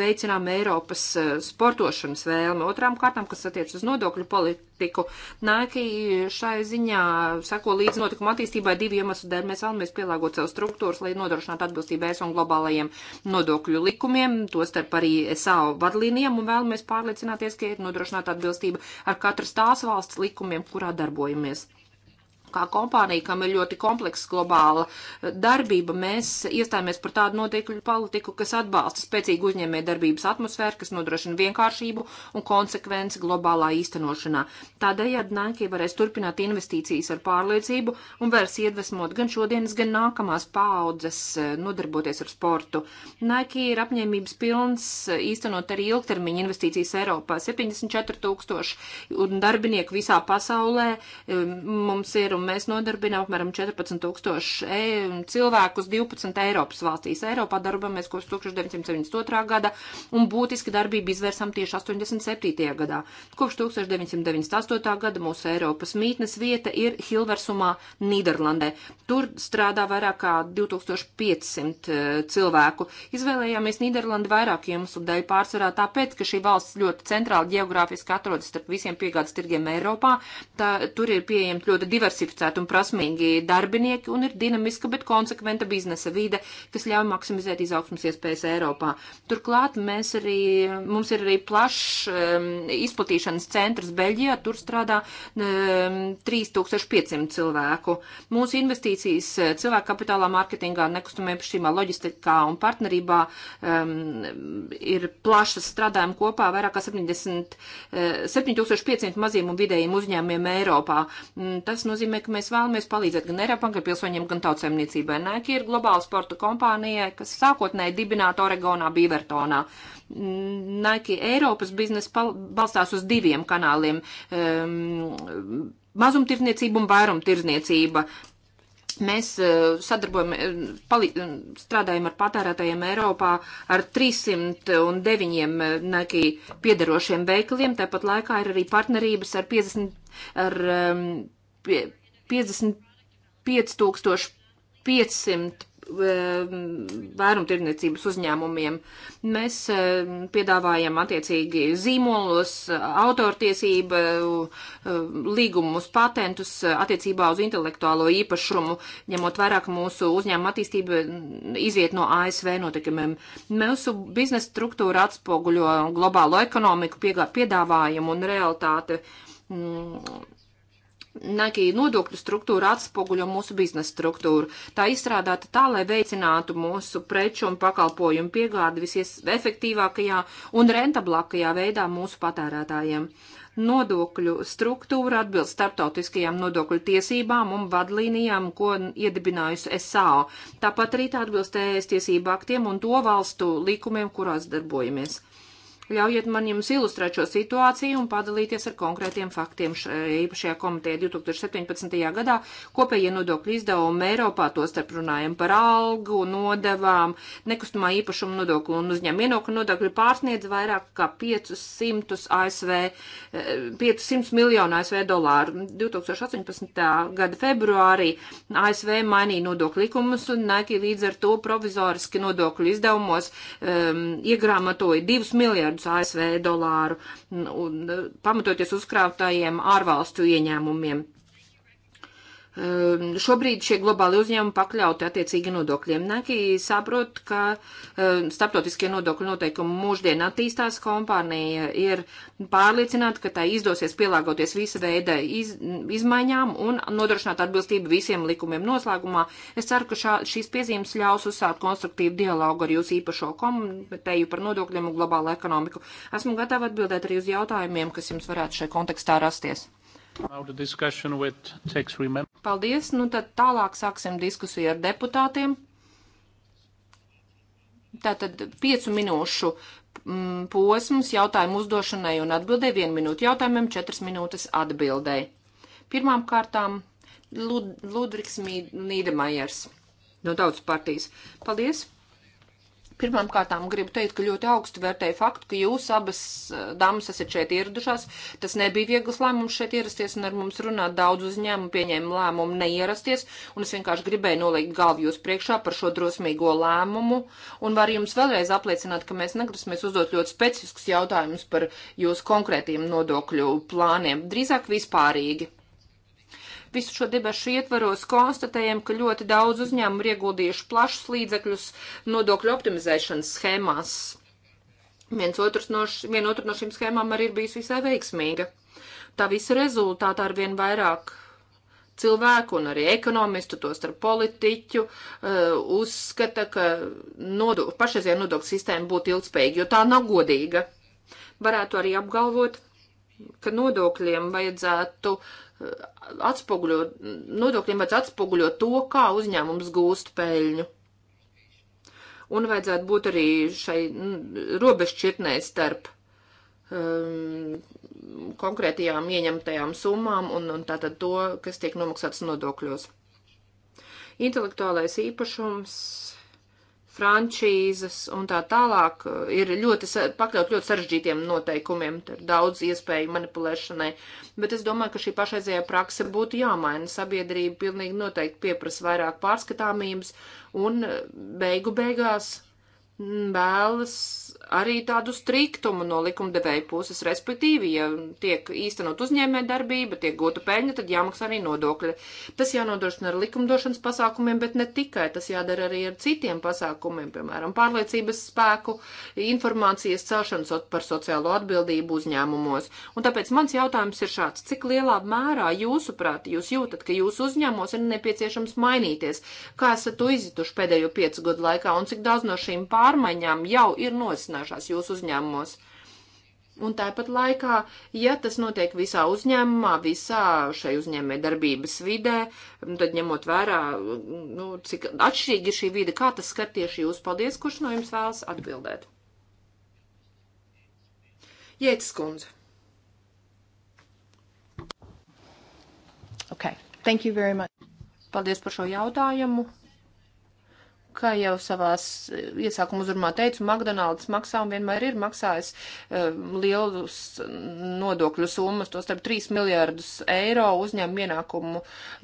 veicinām Eiropas e, sportošanas vēlmi. Otrām kārtām, kas attiec uz nodokļu politiku, Nike šai ziņā sako līdz notikuma attīstībai divu iemeslu dēļ. Mēs vēlamies pielāgot savu struktūras, lai nodrošinātu atbilstību ES un globālajiem nodokļu likumiem, tostarp arī SAO vadlīnijām, un vēlamies pārliecināties, ka ir nodrošināta atbilstība ar katras tās valsts likumiem, kurā darbojamies kā kompānija, kam ir ļoti kompleksa globāla darbība, mēs iestājāmies par tādu noteikļu politiku, kas atbalsta spēcīgu uzņēmē darbības atmosfēru, kas nodrošina vienkāršību un konsekvenci globālā īstenošanā. Tādējādi Nike varēs turpināt investīcijas ar pārliecību un vērs iedvesmot gan šodienas, gan nākamās paaudzes eh, nodarboties ar sportu. Nike ir apņēmības pilns eh, īstenot arī ilgtermiņa investīcijas Eiropā - 74 tūkstoši darbinieku visā pasaulē. Eh, mums ir un mēs nodarbinām apmēram 14 tūkstoši e cilvēkus 12 Eiropas valstīs. Eiropā darbamies kopš 1992. gada un būtiski darbību izvērsām tieši 87. gadā. Kopš 1998. gada mūsu Eiropas mītnes vieta ir Hilversumā, Nīderlandē. Tur strādā vairāk kā 2500 e, cilvēku. Izvēlējāmies Nīderlandi vairāk iemeslu dēļ pārsvarā tāpēc, ka šī valsts ļoti centrāli geogrāfiski atrodas starp visiem piegādes tirgiem Eiropā. Tā, tur ir pieejami ļoti diversificēti kvalificēti un prasmīgi darbinieki un ir dinamiska, bet konsekventa biznesa vide, kas ļauj maksimizēt izaugsmas iespējas Eiropā. Turklāt mēs arī, mums ir arī plašs um, izplatīšanas centrs Beļģijā, tur strādā um, 3500 cilvēku. Mūsu investīcijas uh, cilvēku kapitālā, mārketingā, nekustamiem pašīmā, loģistikā un partnerībā um, ir plašas strādājuma kopā vairāk kā 70, 7500 uh, maziem un vidējiem uzņēmumiem Eiropā. Mm, tas nozīmē, nozīmē, ka mēs vēlamies palīdzēt gan Eiropam, gan pilsoņiem, gan tautsēmniecībai. Nike ir globāla sporta kompānija, kas sākotnēji dibināta Oregonā, Beavertonā. Mm, Nike Eiropas biznesa balstās uz diviem kanāliem um, - mazumtirdzniecība un vairumtirdzniecība mēs eh, sadarbojamies, eh, eh, strādājam ar patērētājiem Eiropā ar 309 Nike piedarošiem veikaliem, tāpat laikā ir arī partnerības ar 50, ar, pie, 55,500 ehm, vērumtirdzniecības uzņēmumiem. Mēs ehm, piedāvājam attiecīgi zīmolos, autortiesību, līgumus, patentus attiecībā uz intelektuālo īpašumu, ņemot vērā, ka mūsu uzņēmuma attīstība iziet no ASV notikumiem. Mūsu biznesa struktūra atspoguļo globālo ekonomiku, piedāvājumu un realitāti. Mm, Nike nodokļu struktūra atspoguļo mūsu biznesa struktūru. Tā izstrādāta tā, lai veicinātu mūsu preču un pakalpojumu piegādi visies efektīvākajā un rentablākajā veidā mūsu patērētājiem. Nodokļu struktūra atbilst starptautiskajām nodokļu tiesībām un vadlīnijām, ko iedibinājusi SAO. Tāpat arī tā atbilst ES tiesību aktiem un to valstu likumiem, kurās darbojamies. Ļaujiet man jums ilustrēt šo situāciju un padalīties ar konkrētiem faktiem īpašajā komitejā 2017. gadā. Kopējie nodokļu izdevumi Eiropā, to starp runājam par algu, nodevām, nekustamā īpašuma nodokļu un uzņēmuma ienokļu nodokļu pārsniedz vairāk kā 500, ASV, 500 miljonu ASV dolāru. 2018. gada februārī ASV mainīja nodokļu likumus un Nike līdz ar to provizoriski nodokļu izdevumos um, iegrāmatoja 2 miljardus miljonus ASV dolāru, un, pamatoties uzkrāptājiem ārvalstu ieņēmumiem. Um, šobrīd šie globāli uzņēmumi pakļauti attiecīgi nodokļiem. Nākī saprot, ka um, starptautiskie nodokļu noteikumi mūždien attīstās. Kompānija ir pārliecināta, ka tā izdosies pielāgoties visa veida iz, izmaiņām un nodrošināt atbilstību visiem likumiem noslēgumā. Es ceru, ka šā, šīs piezīmes ļaus uzsākt konstruktīvu dialogu ar jūsu īpašo komiteju par nodokļiem un globālu ekonomiku. Esmu gatava atbildēt arī uz jautājumiem, kas jums varētu šajā kontekstā rasties. Now the discussion with tax remember. Paldies, nu tad tālāk sāksim diskusiju ar deputātiem. Tātad piecu minūšu mm, posms jautājumu uzdošanai un atbildē, vienu minūtu jautājumiem, četras minūtes atbildē. Pirmām kārtām Lud Ludvigs Nīdemajers no Tautas partijas. Paldies! Pirmām kārtām gribu teikt, ka ļoti augstu vērtēju faktu, ka jūs abas eh, dāmas esat šeit ieradušās. Tas nebija viegls lēmums šeit ierasties un ar mums runāt daudz uzņēmumu, pieņēma lēmumu neierasties, un es vienkārši gribēju nolikt galvu jūs priekšā par šo drosmīgo lēmumu, un varu jums vēlreiz apliecināt, ka mēs negrasamies uzdot ļoti specifiskus jautājumus par jūsu konkrētiem nodokļu plāniem, drīzāk vispārīgi. Visu šo debašu ietvaros konstatējam, ka ļoti daudz uzņēmumu ir ieguldījuši plašus līdzekļus nodokļu optimizēšanas schēmās. Viens otrs no, š, vien otru no šīm schēmām arī ir bijis visai veiksmīga. Tā visa rezultātā ar vien vairāk cilvēku un arī ekonomistu, tos ar politiķu, uh, uzskata, ka nodok, pašreizējā nodokļu sistēma būtu ilgspējīga, jo tā nav godīga. Varētu arī apgalvot, ka nodokļiem vajadzētu eh, atspoguļot, nodokļiem vajadzētu atspoguļot to, kā uzņēmums gūst peļņu. Un vajadzētu būt arī šai mm, robežšķirtnē starp um, konkrētajām ieņemtajām summām un, un tātad to, kas tiek nomaksāts nodokļos. Intelektuālais īpašums frančīzes un tā tālāk eh, ir ļoti pakļaut ļoti sarežģītiem noteikumiem, ir daudz iespēju manipulēšanai, bet es domāju, ka šī pašreizējā prakse būtu jāmaina. Sabiedrība pilnīgi noteikti pieprasa vairāk pārskatāmības un eh, beigu beigās vēlas arī tādu striktumu no likumdevēja puses, respektīvi, ja tiek īstenot uzņēmē darbība, tiek gota peļņa, tad jāmaksā arī nodokļi. Tas jānodrošina ar likumdošanas pasākumiem, bet ne tikai, tas jādara arī ar citiem pasākumiem, piemēram, pārliecības spēku, informācijas celšanas par sociālo atbildību uzņēmumos. Un tāpēc mans jautājums ir šāds, cik lielā mērā jūsuprāt jūs jūtat, ka jūsu uzņēmumos ir nepieciešams mainīties, kā esat to izjutuši pēdējo piecu gadu laikā un cik daudz no šīm pārliecībām pārmaiņām jau ir nosināšās jūsu uzņēmumos. Un tāpat laikā, ja tas notiek visā uzņēmumā, visā šai uzņēmē darbības vidē, tad ņemot vērā, nu, cik atšķirīgi ir šī vide, kā tas skar tieši jūs. Paldies, kurš no jums vēlas atbildēt? Jētas kundze. Okay. Thank you very much. Paldies par šo jautājumu kā jau savās iesākuma uzrunā teicu, McDonald's maksā un vienmēr ir maksājis uh, lielus nodokļu summas, tos starp 3 miljārdus eiro uzņēmumu ienākumu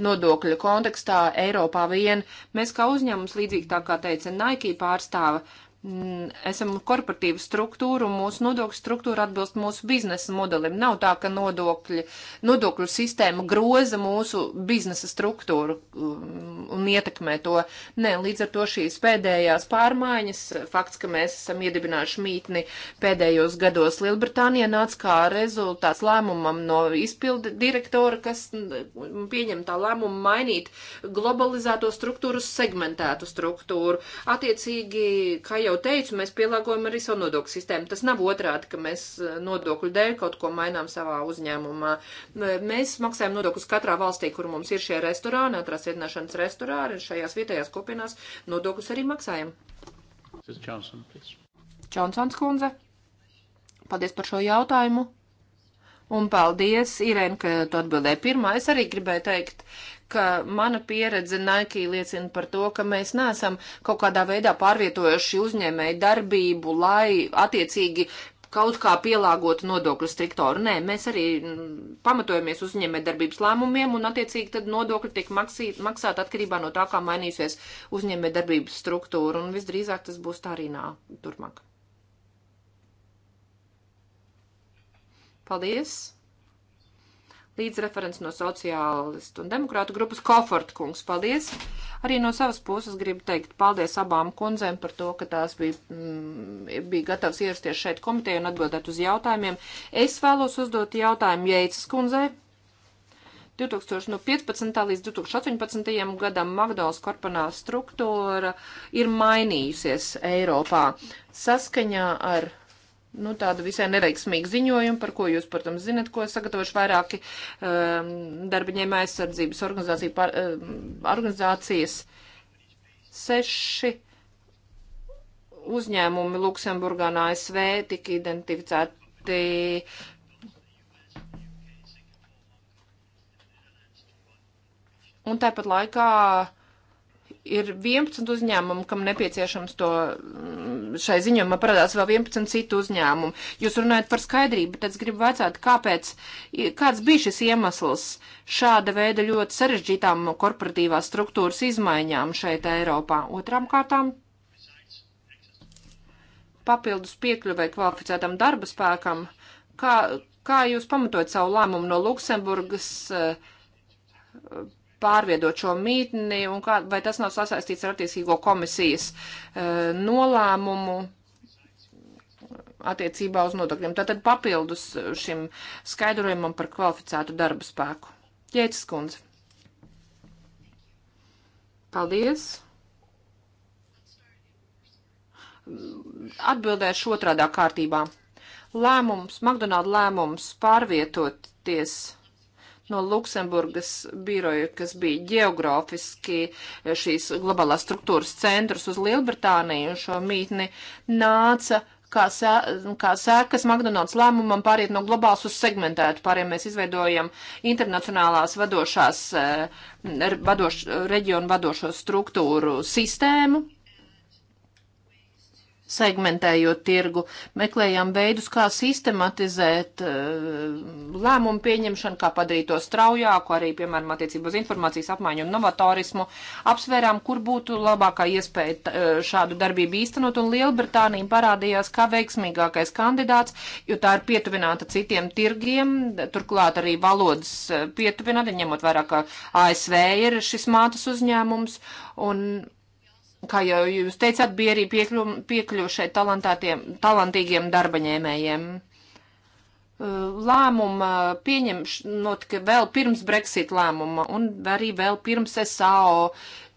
nodokļu kontekstā Eiropā vien. Mēs kā uzņēmums, līdzīgi tā kā teica Nike pārstāva, uh, Mm, esam korporatīva struktūra un mūsu nodokļu struktūra atbilst mūsu biznesa modelim. Nav tā, ka nodokļi, nodokļu sistēma groza mūsu biznesa struktūru mm, un ietekmē to. Nē, līdz ar to šīs pēdējās pārmaiņas, fakts, ka mēs esam iedibinājuši mītni pēdējos gados Lielbritānijā, nāca kā rezultāts lēmumam no izpildu direktora, kas mm, pieņem tā lēmumu mainīt globalizēto struktūru uz segmentētu struktūru. Attiecīgi, kā jau jau teicu, mēs pielāgojam arī savu nodokļu sistēmu. Tas nav otrādi, ka mēs eh, nodokļu dēļ kaut ko mainām savā uzņēmumā. Mēs maksājam nodokļus katrā valstī, kur mums ir šie restorāni, atrās iedināšanas restorāni, un šajās vietējās kopienās nodokļus arī maksājam. Čonsons kundze, paldies par šo jautājumu. Un paldies, Irēna, ka tu atbildēji pirmā. Es arī gribēju teikt, uh, ka mana pieredze Nike liecina par to, ka mēs neesam kaut kādā veidā pārvietojuši uzņēmēju darbību, lai attiecīgi kaut kā pielāgotu nodokļu striktoru. Nē, mēs arī mm, pamatojamies uzņēmē darbības lēmumiem un attiecīgi tad nodokļi tiek maksīt, maksāt atkarībā no tā, kā mainīsies uzņēmē darbības struktūra un visdrīzāk tas būs tā arī nā turmāk. Paldies! līdzreferents no sociālistu un demokrātu grupas Kofort kungs. Paldies! Arī no savas puses gribu teikt paldies abām kundzēm par to, ka tās bija, mm, bija gatavas ierasties šeit komiteja un atbildēt uz jautājumiem. Es vēlos uzdot jautājumu Jeicas kundzei. 2015. No līdz 2018. gadam Magdāls korponā struktūra ir mainījusies Eiropā saskaņā ar nu, tādu visai neveiksmīgu ziņojumu, par ko jūs, protams, zinat, ko sagatavojuši vairāki um, darbiņiem aizsardzības organizācija, par, um, organizācijas seši uzņēmumi Luksemburgā un ASV tika identificēti Un tāpat laikā uh, ir 11 uzņēmumu, kam nepieciešams to mm, šai ziņojumā parādās vēl 11 citu uzņēmumu. Jūs runājat par skaidrību, tad es gribu vaicāt, kāpēc, kāds bija šis iemesls šāda veida ļoti sarežģītām korporatīvās struktūras izmaiņām šeit Eiropā. Otram kārtām papildus piekļuvai kvalificētam darba spēkam. Kā, kā jūs pamatojat savu lēmumu no Luksemburgas? Uh, pārviedot šo mītni, un kā, vai tas nav sasaistīts ar attiecīgo komisijas uh, nolēmumu attiecībā uz nodokļiem. Tātad papildus šim skaidrojumam par kvalificētu darba spēku. Jēcis kundze. Paldies. Atbildēšu otrādā kārtībā. Lēmums, McDonald lēmums pārvietoties no Luksemburgas biroja, kas bija geogrāfiski šīs globālās struktūras centrs uz Lielbritāniju un šo mītni nāca kā, sē, kā sēkas McDonald's lēmumam pāriet no globāls uz segmentētu, pāriem mēs izveidojam internacionālās vadošās, eh, vadoš, reģionu vadošo struktūru sistēmu segmentējot tirgu, meklējām veidus, kā sistematizēt eh, lēmumu pieņemšanu, kā padarīt to straujāku, arī, piemēram, attiecībā uz informācijas apmaiņu un novatorismu, apsvērām, kur būtu labākā iespēja eh, šādu darbību īstenot, un Lielbritānija parādījās kā veiksmīgākais kandidāts, jo tā ir pietuvināta citiem tirgiem, turklāt arī valodas eh, pietuvināta, ņemot vairāk, ka ASV ir šis mātas uzņēmums, un kā jau jūs teicāt, bija arī piekļu, piekļušai talantīgiem darbaņēmējiem. Uh, lēmuma pieņemšanot vēl pirms Brexit lēmuma un arī vēl pirms SAO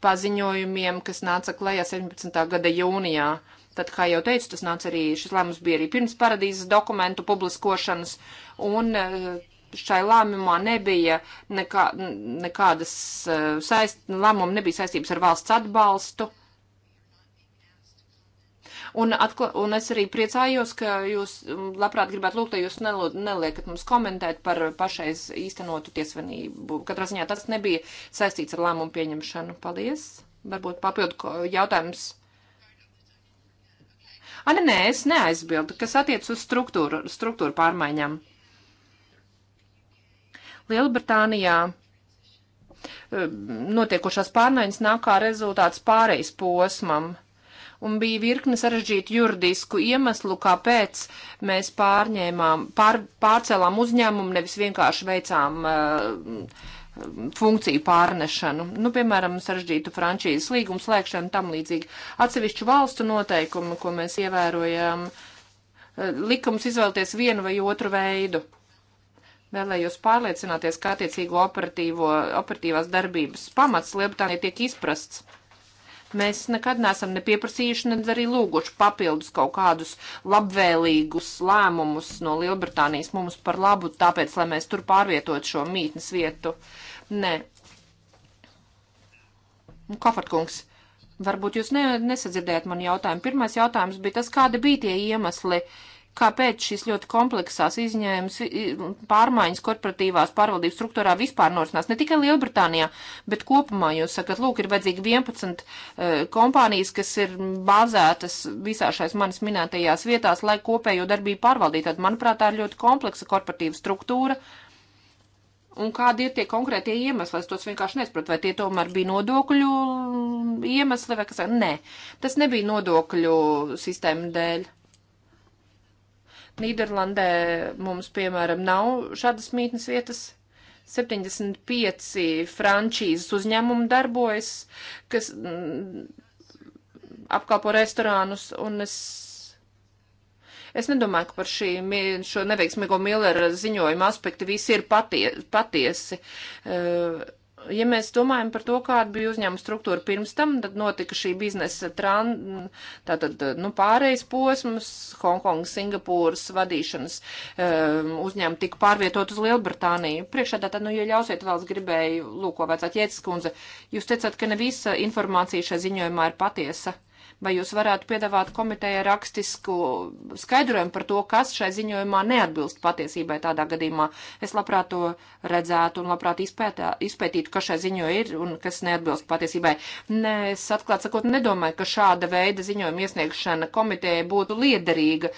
paziņojumiem, kas nāca klajā 17. gada jūnijā. Tad, kā jau teicu, tas nāca arī, šis lēmums bija arī pirms paradīzes dokumentu publiskošanas un uh, šai lēmumā nebija nekā, nekādas uh, saist, lēmuma nebija saistības ar valsts atbalstu. Uh, Un, atkla, un es arī priecājos, ka jūs mm, labprāt gribētu lūgt, lai jūs neliekat mums komentēt par pašais īstenotu tiesvenību. Katrā ziņā tas nebija saistīts ar lēmumu pieņemšanu. Paldies! Varbūt papildu jautājums. A, nē, nē, es neaizbildu, kas attiec uz struktūru, struktūru pārmaiņām. Lielbritānijā eh, notiekošās pārmaiņas nāk kā rezultāts pārejas posmam un bija virkne sarežģītu juridisku iemeslu, kāpēc mēs pārņēmām, pār, pārcēlām uzņēmumu, nevis vienkārši veicām uh, funkciju pārnešanu, nu, piemēram, sarežģītu frančīzes līgumu slēgšanu, tam līdzīgi atsevišķu valstu noteikumu, ko mēs ievērojam, uh, likums izvēlties vienu vai otru veidu. Vēlējos pārliecināties, kā attiecīgo operatīvās darbības pamats Lielbritānijā tiek izprasts Mēs nekad neesam nepieprasījuši, ne arī lūguši papildus kaut kādus labvēlīgus lēmumus no Lielbritānijas mums par labu, tāpēc, lai mēs tur pārvietotu šo mītnes vietu. Nē. Nu, Kofartkungs, varbūt jūs ne, nesadzirdējat man jautājumu. Pirmais jautājums bija tas, kādi bija tie iemesli, uh, kāpēc šīs ļoti kompleksās izņēmas pārmaiņas korporatīvās pārvaldības struktūrā vispār norisinās, ne tikai Lielbritānijā, bet kopumā jūs sakat, lūk, ir vajadzīgi 11 uh, e, kompānijas, kas ir bāzētas visā šais manis minētajās vietās, lai kopējo darbību pārvaldītu. Tad, manuprāt, tā ir ļoti kompleksa korporatīva struktūra. Un kādi ir tie konkrētie iemesli? Es tos vienkārši nesaprotu, vai tie tomēr bija nodokļu mm, iemesli vai kas. Nē, tas nebija nodokļu sistēma dēļ Nīderlandē mums, piemēram, nav šādas mītnes vietas. 75 frančīzes uzņēmumu darbojas, kas mm, apkalpo restorānus, un es Es nedomāju, ka par šī, šo neveiksmīgo Millera ziņojumu aspektu visi ir patie, patiesi. Uh, ja mēs domājam par to, kāda bija uzņēmuma struktūra pirms tam, tad notika šī biznesa tran, tātad, nu, pārējais posms, Hongkongas, Singapūras vadīšanas um, ehm, uzņēmuma tika pārvietot uz Lielbritāniju. Priekšā tātad, nu, ja ļausiet vēl, es gribēju, lūko vecāt Jēcis kundze, jūs teicāt, ka ne visa informācija šajā ziņojumā ir patiesa. Vai jūs varētu piedāvāt komitejai rakstisku skaidrojumu par to, kas šai ziņojumā neatbilst patiesībai tādā gadījumā? Es labprāt to redzētu un labprāt izpētā, izpētītu, kas šai ziņojumā ir un kas neatbilst patiesībai. Nē, es atklāt sakot, nedomāju, ka šāda veida ziņojuma iesniegšana komitejai būtu liederīga.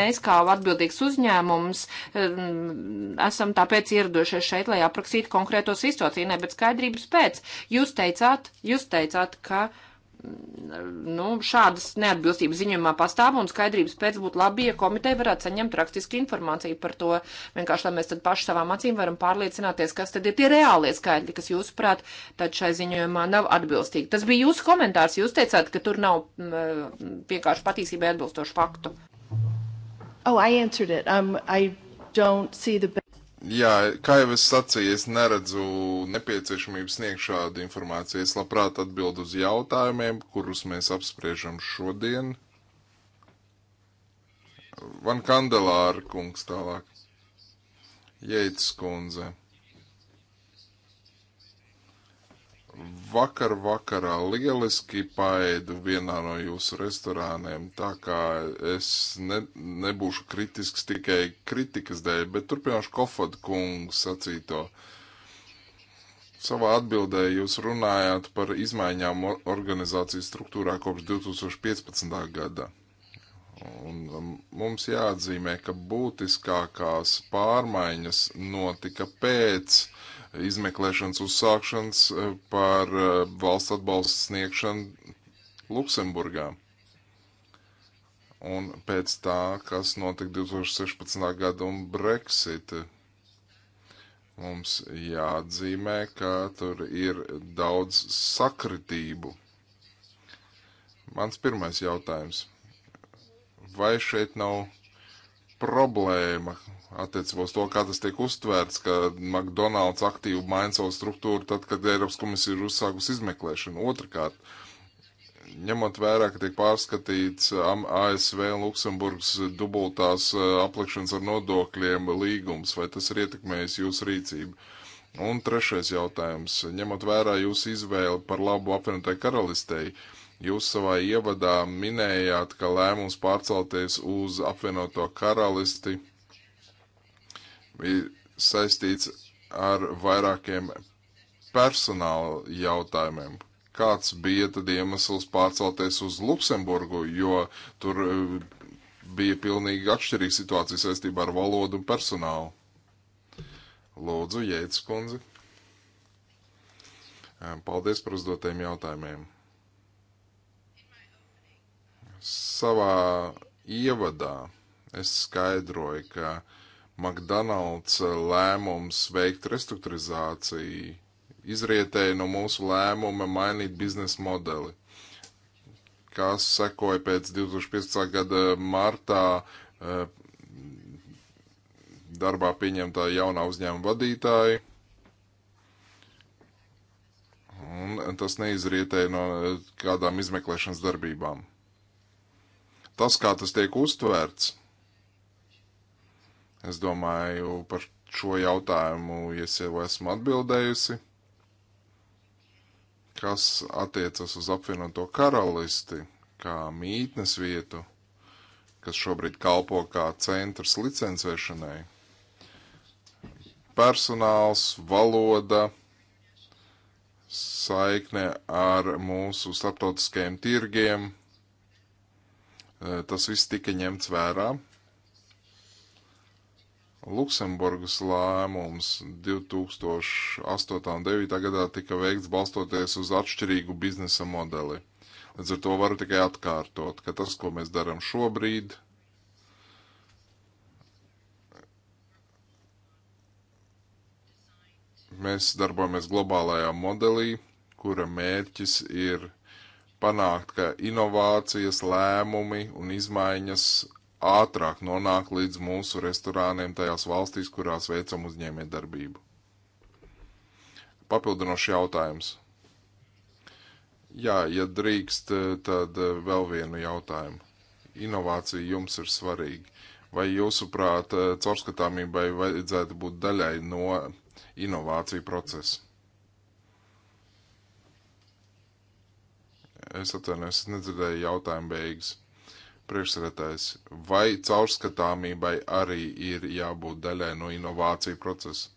Mēs kā atbildīgs uzņēmums mm, esam tāpēc ieradušies šeit, lai aprakstītu konkrēto situāciju, ne, bet skaidrības pēc. Jūs teicāt, jūs teicāt, ka nu, šādas neatbilstības ziņojumā pastāv un skaidrības pēc būtu labi, ja komiteja varētu saņemt rakstisku informāciju par to, vienkārši lai mēs tad paši savām acīm varam pārliecināties, kas tad ir tie reālie skaidri, kas jūsuprāt tad šai ziņojumā nav atbilstīgi. Tas bija jūsu komentārs, jūs teicāt, ka tur nav mm, eh, vienkārši patiesībai atbilstošu faktu. Oh, I answered it. Um, I don't see the Jā, kā jau es sacīju, es neredzu nepieciešamību sniegt šādu informāciju. Es labprāt atbildu uz jautājumiem, kurus mēs apspriežam šodien. Van Kandelāra kungs tālāk. Jeits kundze. vakar vakarā lieliski paēdu vienā no jūsu restorāniem, tā kā es ne, nebūšu kritisks tikai kritikas dēļ, bet turpināšu Kofod kungu sacīto. Savā atbildē jūs runājāt par izmaiņām organizācijas struktūrā kopš 2015. gada. Un um, mums jāatzīmē, ka būtiskākās pārmaiņas notika pēc uh, izmeklēšanas uzsākšanas eh, par eh, valsts atbalstu sniegšanu Luksemburgā. Un pēc tā, kas notika 2016. gada un Brexit, mums jāatzīmē, ka tur ir daudz sakritību. Mans pirmais jautājums. Vai šeit nav problēma, attiecībā uz to, kā tas tiek uztvērts, ka McDonald's aktīvi maina savu struktūru tad, kad Eiropas komisija ir uzsākusi izmeklēšanu. Otrakārt, ņemot vērā, ka tiek pārskatīts um, ASV un Luksemburgas dubultās uh, aplikšanas ar nodokļiem līgums, vai tas ir ietekmējis jūsu rīcību? Un trešais jautājums, ņemot vērā jūsu izvēli par labu apvienotai karalistei, Jūs savā ievadā minējāt, ka lēmums pārcelties uz apvienoto karalisti saistīts ar vairākiem personāla jautājumiem. Kāds bija tad iemesls pārcelties uz Luksemburgu, jo tur eh, bija pilnīgi atšķirīga situācija saistībā ar valodu un personālu? Lūdzu, Jēdz kundze. Paldies par uzdotajiem jautājumiem. Savā ievadā es skaidroju, ka McDonald's lēmums veikt restruktūrizāciju izrietēja no mūsu lēmuma mainīt biznesa modeli, kas sekoja pēc 2015. gada martā eh, darbā pieņemtā jaunā uzņēmuma vadītāja. Un tas neizrietēja no eh, kādām izmeklēšanas darbībām. Tas, kā tas tiek uztverts, Es domāju, par šo jautājumu es jau esmu atbildējusi. Kas attiecas uz apvienoto karalisti kā mītnes vietu, kas šobrīd kalpo kā centrs licencēšanai. Personāls, valoda, saikne ar mūsu starptautiskajiem tirgiem, tas viss tika ņemts vērā Luksemburgas lēmums 2008. un 2009. gadā tika veikts balstoties uz atšķirīgu biznesa modeli. Līdz ar to varu tikai atkārtot, ka tas, ko mēs darām šobrīd, mēs darbojamies globālajā modelī, kura mērķis ir panākt, ka inovācijas, lēmumi un izmaiņas ātrāk nonāk līdz mūsu restorāniem tajās valstīs, kurās veicam uzņēmē darbību. Papildinošs jautājums. Jā, ja drīkst, tad vēl vienu jautājumu. Inovācija jums ir svarīga. Vai jūsuprāt, caurskatāmībai vajadzētu būt daļai no inovāciju procesa? Es atvainojos, es nedzirdēju jautājumu beigas priekšsēdētājs, vai caurskatāmībai arī ir jābūt daļai no inovāciju procesa?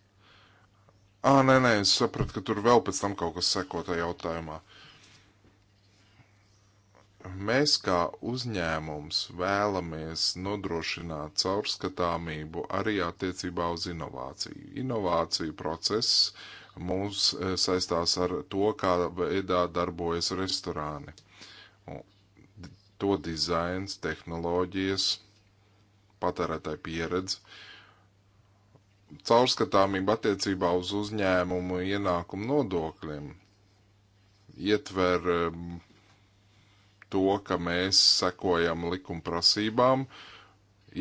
Ā, nē, nē, es sapratu, ka tur vēl pēc tam kaut kas seko tajā jautājumā. Mēs kā uzņēmums vēlamies nodrošināt caurskatāmību arī attiecībā uz inovāciju. Inovāciju process mūs eh, saistās ar to, kādā veidā darbojas restorāni to dizains, tehnoloģijas, patērētāja pieredze, caurskatāmība attiecībā uz uzņēmumu ienākumu nodokļiem ietver um, to, ka mēs sekojam likuma prasībām,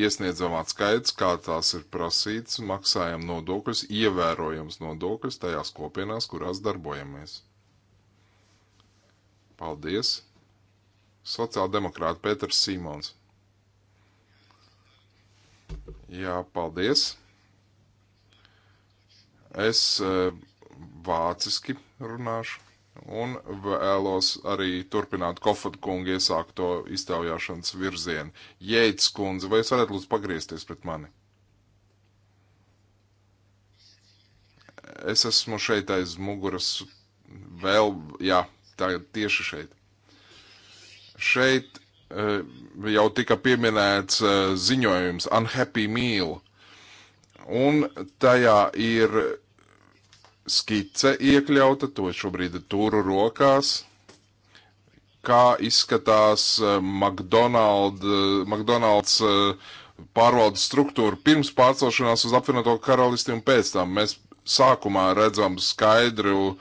iesniedzam atskaits, kā tās ir prasīts, maksājam nodokļus, ievērojams nodokļus tajās kopienās, kurās darbojamies. Paldies! sociāldemokrāta Pēters Simons. Jā, paldies. Es e, vāciski runāšu un vēlos arī turpināt Kofod kungu iesākto iztaujāšanas virzienu. Jeits kundze, vai jūs varētu lūdzu pagriezties pret mani? Es esmu šeit aiz muguras vēl, jā, tā tieši šeit. Šeit eh, jau tika pieminēts eh, ziņojums Unhappy Meal, un tajā ir skice iekļauta, to šobrīd turu rokās, kā izskatās eh, McDonald, McDonald's pārvaldes struktūra pirms pārcelšanās uz apvienoto karalisti un pēc tam. Mēs sākumā redzam skaidru uh,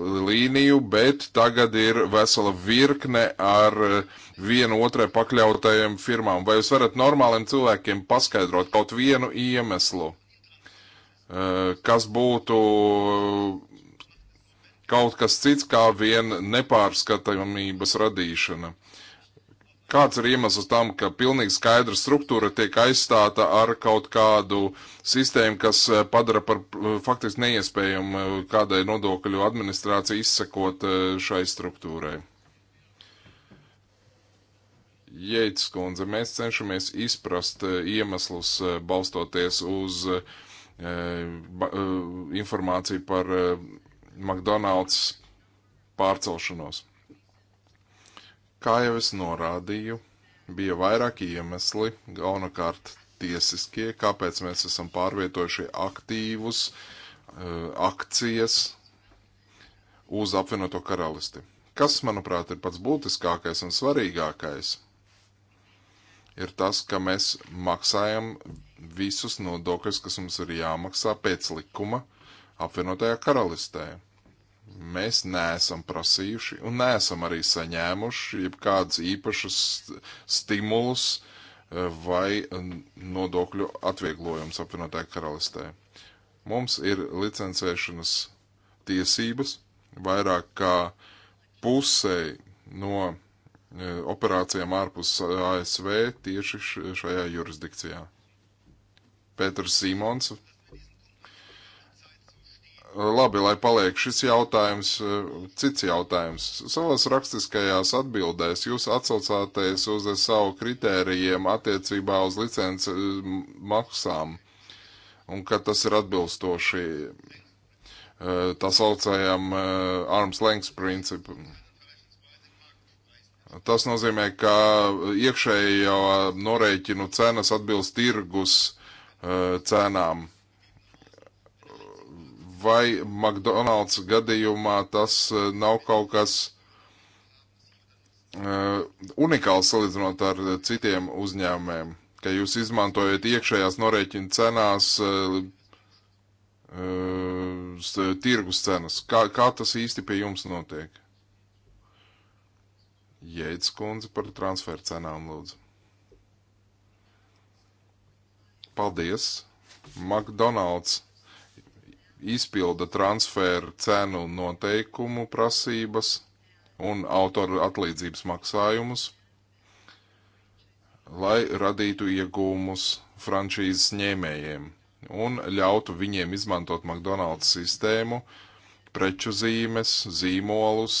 līniju, bet tagad ir vesela virkne ar eh, vienu otrai pakļautajiem firmām. Vai jūs varat normāliem cilvēkiem paskaidrot kaut vienu iemeslu, eh, kas būtu eh, kaut kas cits kā vien nepārskatāmības radīšana? Kāds ir iemesls tam, ka pilnīgi skaidra struktūra tiek aizstāta ar kaut kādu sistēmu, kas eh, padara par eh, faktiski neiespējumu eh, kādai nodokļu administrācijai izsekot šai struktūrai? Jeits kundze, mēs cenšamies izprast iemeslus balstoties uz e, ba, e, informāciju par e, McDonald's pārcelšanos. Kā jau es norādīju, bija vairāki iemesli, galvenokārt tiesiskie, kāpēc mēs esam pārvietojuši aktīvus, eh, akcijas uz apvienoto karalisti. Kas, manuprāt, ir pats būtiskākais un svarīgākais, ir tas, ka mēs maksājam visus nodokļus, kas mums ir jāmaksā pēc likuma apvienotajā karalistē. Mēs neesam prasījuši un neesam arī saņēmuši jebkādas īpašas stimulus eh, vai eh, nodokļu atvieglojums apvienotā karalistē. Mums ir licencēšanas tiesības vairāk kā pusē no eh, operācijām ārpus ASV tieši šajā jurisdikcijā. Pēters Simons, labi, lai paliek šis jautājums, e, cits jautājums. Savās rakstiskajās atbildēs jūs atsaucāties uz savu kritērijiem attiecībā uz licences maksām un ka tas ir atbilstoši e, tā saucējām e, arms lengths principam. Tas nozīmē, ka iekšējo norēķinu cenas atbilst tirgus cenām vai McDonald's gadījumā tas eh, nav kaut kas uh, unikāls salīdzinot ar eh, citiem uzņēmumiem, ka jūs izmantojat iekšējās norēķina cenās uh, uh, tirgus cenas. Kā, kā tas īsti pie jums notiek? Jēdz kundze par transfer cenām lūdzu. Paldies! McDonald's izpilda transferu cenu noteikumu prasības un autoru atlīdzības maksājumus, lai radītu iegūmus franšīzes ņēmējiem un ļautu viņiem izmantot McDonald's sistēmu, preču zīmes, zīmolus,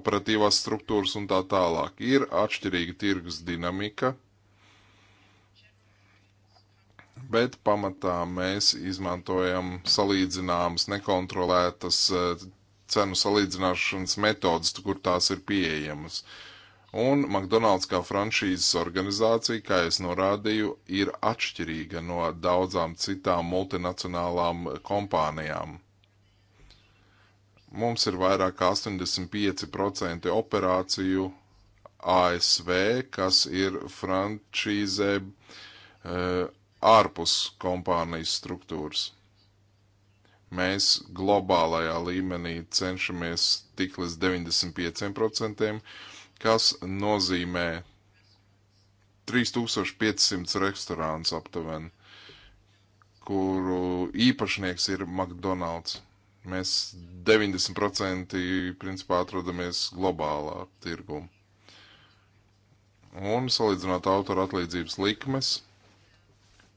operatīvās struktūras un tā tālāk. Ir atšķirīga tirgus dinamika bet pamatā mēs izmantojam salīdzināmas, nekontrolētas eh, cenu salīdzināšanas metodas, kur tās ir pieejamas. Un McDonald's kā franšīzes organizācija, kā es norādīju, ir atšķirīga no daudzām citām multinacionālām kompānijām. Mums ir vairāk kā 85% operāciju ASV, kas ir franšīzē uh, ārpus kompānijas struktūras. Mēs globālajā līmenī cenšamies tik līdz 95%, kas nozīmē 3500 restorāns aptuveni, kuru īpašnieks ir McDonald's. Mēs 90% principā atrodamies globālā tirgu. Un salīdzinot autoru atlīdzības likmes,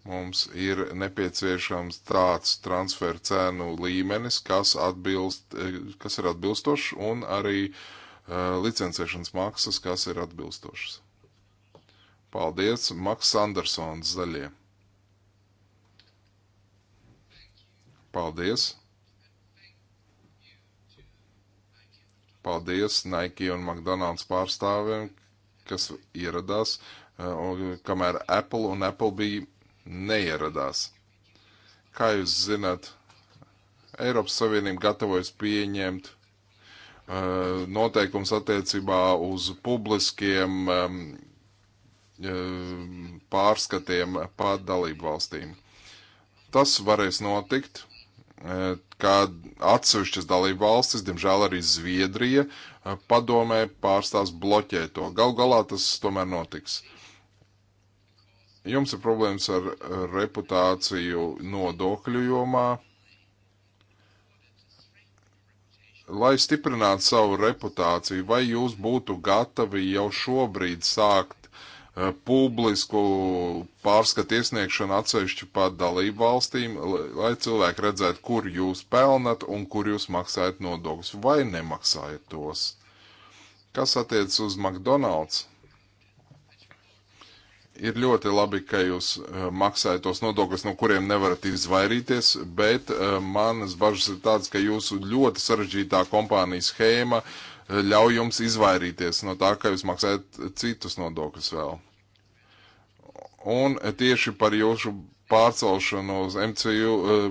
mums ir nepieciešams tāds transfer cēnu līmenis, kas, atbilst, eh, kas ir atbilstošs, un arī uh, licencēšanas maksas, kas ir atbilstošas. Paldies, Maks Andersons zaļie. Paldies. Paldies Nike un McDonald's pārstāvjiem, kas ieradās, uh, kamēr Apple un Apple bija neieradās. Kā jūs zināt, Eiropas Savienība gatavojas pieņemt uh, noteikums attiecībā uz publiskiem um, um pārskatiem pār dalību valstīm. Tas varēs notikt, uh, kā atsevišķas dalību valstis, diemžēl arī Zviedrija, uh, padomē pārstās bloķēt to. Gal galā tas tomēr notiks. Uh, Jums ir problēmas ar reputāciju nodokļu jomā. Lai stiprinātu savu reputāciju, vai jūs būtu gatavi jau šobrīd sākt eh, publisku pārskatu iesniegšanu atsevišķu pat dalību valstīm, lai cilvēki redzētu, kur jūs pelnat un kur jūs maksājat nodokļus vai nemaksājat tos. Kas attiec uz McDonald's? Ir ļoti labi, ka jūs eh, maksājat tos nodokļus, no kuriem nevarat izvairīties, bet eh, manas bažas ir tādas, ka jūsu ļoti sarežģītā kompānijas schēma eh, ļauj jums izvairīties no tā, ka jūs maksājat citus nodokļus vēl. Un tieši par jūsu pārcelšanu uz MCU eh,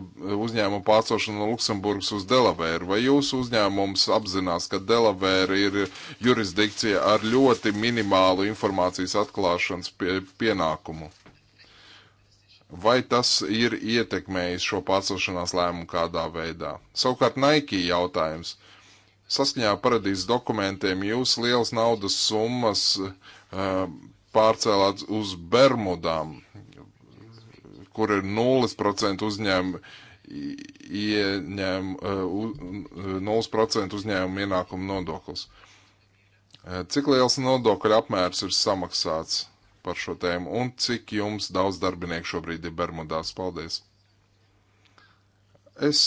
uzņēmumu pārcelšanu no Luksemburgas uz Delavēru. Vai jūsu uzņēmums apzinās, ka Delavēra ir jurisdikcija ar ļoti minimālu informācijas atklāšanas pie, pienākumu? Vai tas ir ietekmējis šo pārcelšanās lēmumu kādā veidā? Savukārt Nike jautājums. Saskaņā paradīzes dokumentiem jūs liels naudas summas uh, pārcēlāt uz Bermudām kur ir 0% uzņēmumi ieņem, 0% uh, uzņēmuma ienākuma nodoklis. Uh, cik liels nodokļu apmērs ir samaksāts par šo tēmu un cik jums daudz darbinieku šobrīd ir Bermudās? Paldies! Es,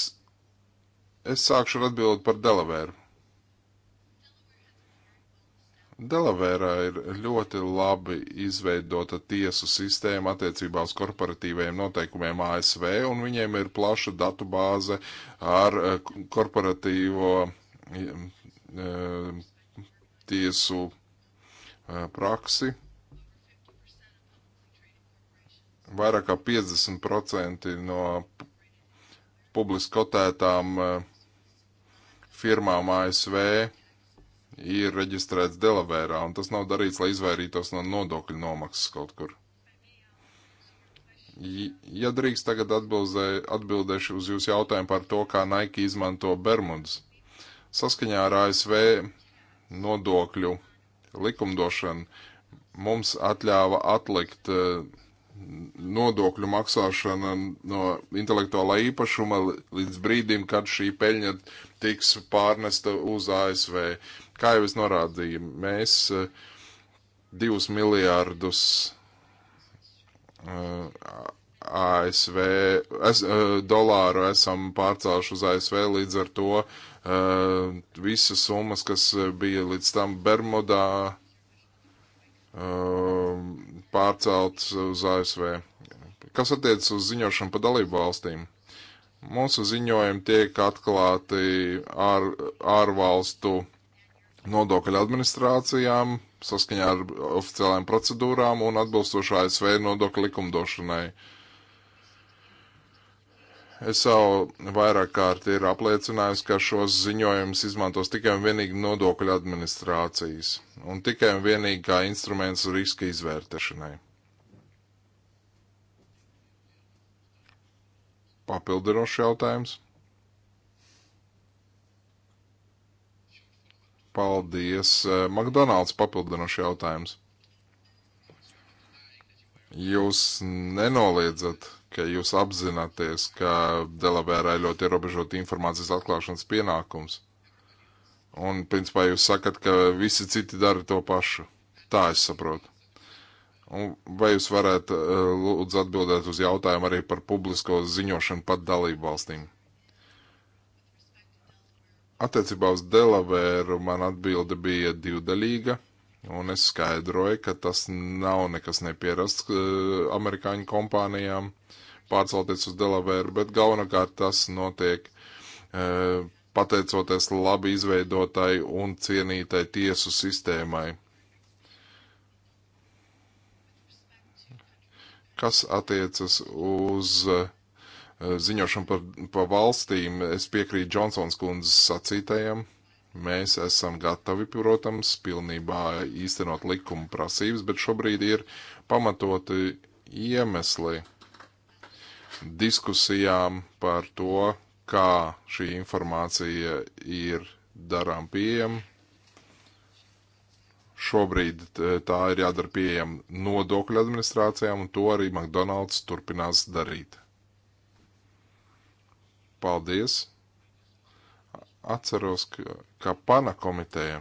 es sākšu ar atbildi par Delavēru. Delavērā ir ļoti labi izveidota tiesu sistēma attiecībā uz korporatīvajiem noteikumiem ASV, un viņiem ir plaša datu bāze ar eh, korporatīvo eh, tiesu eh, praksi. Vairāk kā 50% no publiskotētām firmām ASV ir reģistrēts Delavērā, un tas nav darīts, lai izvairītos no nodokļu nomaksas kaut kur. Ja drīkst tagad atbildē, atbildēšu uz jūsu jautājumu par to, kā Nike izmanto Bermudas. Saskaņā ar ASV nodokļu likumdošanu mums atļāva atlikt eh, nodokļu maksāšana no intelektuālā īpašuma līdz brīdim, kad šī peļņa tiks pārnesta uz ASV. Kā jau es norādīju, mēs eh, divus miljārdus eh, ASV es, eh, dolāru esam pārcēluši uz ASV līdz ar to visas summas, kas bija līdz tam Bermudā, pārceltas uz ASV. Kas attiecas uz ziņošanu pa dalību valstīm? Mūsu ziņojumi tiek atklāti ār, ārvalstu nodokļu administrācijām saskaņā ar oficiālajām procedūrām un atbilstoši ASV nodokļu likumdošanai. Es jau vairāk kārt ir apliecinājis, ka šos ziņojumus izmantos tikai un vienīgi nodokļu administrācijas un tikai un vienīgi kā instruments riska izvērtešanai. Papildinošs jautājums. Paldies. Eh, McDonalds papildinošs jautājums. Jūs nenoliedzat, ka jūs apzināties, ka Delavērā ir ļoti ierobežota informācijas atklāšanas pienākums. Un, principā, jūs sakat, ka visi citi dara to pašu. Tā es saprotu. Un vai jūs varētu eh, lūdzu atbildēt uz jautājumu arī par publisko ziņošanu pat dalību valstīm? Attiecībā uz Delavēru man atbilde bija divdaļīga, un es skaidroju, ka tas nav nekas nepierasts eh, amerikāņu kompānijām pārcelties uz Delavēru, bet galvenokārt tas notiek eh, pateicoties labi izveidotai un cienītai tiesu sistēmai. Kas attiecas uz uh, Eh, ziņošanu par, par valstīm, es piekrītu Džonsons kundzes sacītajam. Mēs esam gatavi, protams, pilnībā īstenot likuma prasības, bet šobrīd ir pamatoti iemesli diskusijām par to, kā šī informācija ir darām pieejama. Šobrīd eh, tā ir jādara pieejama nodokļu administrācijām, un to arī McDonald's turpinās darīt. Paldies! Atceros, ka, ka pana komiteja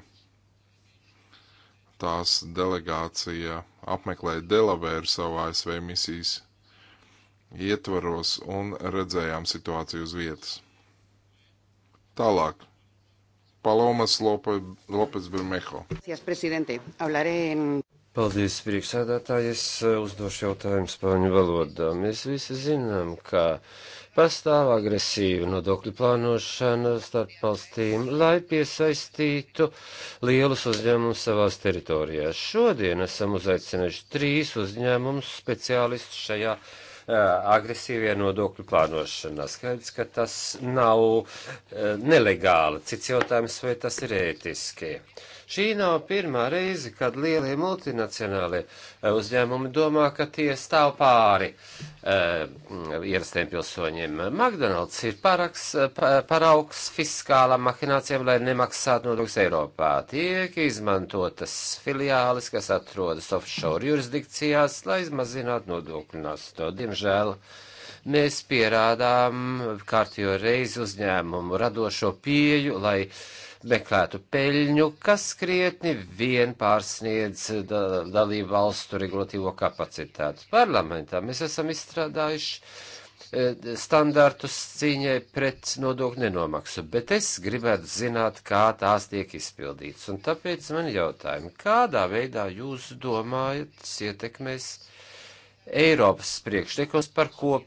tās delegācija apmeklēja Delavēru savu ASV misijas ietvaros un redzējām situāciju uz vietas. Tālāk. Palomas Lope, Lopes Bermejo. Paldies, priekšsēdētāji. Es eh, uzdošu jautājumu spāņu valodā. Mēs visi zinām, ka Pastāv agresīva nodokļu plānošana starp valstīm, lai piesaistītu lielus uzņēmumus savās teritorijās. Šodien esam uzaicinājuši trīs uzņēmumus speciālistus šajā agresīvajā nodokļu plānošanā. Skaidrs, ka tas nav nelegāli. Cits jautājums, vai tas ir ētiski. Šī nav pirmā reize, kad lielie multinacionālie eh, uzņēmumi domā, ka tie stāv pāri uh, ierastiem pilsoņiem. McDonald's ir paraks, eh, paraugs fiskālām mahinācijām, lai nemaksātu nodokļus Eiropā. Tiek izmantotas filiālis, kas atrodas offshore jurisdikcijās, lai mazinātu nodokļu nastu. Diemžēl mēs pierādām kārtējo reizi uzņēmumu radošo pieju, lai uh, meklētu peļņu, kas krietni vien pārsniedz da, dalību valstu regulatīvo kapacitāti. Parlamentā mēs esam izstrādājuši eh, standartus cīņai pret nodokļu nenomaksu, bet es gribētu zināt, kā tās tiek izpildīts. Un tāpēc man jautājumi, kādā veidā jūs domājat, ietekmēs Eiropas priekšlikums, par ko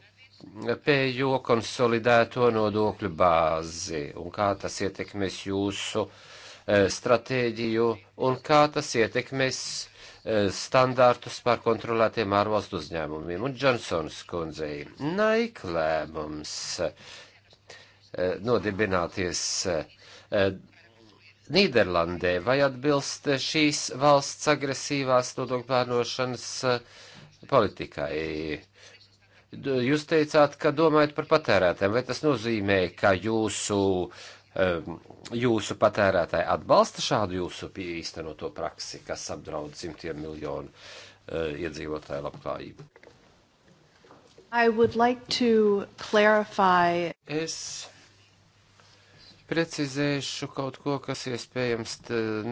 pējo konsolidēto nodokļu bāzi un kā tas ietekmēs jūsu e, stratēģiju un kā tas ietekmēs e, standārtus par kontrolētiem ārvalstu uzņēmumiem. Un Džonsons kundzei Nike lēmums e, nodibināties Nīderlandē vai atbilst šīs valsts agresīvās nodokļu plānošanas politikai. Jūs teicāt, ka domājat par patērētājiem. Vai tas nozīmē, ka jūsu, jūsu patērētāji atbalsta šādu jūsu īstenoto praksi, kas apdraud simtiem miljonu e, iedzīvotāju labklājību? Like es precizēšu kaut ko, kas iespējams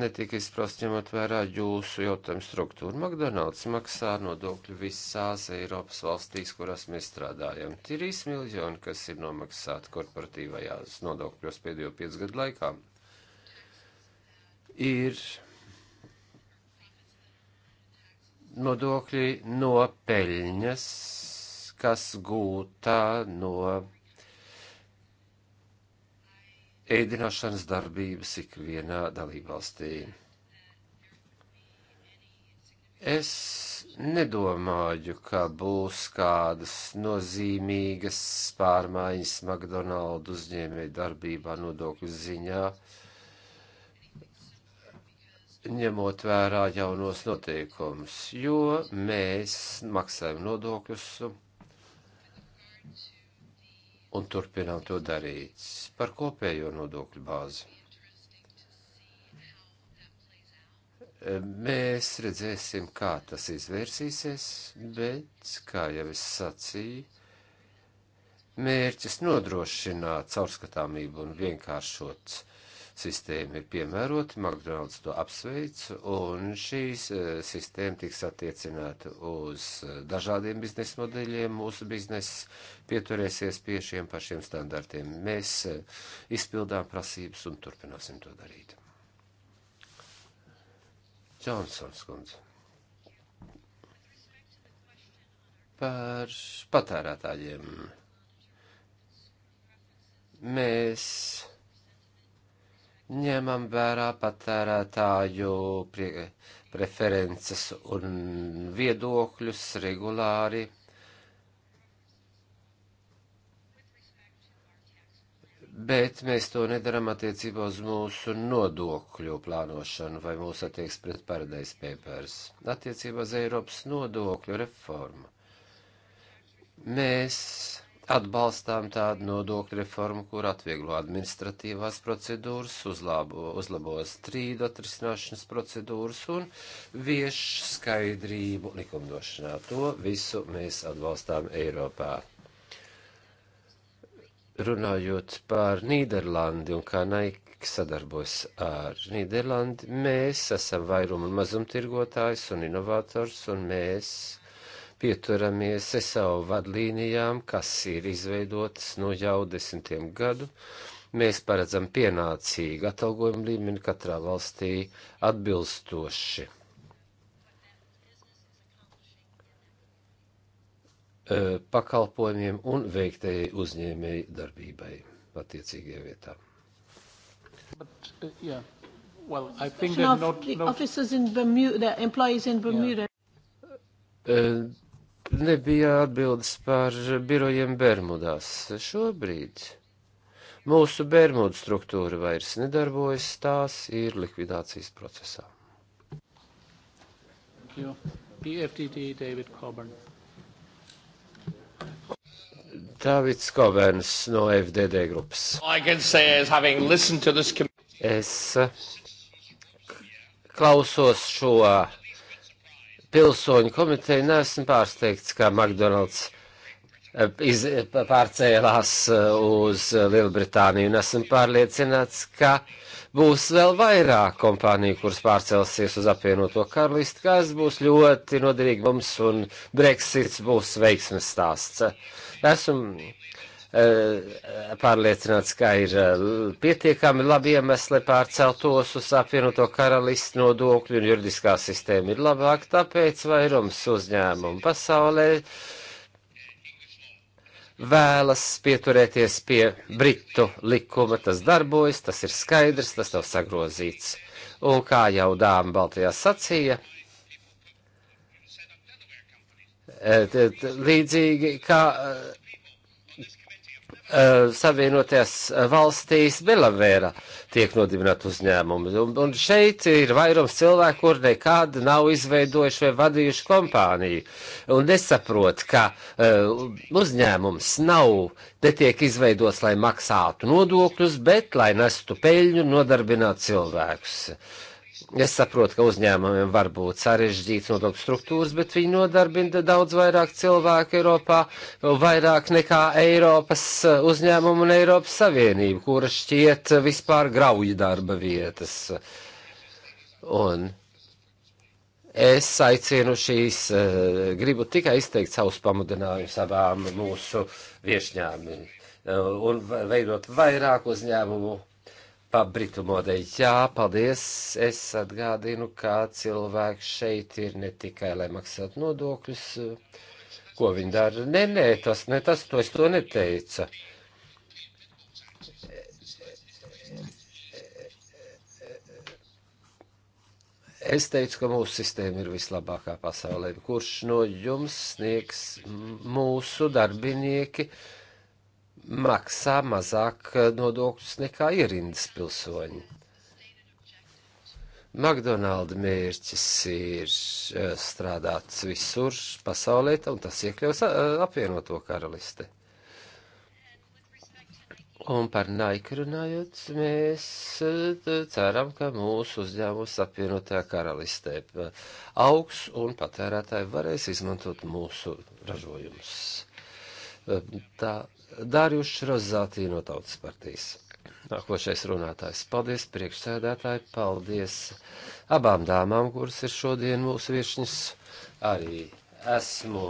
netika izprast, ņemot vērā jūsu jautājumu struktūru. McDonald's maksā nodokļu visās Eiropas valstīs, kurās mēs strādājam. Tirīs miljoni, kas ir nomaksāti korporatīvajās nodokļos pēdējo piecu gadu laikā. Ir nodokļi no peļņas, kas gūta no ēdināšanas darbības ikvienā dalībvalstī. Es nedomāju, ka būs kādas nozīmīgas pārmaiņas McDonald's uzņēmēju darbībā nodokļu ziņā, ņemot vērā jaunos noteikumus, jo mēs maksājam nodokļus un turpinām to darīt par kopējo nodokļu bāzi. Mēs redzēsim, kā tas izvērsīsies, bet, kā jau es sacīju, mērķis nodrošināt caurskatāmību un vienkāršot sistēma ir piemērota, McDonald's to apsveic, un šī eh, sistēma tiks attiecināta uz eh, dažādiem biznesa modeļiem. Mūsu bizness pieturēsies pie šiem pašiem standartiem. Mēs eh, izpildām prasības un turpināsim to darīt. Džonsons kundze. Par patērētājiem. Mēs ņemam vērā patērētāju prie, preferences un viedokļus regulāri. Bet mēs to nedaram attiecībā uz mūsu nodokļu plānošanu vai mūsu attieks pret Paradise Papers. Attiecībā uz Eiropas nodokļu reformu. Mēs atbalstām tādu nodokļu reformu, kur atvieglo administratīvās procedūras, uzlabo, uzlabo strīdu atrisināšanas procedūras un vieš skaidrību likumdošanā. To visu mēs atbalstām Eiropā. Runājot par Nīderlandi un kā Naika sadarbojas ar Nīderlandi, mēs esam vairuma mazumtirgotājs un inovators un mēs pieturamies SAU vadlīnijām, kas ir izveidotas no nu jau desmitiem gadu. Mēs paredzam pienācīgu atalgojumu līmeni katrā valstī atbilstoši. E, pakalpojumiem un veiktēji uzņēmēji darbībai attiecīgajā vietā. But, uh, yeah. well, not, not... Officers in Bermuda, employees in Bermuda. Yeah. Uh, nebija atbildes par birojiem Bermudās. Šobrīd mūsu Bermudu struktūra vairs nedarbojas, tās ir likvidācijas procesā. PFDD, David Coburn. Davids Koverns no FDD grupas. Es uh, klausos šo pilsoņu komiteju neesmu pārsteigts, kā McDonalds eh, iz, pārcēlās eh, uz Lielbritāniju, un esmu pārliecināts, ka būs vēl vairāk kompāniju, kuras pārcelsies uz apvienoto karalisti, kas būs ļoti noderīgi mums, un Brexits būs veiksmes stāsts. Esmu Eh, pārliecināts, ka ir eh, pietiekami labi iemesli pārceltos uz apvienoto karalistu nodokļu un juridiskā sistēma ir labāka, tāpēc vairums uzņēmumu pasaulē vēlas pieturēties pie britu likuma. Tas darbojas, tas ir skaidrs, tas nav sagrozīts. Un kā jau dāma Baltijā sacīja, eh, līdzīgi kā Eh, Savienotajās eh, valstīs Belavēra tiek nodibināta uzņēmuma. Un, un šeit ir vairums cilvēku, kur nekad nav izveidojuši vai vadījuši kompāniju. Un nesaprot, ka uh, uzņēmums nav, netiek izveidots, lai maksātu nodokļus, bet lai nestu peļņu, nodarbinātu cilvēkus. Uh, Es saprotu, ka uzņēmumiem var būt sarežģīts nodokļu struktūras, bet viņi nodarbina daudz vairāk cilvēku Eiropā, vairāk nekā Eiropas eh, uzņēmumu un Eiropas Savienību, kura šķiet eh, vispār grauju darba vietas. Un es aicinu šīs, eh, gribu tikai izteikt savus pamudinājumus abām mūsu viešņām un veidot vairāk uzņēmumu pa Britu modeļu. Jā, paldies. Es atgādinu, kā cilvēki šeit ir ne tikai, lai maksātu nodokļus, ko viņi dara. Nē, nē, tas ne tas, to es to neteicu. Es teicu, ka mūsu sistēma ir vislabākā pasaulē. Kurš no jums sniegs mūsu darbinieki? Uh, maksā mazāk nodokļus nekā ierindas pilsoņi. McDonalda mērķis ir eh, strādāt visur pasaulē, un tas iekļaus eh, apvienoto karalisti. Un par Nike runājot, mēs eh, ceram, ka mūsu uzņēmums apvienotajā karalistē augs un patērētāji varēs izmantot mūsu ražojumus. Tā Dārjušs Rozātī no Tautas partijas. Nākošais runātājs. Paldies, priekšsēdētāji, paldies abām dāmām, kuras ir šodien mūsu viešņas. Arī esmu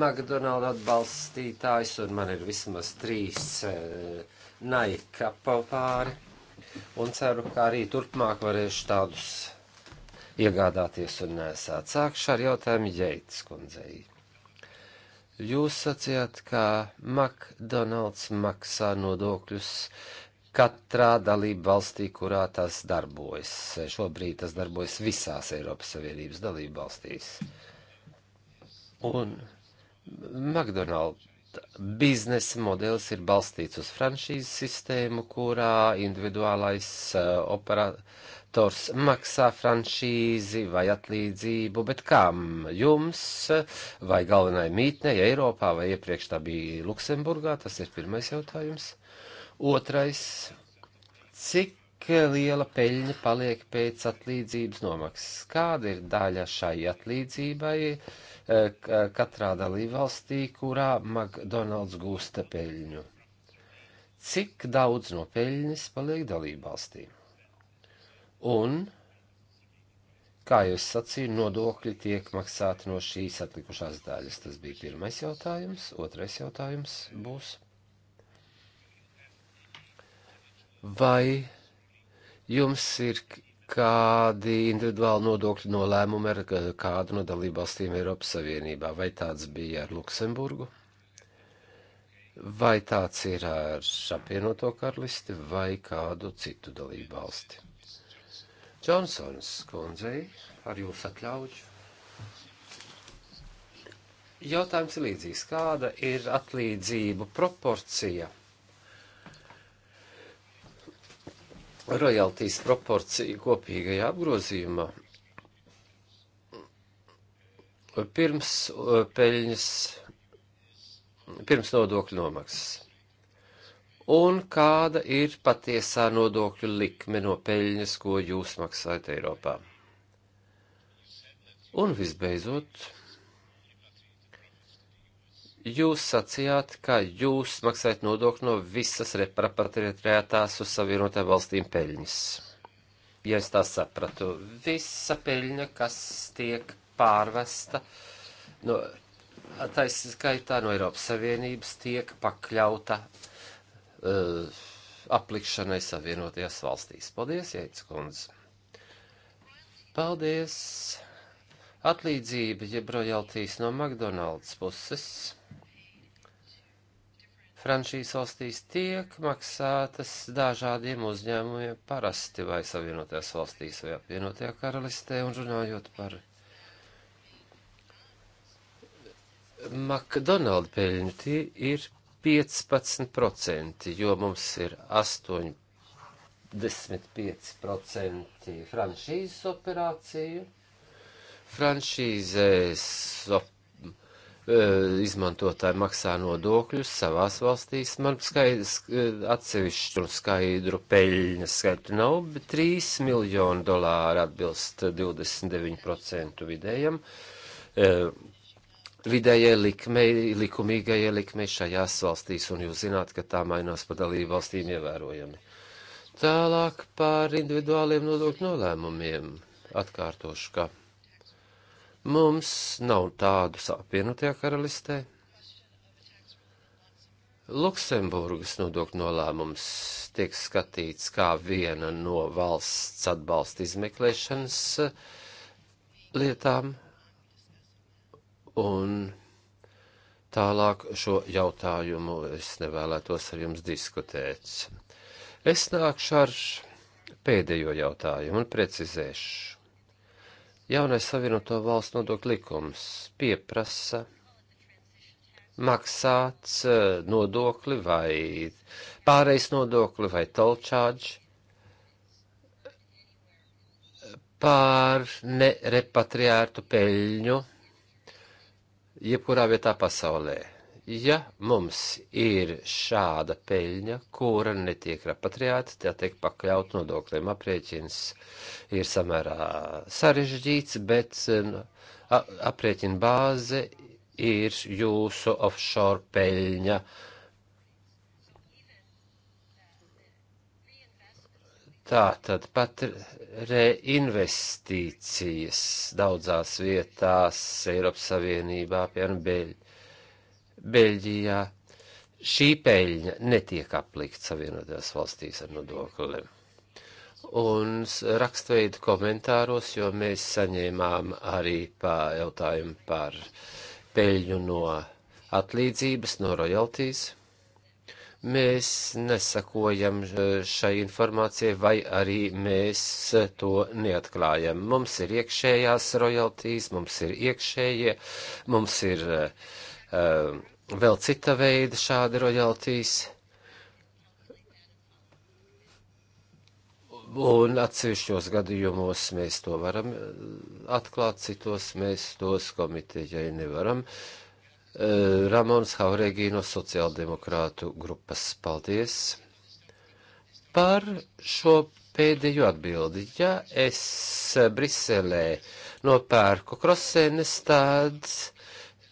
McDonald's atbalstītājs, un man ir vismaz trīs eh, naika papāri. Un ceru, ka arī turpmāk varēšu tādus iegādāties un nesāt. Sākšu ar jautājumu Jeitas kundzei. Jūs sacījāt, ka McDonald's maksā nodokļus katrā dalība valstī, kurā tas darbojas. Šobrīd tas darbojas visās Eiropas Savienības dalība valstīs. Un McDonald's biznesa modelis ir balstīts uz franšīzes sistēmu, kurā individuālais uh, opera, operators maksā franšīzi vai atlīdzību, bet kam jums vai galvenai mītnei Eiropā vai iepriekš tā bija Luksemburgā? Tas ir pirmais jautājums. Otrais, cik liela peļņa paliek pēc atlīdzības nomaksas? Kāda ir daļa šai atlīdzībai eh, katrā dalībvalstī, kurā McDonald's gūsta peļņu? Cik daudz no peļņas paliek dalībvalstīm? un, kā jau es sacīju, nodokļi tiek maksāti no šīs atlikušās daļas. Tas bija pirmais jautājums. Otrais jautājums būs. Vai jums ir kādi individuāli nodokļu nolēmumi ar kādu no dalībvalstīm Eiropas Savienībā? Vai tāds bija ar Luksemburgu? Vai tāds ir ar apvienoto karalisti vai kādu citu dalībvalsti? Džonsons kundzei, ar jūs atļauju. Jautājums ir līdzīgs. Kāda ir atlīdzību proporcija? Rojaltīs proporcija kopīgajā apgrozījumā. Pirms uh, peļņas, pirms nodokļu nomaksas un kāda ir patiesā nodokļu likme no peļņas, ko jūs maksājat Eiropā. Un visbeidzot, jūs sacījāt, ka jūs maksājat nodokli no visas repatriētās uz savienotām valstīm peļņas. Ja es tā sapratu, visa peļņa, kas tiek pārvesta no, taisa skaitā no Eiropas Savienības, tiek pakļauta uh, uh, eh, aplikšanai savienotajās valstīs. Paldies, Jēdz kundze! Paldies! Atlīdzība, jeb rojaltīs no McDonald's puses franšīzes valstīs tiek maksātas dažādiem uzņēmumiem parasti vai savienotajās valstīs vai apvienotajā karalistē un runājot par McDonald's peļņu, tie ir 15%, jo mums ir 85% franšīzes operāciju. Franšīzēs op, e, izmantotāji maksā nodokļus savās valstīs. Man skaidrs, e, atsevišķu un skaidru peļņas skaitu nav, bet 3 miljonu dolāru atbilst 29% vidējam. Uh, vidējai likmei, likumīgajai likmei šajās valstīs, un jūs zināt, ka tā mainās pa dalību valstīm ievērojami. Tālāk par individuāliem nodokļu nolēmumiem atkārtošu, ka mums nav tādu apvienotajā karalistē. Luksemburgas nodokļu nolēmums tiek skatīts kā viena no valsts atbalsta izmeklēšanas lietām, Un tālāk šo jautājumu es nevēlētos ar jums diskutēt. Es nākšu ar pēdējo jautājumu un precizēšu. Jaunais savienoto valsts nodokļu likums pieprasa maksāt e, nodokli vai pārejas nodokli vai tolčāģi pār nerepatriētu peļņu jebkurā vietā pasaulē. Ja mums ir šāda peļņa, kura netiek repatriēta, tā tiek pakļaut nodokļiem. Aprēķins ir samērā sarežģīts, bet nu, aprēķina bāze ir jūsu offshore peļņa. Uh, Tātad pat reinvestīcijas daudzās vietās Eiropas Savienībā, piemēram, Beļ, Beļģijā, šī peļņa netiek aplikt Savienotajās valstīs ar nodokli. Un rakstveidu komentāros, jo mēs saņēmām arī pā, jautājumu par peļņu no atlīdzības, no royalties mēs nesakojam e, šai informācijai vai arī mēs e, to neatklājam. Mums ir iekšējās royalties, mums ir iekšējie, mums ir uh, vēl cita veida šādi royalties. Un atsevišķos gadījumos mēs to varam atklāt, citos mēs tos komitejai nevaram. Uh, Eh, Ramons Haurēgī no sociāldemokrātu grupas. Paldies par šo pēdējo atbildi. Ja es Briselē nopērku krosēnes tāds,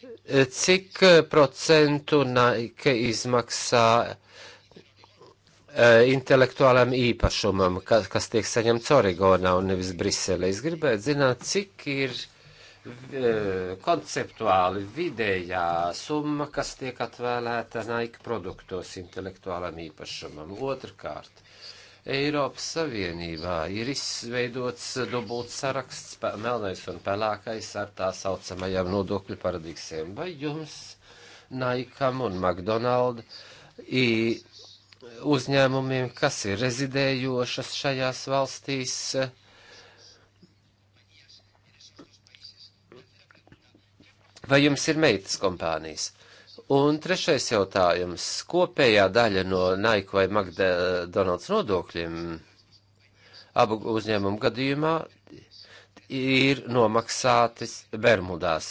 eh, cik procentu Nike izmaksā eh, intelektuālam īpašumam, kas, kas tiek saņemts Oregonā un nevis Briselē? Es gribētu zināt, cik ir E, konceptuāli vidējā summa, kas tiek atvēlēta Nike produktos intelektuālam īpašumam. Otrkārt, Eiropas Savienībā ir izveidots dubults saraksts, melnais un pelākais ar tā saucamajām nodokļu paradīksēm. Vai jums, Naikam un McDonald, uzņēmumiem, kas ir rezidējošas šajās valstīs, uh, Vai jums ir meitas kompānijas? Un trešais jautājums. Kopējā daļa no Nike vai McDonald's nodokļiem abu uzņēmumu gadījumā ir nomaksātas Bermudās.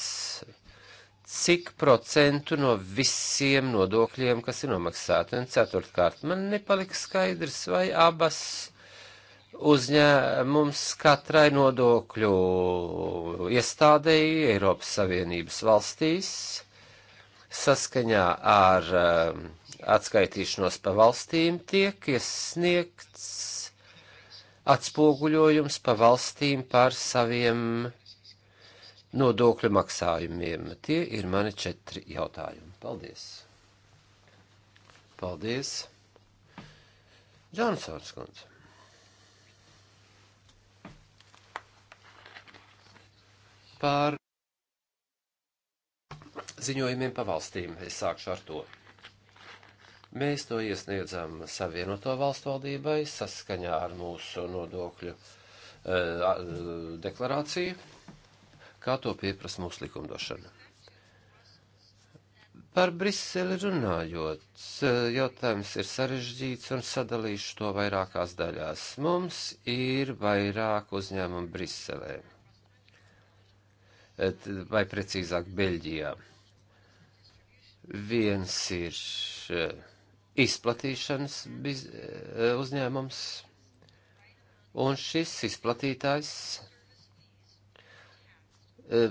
Cik procentu no visiem nodokļiem, kas ir nomaksāti? Un ceturtkārt, man nepalika skaidrs, vai abas uzņēmums katrai nodokļu iestādēji Eiropas Savienības valstīs saskaņā ar um, atskaitīšanos pa valstīm tiek iesniegts atspoguļojums pa valstīm par saviem nodokļu maksājumiem. Tie ir mani četri jautājumi. Paldies! Paldies! Džonsons kundze! par ziņojumiem pa valstīm. Es sākšu ar to. Mēs to iesniedzam Savienoto valstu valdībai saskaņā ar mūsu nodokļu uh, deklarāciju, kā to pieprasa mūsu likumdošana. Par Briseli runājot, eh, jautājums ir sarežģīts un sadalīšu to vairākās daļās. Mums ir vairāk uzņēmumu Briselē vai precīzāk Beļģijā. Viens ir e, izplatīšanas biz, e, uzņēmums, un šis izplatītājs e,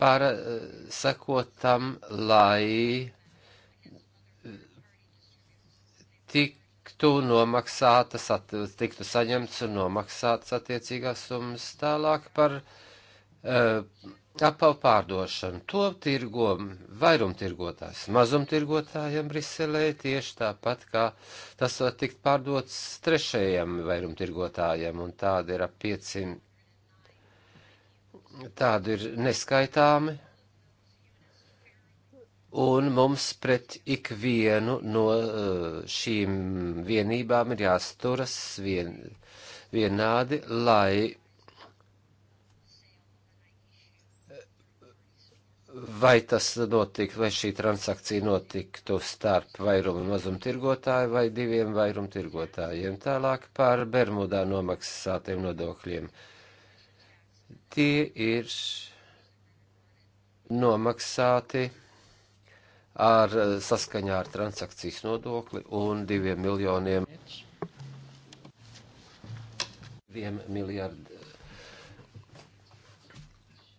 par sakotam, lai tiktu nomaksātas, at, tiktu saņemts un nomaksātas attiecīgās summas tālāk par uh, apavu pārdošanu. To tirgo vairumtirgotājs mazumtirgotājiem Briselē tieši tāpat, kā tas var tikt pārdots trešajiem vairumtirgotājiem, un tāda ir ap 500. Tādu ir neskaitāmi, Un mums pret ikvienu no eh, šīm vienībām ir jāsturas vien, vienādi, lai vai tas notiktu, vai šī transakcija notiktu starp vairumu mazumtirgotāju vai diviem vairumtirgotājiem. Tālāk par Bermudā nomaksātiem nodokļiem. Tie ir nomaksāti ar saskaņā ar transakcijas nodokli un diviem miljoniem. Diviem miljard,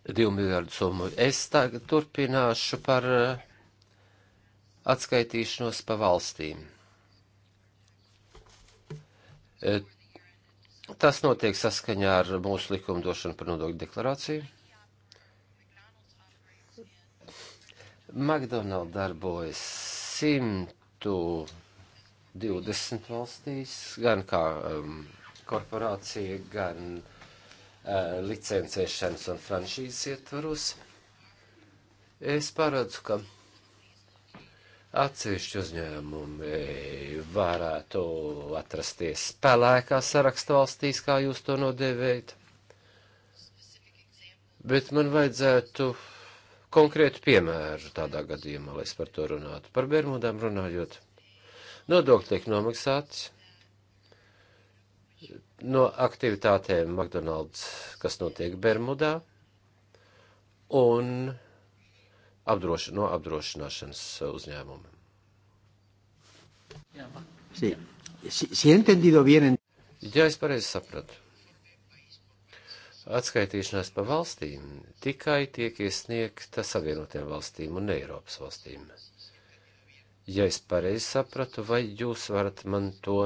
2 miljardu summu. Es tagad turpināšu par eh, atskaitīšanos pa valstīm. Eh, tas notiek saskaņā ar mūsu likumdošanu par nodokļu deklarāciju. McDonald's darbojas 120 valstīs, gan kā um, korporācija, gan licencēšanas un franšīzes ietvaros, es paredzu, ka atsevišķi uzņēmumi varētu atrasties pelēkā sarakstu valstīs, kā jūs to nodēvējat. Bet man vajadzētu konkrētu piemēru tādā gadījumā, lai es par to runātu. Par Bermudām runājot. Nodokļi tiek nomaksāts no aktivitātēm McDonald's, kas notiek Bermudā, un apdroš no apdrošināšanas uzņēmuma. Sí. Si, si bien... Ja es pareizi sapratu, atskaitīšanās pa valstīm tikai tiek iesniegta Savienotiem valstīm un Eiropas valstīm. Ja es pareizi sapratu, vai jūs varat man to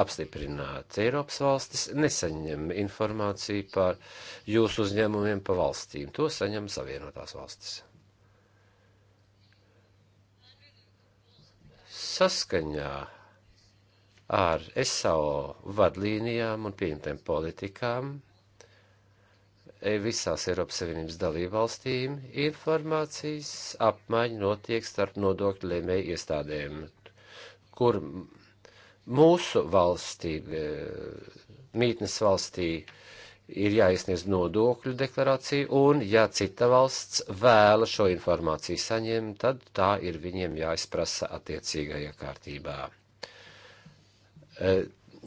apstiprināts. Eiropas valstis nesaņem informāciju par jūsu uzņēmumiem pa valstīm. To saņem Savienotās valstis. Saskaņā ar SAO vadlīnijām un pieņemtiem politikām e, visās Eiropas Savienības dalībvalstīm informācijas apmaiņa notiek starp nodokļu lēmēju iestādēm, kur mūsu valstī, e, mītnes valstī, ir jāiesniedz nodokļu deklarācija, un ja cita valsts vēla šo informāciju saņemt, tad tā ir viņiem jāizprasa attiecīgajā kārtībā. E,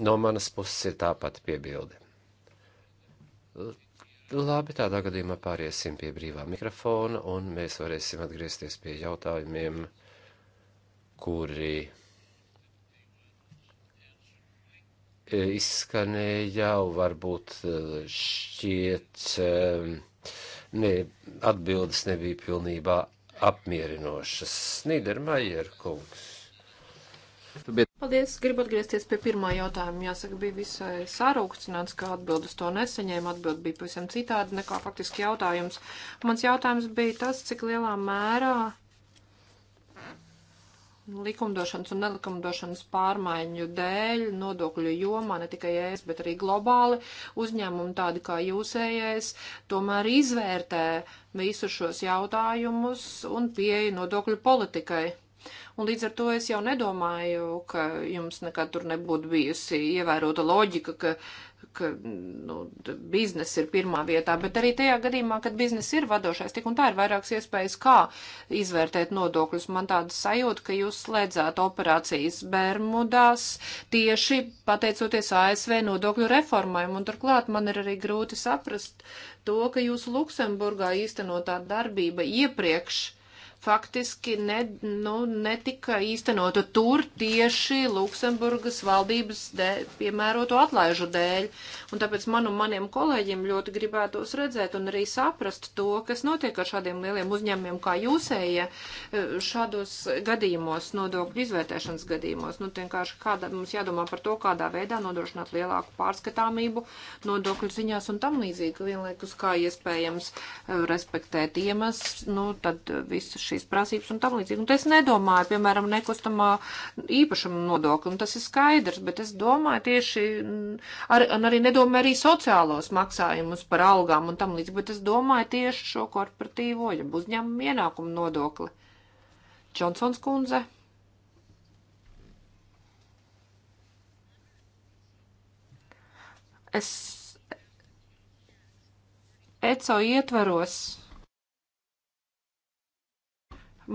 no manas puses ir tāpat piebildi. Labi, tādā gadījumā pāriesim pie brīvā mikrofona, un mēs varēsim atgriezties pie jautājumiem, kuri E, izskanēja jau varbūt e, šķiet e, ne, atbildes nebija pilnībā apmierinošas. Nīdermajer kungs. Paldies, gribu atgriezties pie pirmā jautājuma. Jāsaka, bija visai sarūkstināts, ka atbild uz to neseņēmu, atbild bija pavisam citādi nekā faktiski jautājums. Mans jautājums bija tas, cik lielā mērā likumdošanas un nelikumdošanas pārmaiņu dēļ nodokļu jomā, ne tikai es, bet arī globāli uzņēmumi tādi kā jūsējais, tomēr izvērtē visus šos jautājumus un pieeja nodokļu politikai. Un līdz ar to es jau nedomāju, ka jums nekad tur nebūtu bijusi ievērota loģika, ka ka nu, biznesa ir pirmā vietā, bet arī tajā gadījumā, kad biznesa ir vadošais, tik un tā ir vairākas iespējas, kā izvērtēt nodokļus. Man tāda sajūta, ka jūs slēdzāt operācijas Bermudās tieši pateicoties ASV nodokļu reformai, un turklāt man ir arī grūti saprast to, ka jūsu Luksemburgā īstenotā darbība iepriekš faktiski ne, nu, netika īstenota tur tieši Luksemburgas valdības dēļ, piemēroto atlaižu dēļ. Un tāpēc man un maniem kolēģiem ļoti gribētos redzēt un arī saprast to, kas notiek ar šādiem lieliem uzņēmumiem kā jūsēja e, šādos gadījumos, nodokļu izvērtēšanas gadījumos. Nu, vienkārši kādā, mums jādomā par to, kādā veidā nodrošināt lielāku pārskatāmību nodokļu ziņās un tam līdzīgi vienlaikus kā iespējams e, respektēt iemesls, nu, tad visu šī šīs prasības un tam līdzīgi. Un nu, es nedomāju, piemēram, nekustamā īpašuma nodokli, un tas ir skaidrs, bet es domāju tieši, mm, ar, un arī nedomāju arī sociālos maksājumus par algām un tam līdzīgi, bet es domāju tieši šo korporatīvo, ja uzņēmumu ienākumu nodokli. Džonsons kundze. Es ECO ietvaros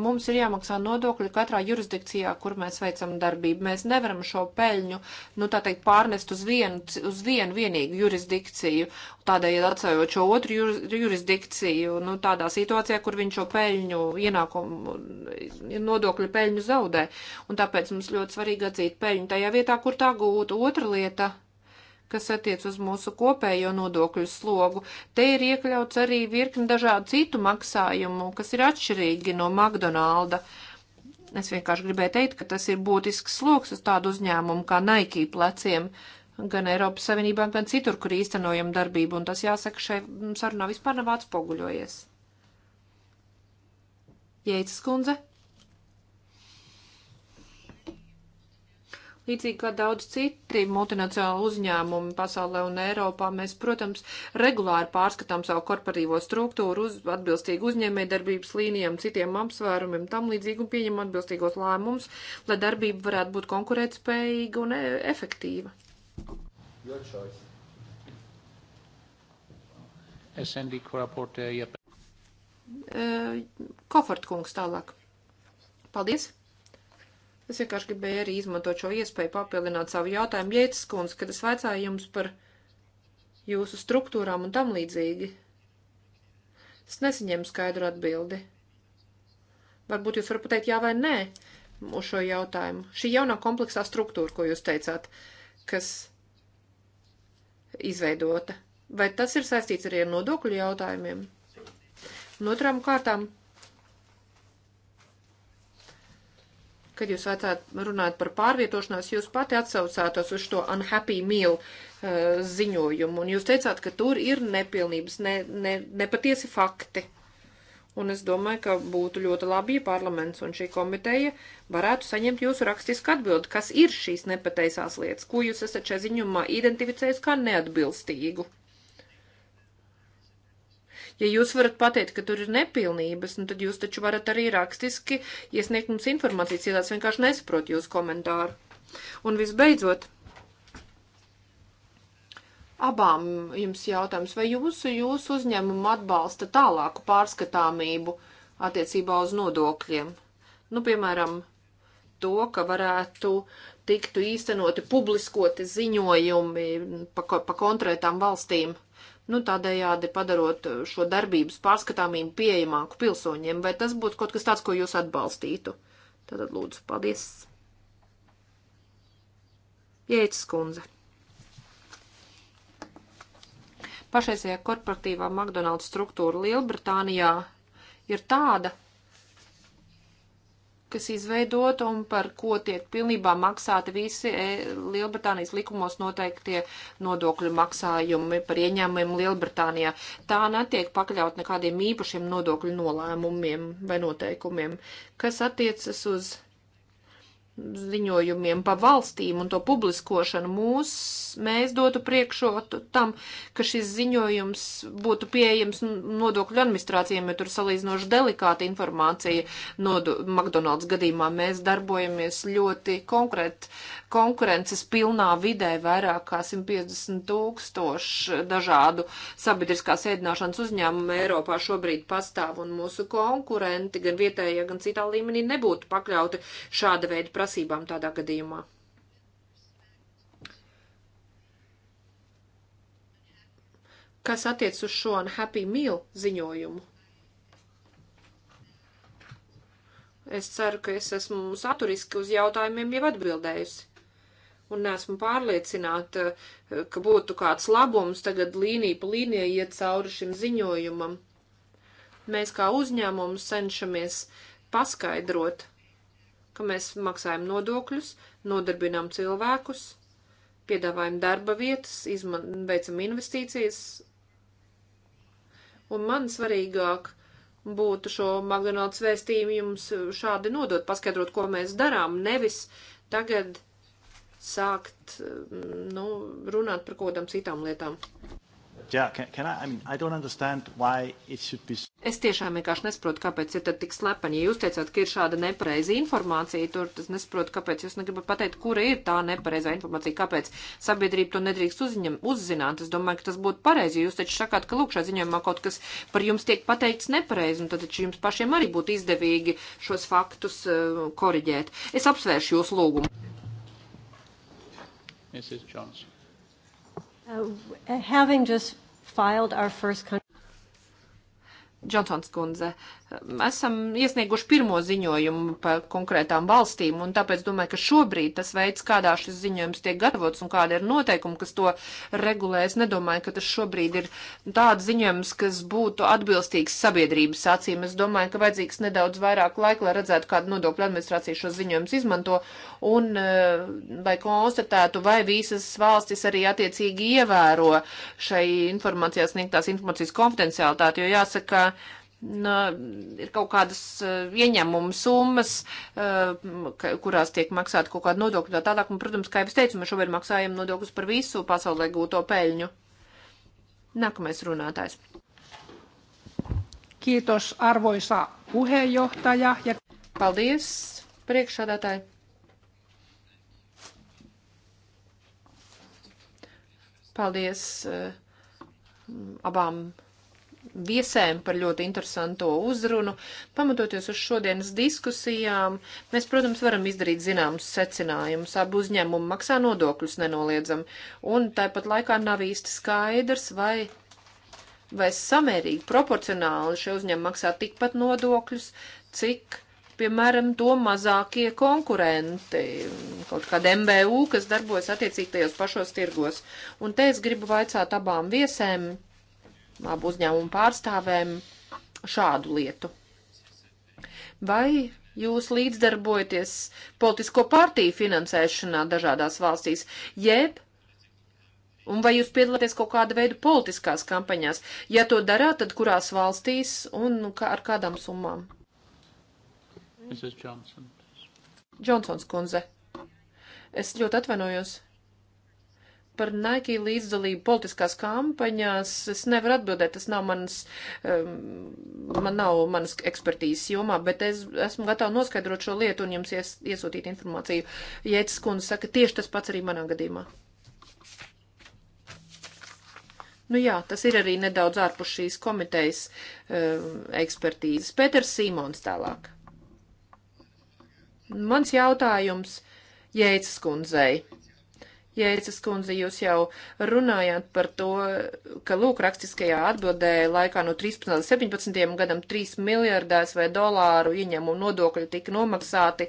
Mums ir jāmaksā nodokļi katrā jurisdikcijā, kur mēs veicam darbību. Mēs nevaram šo peļņu, nu tā teikt, pārnest uz vienu, uz vienu vienīgu jurisdikciju, tādējādi atstājot šo otru jurisdikciju, nu tādā situācijā, kur viņš šo peļņu ienākumu, nodokļu peļņu zaudē. Un tāpēc mums ļoti svarīgi atzīt peļņu tajā vietā, kur tā gūta. Otra lieta kas attiec uz mūsu kopējo nodokļu slogu. Te ir iekļauts arī virkni dažādu citu maksājumu, kas ir atšķirīgi no McDonalda. Es vienkārši gribēju teikt, ka tas ir būtisks sloks uz tādu uzņēmumu kā Nike pleciem, gan Eiropas Savienībā, gan citur, kur īstenojam darbību, un tas jāsaka, šai sarunā vispār nav atspoguļojies. Jēdzas kundze? Līdzīgi kā daudz citi multinacionāli uzņēmumi pasaulē un Eiropā, mēs, protams, regulāri pārskatām savu korporatīvo struktūru uz atbilstīgu uzņēmējdarbības līnijām, citiem apsvērumiem, tam līdzīgi un pieņem atbilstīgos lēmumus, lai darbība varētu būt konkurētspējīga un e efektīva. Your choice. SND koraportēja. E, Kofort kungs tālāk. Paldies! Es vienkārši gribēju arī izmantot šo iespēju papildināt savu jautājumu Jēcis kundze, kad es vaicāju jums par jūsu struktūrām un tam līdzīgi. Es nesaņēmu skaidru atbildi. Varbūt jūs varat pateikt jā vai nē uz šo jautājumu. Šī jaunā kompleksā struktūra, ko jūs teicāt, kas izveidota, vai tas ir saistīts arī ar nodokļu jautājumiem? Un otrām kārtām Kad jūs vajadzētu runāt par pārvietošanās, jūs pati atsaucātos uz to unhappy meal uh, ziņojumu, un jūs teicāt, ka tur ir nepilnības, ne, ne, nepatiesi fakti. Un es domāju, ka būtu ļoti labi, ja parlaments un šī komiteja varētu saņemt jūsu rakstisku atbildi, kas ir šīs nepateisās lietas, ko jūs esat šajā ziņumā identificējis kā neatbilstīgu. Ja jūs varat pateikt, ka tur ir nepilnības, nu tad jūs taču varat arī rakstiski iesniegt mums informāciju, citāds vienkārši nesaprot jūsu komentāru. Un visbeidzot, abām jums jautājums, vai jūsu, jūsu uzņēmumu atbalsta tālāku pārskatāmību attiecībā uz nodokļiem? Nu, piemēram, to, ka varētu tiktu īstenoti publiskoti ziņojumi pa, pa konkrētām valstīm nu, tādējādi padarot šo darbības pārskatāmību pieejamāku pilsoņiem, vai tas būtu kaut kas tāds, ko jūs atbalstītu? Tātad lūdzu, paldies. Jēdzis kundze. Pašreizējā korporatīvā McDonald's struktūra Lielbritānijā ir tāda, kas izveidota un par ko tiek pilnībā maksāti visi e, Lielbritānijas likumos noteiktie nodokļu maksājumi par ieņēmumiem Lielbritānijā. Tā netiek pakļaut nekādiem īpašiem nodokļu nolēmumiem vai noteikumiem, kas attiecas uz ziņojumiem pa valstīm un to publiskošanu mūs, mēs dotu priekšotu tam, ka šis ziņojums būtu pieejams nodokļu administrācijām, jo tur salīdzinoši delikāta informācija no McDonald's gadījumā. Mēs darbojamies ļoti konkrēt, konkurences pilnā vidē vairāk kā 150 tūkstoši dažādu sabiedriskās ēdināšanas uzņēmumu Eiropā šobrīd pastāv, un mūsu konkurenti gan vietējā, gan citā līmenī nebūtu pakļauti šāda veida prasībām tādā gadījumā. Kas attiec uz šo Happy Meal ziņojumu? Es ceru, ka es esmu saturiski uz jautājumiem jau atbildējusi un neesmu pārliecināta, ka būtu kāds labums tagad līnija pa līnijai iet cauri šim ziņojumam. Mēs kā uzņēmums cenšamies paskaidrot, ka mēs maksājam nodokļus, nodarbinām cilvēkus, piedāvājam darba vietas, izman, veicam investīcijas. Un man svarīgāk būtu šo McDonald's vēstījumu jums šādi nodot, paskaidrot, ko mēs darām, nevis tagad sākt mm, nu, runāt par kaut kādām citām lietām. Yeah, can, can I, I mean, I don't understand why it should be. Es tiešām vienkārši nesaprotu, kāpēc ir tik slepeni. Ja jūs teicāt, ka ir šāda nepareiza informācija, tur es nesaprotu, kāpēc jūs negribat pateikt, kura ir tā nepareizā informācija, kāpēc sabiedrība to nedrīkst uzziņam, uzzināt. Es domāju, ka tas būtu pareizi. Jūs taču sakāt, ka lūk, šā ziņojumā kaut kas par jums tiek pateikts nepareizi, un tad taču jums pašiem arī būtu izdevīgi šos faktus uh, koriģēt. Es apsvēršu jūs lūgumu. Mrs. Johnson. Uh, uh, having just filed our first country Džonsons kundze, esam iesnieguši pirmo ziņojumu par konkrētām valstīm, un tāpēc domāju, ka šobrīd tas veids, kādā šis ziņojums tiek gatavots un kāda ir noteikuma, kas to regulē, es nedomāju, ka tas šobrīd ir tāds ziņojums, kas būtu atbilstīgs sabiedrības acīm. Es domāju, ka vajadzīgs nedaudz vairāk laika, lai redzētu, kāda nodokļu administrācija šo ziņojumus izmanto, un eh, lai konstatētu, vai visas valstis arī attiecīgi ievēro šai informācijā sniegtās informācijas konfidencialitāti, jo jāsaka, nu, ir kaut kādas uh, eh, ieņēmuma summas, uh, ka, kurās tiek maksāta kaut kāda nodokļa tā tālāk. Un, protams, kā jau es teicu, mēs šobrīd maksājam nodokļus par visu pasaulē gūto peļņu. Nākamais runātājs. Kītos arvoisā puheenjohtaja. Ja... Paldies, priekšādātāji. Paldies uh, abām viesēm par ļoti interesanto uzrunu. Pamatoties uz šodienas diskusijām, mēs, protams, varam izdarīt zināmus secinājumus. Abi uzņēmumi maksā nodokļus nenoliedzam, un tāpat laikā nav īsti skaidrs, vai, vai samērīgi, proporcionāli šie uzņēmumi maksā tikpat nodokļus, cik piemēram, to mazākie konkurenti, kaut kāda MBU, kas darbojas attiecīgi tajos pašos tirgos. Un te es gribu vaicāt abām viesēm, abu uzņēmumu pārstāvēm šādu lietu. Vai jūs līdzdarbojaties politisko partiju finansēšanā dažādās valstīs, jeb Un vai jūs piedalāties kaut kāda veida politiskās kampaņās? Ja to darāt, tad kurās valstīs un nu, kā, ar kādām summām? Mrs. Johnson. Johnsons kundze. Es ļoti atvainojos par Nike līdzdalību politiskās kampaņās es nevaru atbildēt, tas nav manas, um, man nav manas ekspertīzes jomā, bet es esmu gatava noskaidrot šo lietu un jums ies, iesūtīt informāciju. Jēcis kundze saka, tieši tas pats arī manā gadījumā. Nu jā, tas ir arī nedaudz ārpus šīs komitejas um, ekspertīzes. Pēters Simons tālāk. Mans jautājums Jēcis kundzei Jēzus kundze, jūs jau runājāt par to, ka lūk rakstiskajā atbildē laikā no 13. līdz 17. gadam 3 miljardēs vai dolāru ieņemumu nodokļu tika nomaksāti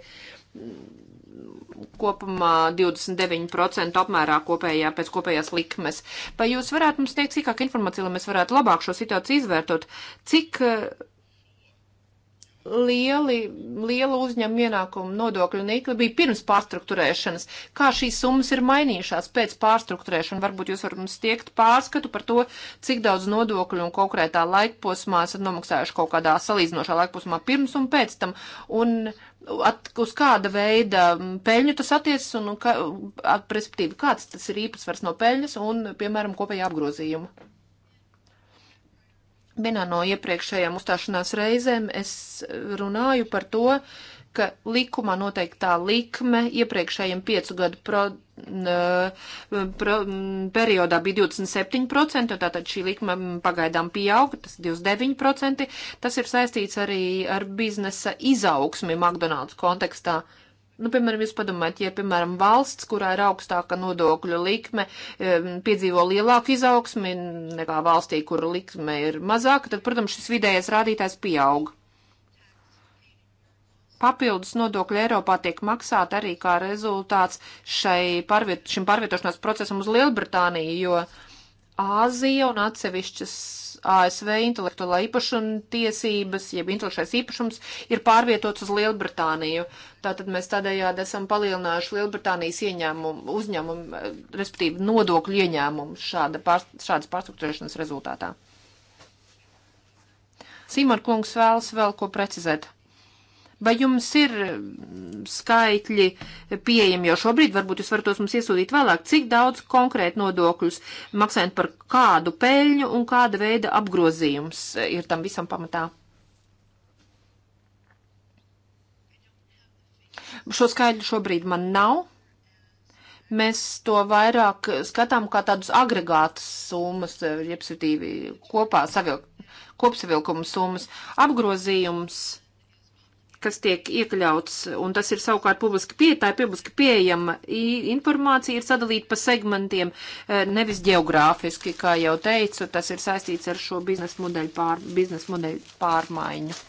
kopumā 29% apmērā kopējā, pēc kopējās likmes. Vai jūs varētu mums sniegt sīkāk informāciju, lai mēs varētu labāk šo situāciju izvērtot? Cik lieli, liela uzņēmuma ienākuma nodokļu nīkli bija pirms pārstruktūrēšanas. Kā šīs summas ir mainījušās pēc pārstruktūrēšanas? Varbūt jūs varat mums tiekt pārskatu par to, cik daudz nodokļu un konkrētā laikposmā esat nomaksājuši kaut kādā salīdzinošā laikposmā pirms un pēc tam. Un at, uz kāda veida peļņu tas attiecas un, un ka, at, respektīvi, kāds tas ir īpatsvars no peļņas un, piemēram, kopējā apgrozījuma? Vienā no iepriekšējām uzstāšanās reizēm es runāju par to, ka likumā noteiktā likme iepriekšējiem piecu gadu pro, pro, periodā bija 27%, tātad šī likme pagaidām pieauga, tas ir 29%. Tas ir saistīts arī ar biznesa izaugsmi McDonald's kontekstā. Uh, Nu, piemēram, jūs padomājat, ja, piemēram, valsts, kurā ir augstāka nodokļu likme, piedzīvo lielāku izaugsmi nekā valstī, kur likme ir mazāka, tad, protams, šis vidējais rādītājs pieaug. Papildus nodokļi Eiropā tiek maksāti arī kā rezultāts šai pārviet, šim pārvietošanās procesam uz Lielbritāniju, jo Āzija un atsevišķas ASV intelektuālā īpašuma tiesības, jeb intelektuālais īpašums, ir pārvietots uz Lielbritāniju. Tātad mēs tādējādi esam palielinājuši Lielbritānijas ieņēmumu, uzņēmumu, respektīvi nodokļu ieņēmumu šāda pār, šādas pārstruktūrēšanas rezultātā. Simon kungs vēlas vēl ko precizēt. Vai jums ir mm, skaitļi pieejami jau šobrīd, varbūt jūs varat tos mums iesūtīt vēlāk, cik daudz konkrēti nodokļus maksājot par kādu peļņu un kāda veida apgrozījums ir tam visam pamatā? Šo skaidru šobrīd man nav. Mēs to vairāk skatām kā tādus agregātus summas, jeb kopā savilk, kopsavilkuma summas, apgrozījums kas tiek iekļauts, un tas ir savukārt publiski pietāja, publiski pieejama informācija ir sadalīta pa segmentiem, e, nevis geogrāfiski, kā jau teicu, tas ir saistīts ar šo biznesa modeļu, pār, biznes modeļu pārmaiņu.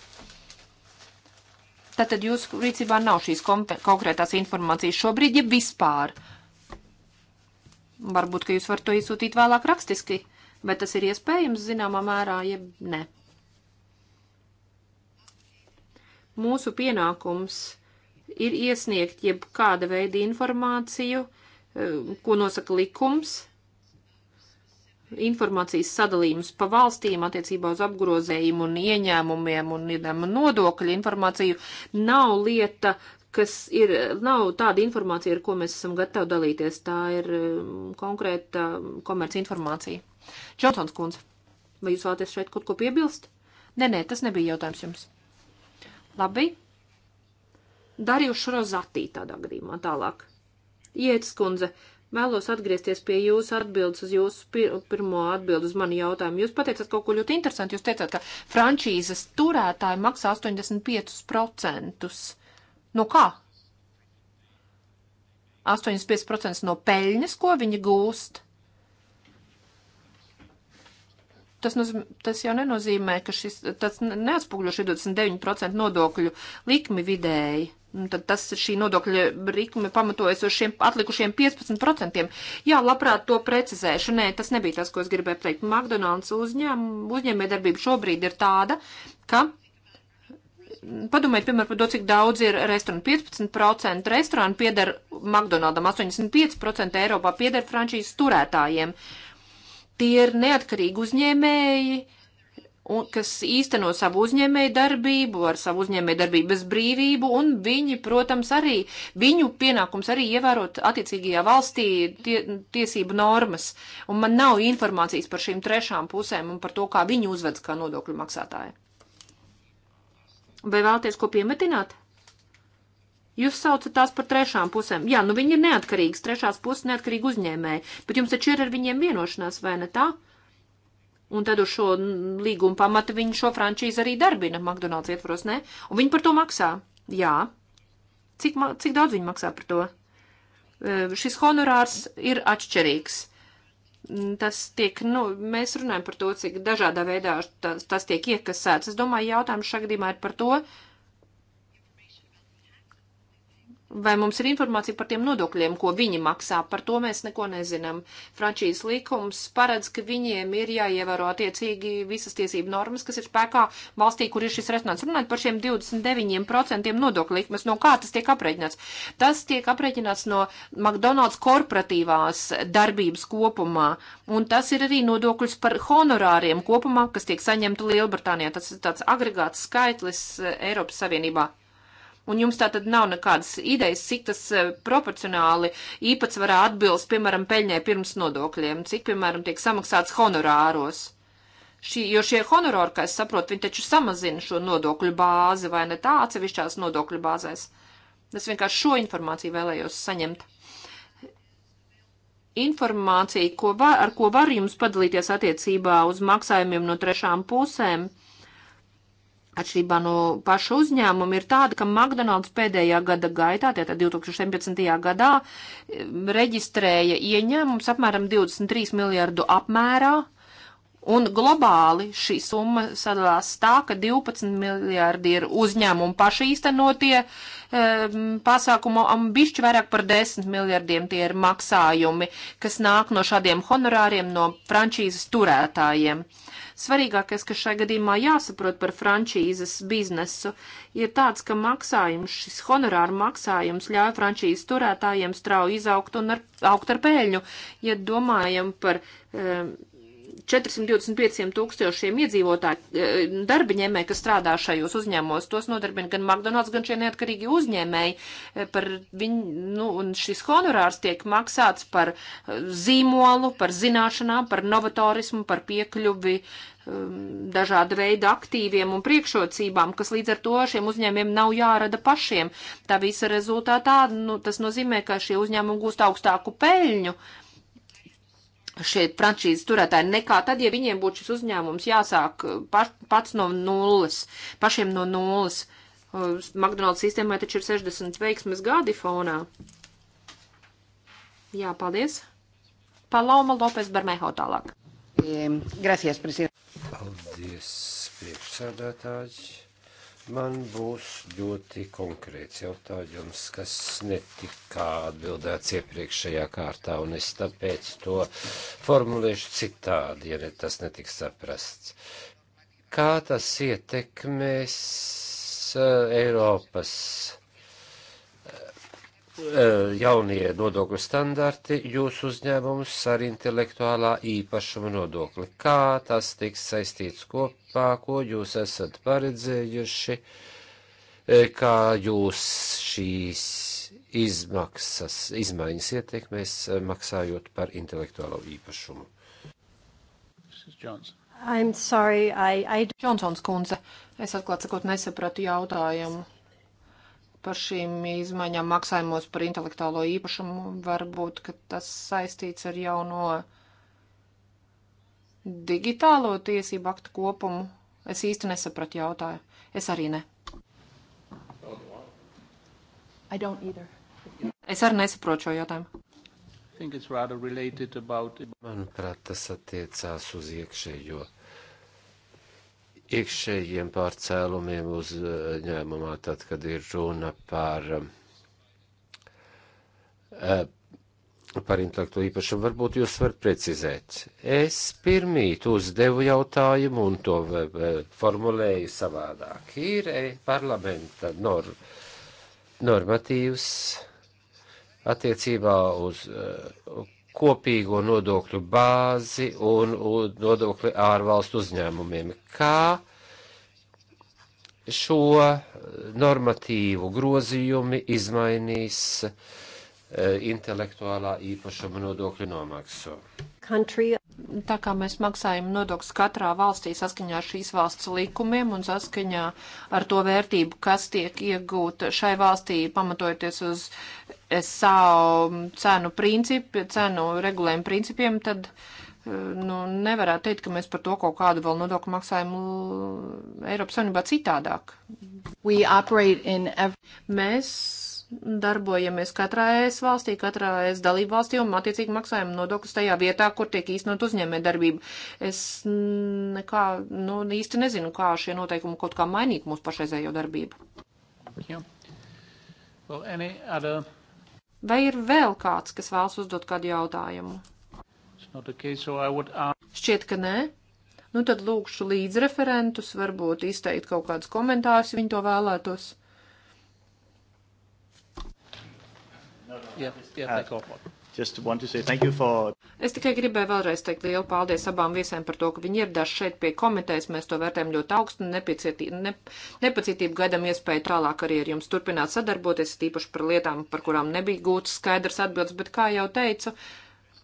Tātad jūsu rīcībā nav šīs konkrētās informācijas šobrīd, ja vispār. Varbūt, ka jūs varat to izsūtīt vēlāk rakstiski, bet tas ir iespējams zināmā mērā, ja ne. Mūsu pienākums ir iesniegt jebkāda veida informāciju, eh, ko nosaka likums, informācijas sadalījums pa valstīm attiecībā uz apgrozējumu un ieņēmumiem un nodokļu informāciju nav lieta, kas ir, nav tāda informācija, ar ko mēs esam gatavi dalīties. Tā ir mm, konkrēta komerci informācija. Džonsons kundze, vai jūs vēlaties šeit kaut ko piebilst? Nē, nē, tas nebija jautājums jums. Labi. Darījuši rozatī tādā gadījumā tālāk. Jēdz kundze, Vēlos atgriezties pie jūsu atbildes uz jūsu pir pirmo atbildu uz manu jautājumu. Jūs pateicat kaut ko ļoti interesantu. Jūs teicāt, ka frančīzes turētāji maksā 85%. No nu kā? 85% no peļņas, ko viņi gūst. Tas, nozīm, tas jau nenozīmē, ka šis, tas neatspūgļo 29% nodokļu likmi vidēji. Un nu, tad tas šī nodokļa rikme pamatojas uz šiem atlikušiem 15%. Jā, labprāt to precizēšu. Nē, tas nebija tas, ko es gribēju teikt. McDonald's uzņēm, uzņēmējdarbība šobrīd ir tāda, ka padomājiet, piemēram, par to, cik daudz ir restorānu. 15% restorānu pieder McDonaldam, 85% Eiropā pieder frančīzes turētājiem. Uh, Tie ir neatkarīgi uzņēmēji, un, kas īsteno savu uzņēmēju darbību, ar savu uzņēmēju darbības brīvību, un viņi, protams, arī, viņu pienākums arī ievērot attiecīgajā valstī tie, tiesību normas. Un man nav informācijas par šīm trešām pusēm un par to, kā viņi uzvedas kā nodokļu maksātāji. Vai vēlties ko piemetināt? Jūs saucat tās par trešām pusēm. Jā, nu viņi ir neatkarīgas, trešās puses neatkarīgi uzņēmēji, bet jums taču ir ar viņiem vienošanās, vai ne tā? Un tad uz šo līgumu pamata viņi šo frančīzi arī darbina McDonald's ietvaros, ne? Un viņi par to maksā. Jā. Cik, ma cik daudz viņi maksā par to? E, šis honorārs ir atšķirīgs. Mm, tas tiek, nu, mēs runājam par to, cik dažādā veidā tas, tas tiek iekasēts. Es domāju, jautājums šagadījumā ir par to, uh, Vai mums ir informācija par tiem nodokļiem, ko viņi maksā? Par to mēs neko nezinām. Frančijas likums paredz, ka viņiem ir jāievēro attiecīgi visas tiesību normas, kas ir spēkā valstī, kur ir šis resonants. Runājot par šiem 29% nodokļu likmes, no kā tas tiek aprēķināts? Tas tiek aprēķināts no McDonald's korporatīvās darbības kopumā, un tas ir arī nodokļus par honorāriem kopumā, kas tiek saņemta Lielbritānijā. Tas ir tāds agregāts skaitlis eh, Eiropas Savienībā. Un jums tā tad nav nekādas idejas, cik tas eh, proporcionāli īpatsvarā atbilst, piemēram, peļņai pirms nodokļiem, cik, piemēram, tiek samaksāts honorāros. Šī, jo šie honorāri, kā es saprotu, viņi taču samazina šo nodokļu bāzi vai ne tā atsevišķās nodokļu bāzēs. Es vienkārši šo informāciju vēlējos saņemt informāciju, ko var, ar ko var jums padalīties attiecībā uz maksājumiem no trešām pusēm. Atšķirībā no paša uzņēmuma ir tāda, ka McDonald's pēdējā gada gaitā, tātad 2017. gadā, reģistrēja ieņēmums apmēram 23 miljardu apmērā, un globāli šī summa sadalās tā, ka 12 miljardi ir uzņēmumi paši īstenotie e, pasākumu, un bišķi vairāk par 10 miljardiem tie ir maksājumi, kas nāk no šādiem honorāriem no frančīzes turētājiem. Uh, Svarīgākais, kas šai gadījumā jāsaprot par frančīzes biznesu, ir tāds, ka maksājums, šis honorāru maksājums ļauj frančīzes turētājiem strauji izaugt un ar, augt ar pēļņu. Ja domājam par um, 425 tūkstošiem iedzīvotāju e, darbiņēmē, kas strādā šajos uzņēmumos. Tos nodarbina gan McDonald's, gan šie neatkarīgi uzņēmēji. E, par viņu, nu, un šis honorārs tiek maksāts par e, zīmolu, par zināšanām, par novatorismu, par piekļuvi dažāda veida aktīviem un priekšrocībām, kas līdz ar to šiem uzņēmiem nav jārada pašiem. Tā visa rezultātā, nu, tas nozīmē, ka šie uzņēmumi gūst augstāku peļņu. Uh, šie franšīzes turētāji nekā tad, ja viņiem būtu šis uzņēmums jāsāk uh, paš, pats no nulles, pašiem no nulles. Uh, McDonald's sistēmai taču ir 60 veiksmes gadi fonā. Jā, paldies. Paloma Lopes Bermeho tālāk. Gracias, prezident. Paldies, priekšsēdētāji. Man būs ļoti konkrēts jautājums, kas netika atbildēts iepriekšējā kārtā, un es tāpēc to formulēšu citādi, ja ne, tas netiks saprasts. Kā tas ietekmēs uh, Eiropas Eh, jaunie nodokļu standarti jūsu uzņēmumus ar intelektuālā īpašuma nodokli. Kā tas tiks saistīts kopā, ko jūs esat paredzējuši, eh, kā jūs šīs izmaksas, izmaiņas ietekmēs eh, maksājot par intelektuālo īpašumu? Johnson. I'm sorry, I, I... Johnsons kundze, es atklāt sakot nesapratu jautājumu par šīm izmaiņām maksājumos par intelektuālo īpašumu. Varbūt, ka tas saistīts ar jauno digitālo tiesību aktu kopumu. Es īsti nesapratu jautājumu. Es arī ne. Es arī nesaprotu šo jautājumu. Manuprāt, tas attiecās uz iekšējo iekšējiem pārcēlumiem uzņēmumā, eh, tad, kad ir runa par, eh, par intelektu īpašumu. Varbūt jūs varat precizēt. Es pirmīt uzdevu jautājumu un to eh, formulēju savādāk. Ir parlamenta nor, normatīvs attiecībā uz kopīgo nodokļu bāzi un, un nodokļu ārvalstu uzņēmumiem. Kā šo normatīvu grozījumi izmainīs uh, E, intelektuālā īpašuma nodokļu nomaksu. Country. Tā kā mēs maksājam nodokļus katrā valstī saskaņā ar šīs valsts likumiem un saskaņā ar to vērtību, kas tiek iegūta šai valstī, pamatojoties uz savu cenu principu, cenu regulējumu principiem, tad e, nu, nevarētu teikt, ka mēs par to kaut kādu vēl nodokļu maksājumu Eiropas Savienībā citādāk. Every... Mēs darbojamies katrā ES valstī, katrā ES dalību valstī un attiecīgi maksājam nodokļus tajā vietā, kur tiek īstenot uzņēmē darbība. Es nekā, nu, īsti nezinu, kā šie noteikumi kaut kā mainīt mūsu pašreizējo darbību. Yeah. Well, other... Vai ir vēl kāds, kas vēlas uzdot kādu jautājumu? Case, so would... Šķiet, ka nē. Nu tad lūkšu līdzreferentus, varbūt izteikt kaut kādus komentārus, ja viņi to vēlētos. Yeah, yeah, for... Es tikai gribēju vēlreiz teikt lielu paldies abām viesiem par to, ka viņi ieradās šeit pie komitejas. Mēs to vērtējam ļoti augstu un ne, nepacietību gaidām iespēju tālāk arī ar jums turpināt sadarboties, tīpaši par lietām, par kurām nebija gūtas skaidrs atbildes, bet kā jau teicu, uh,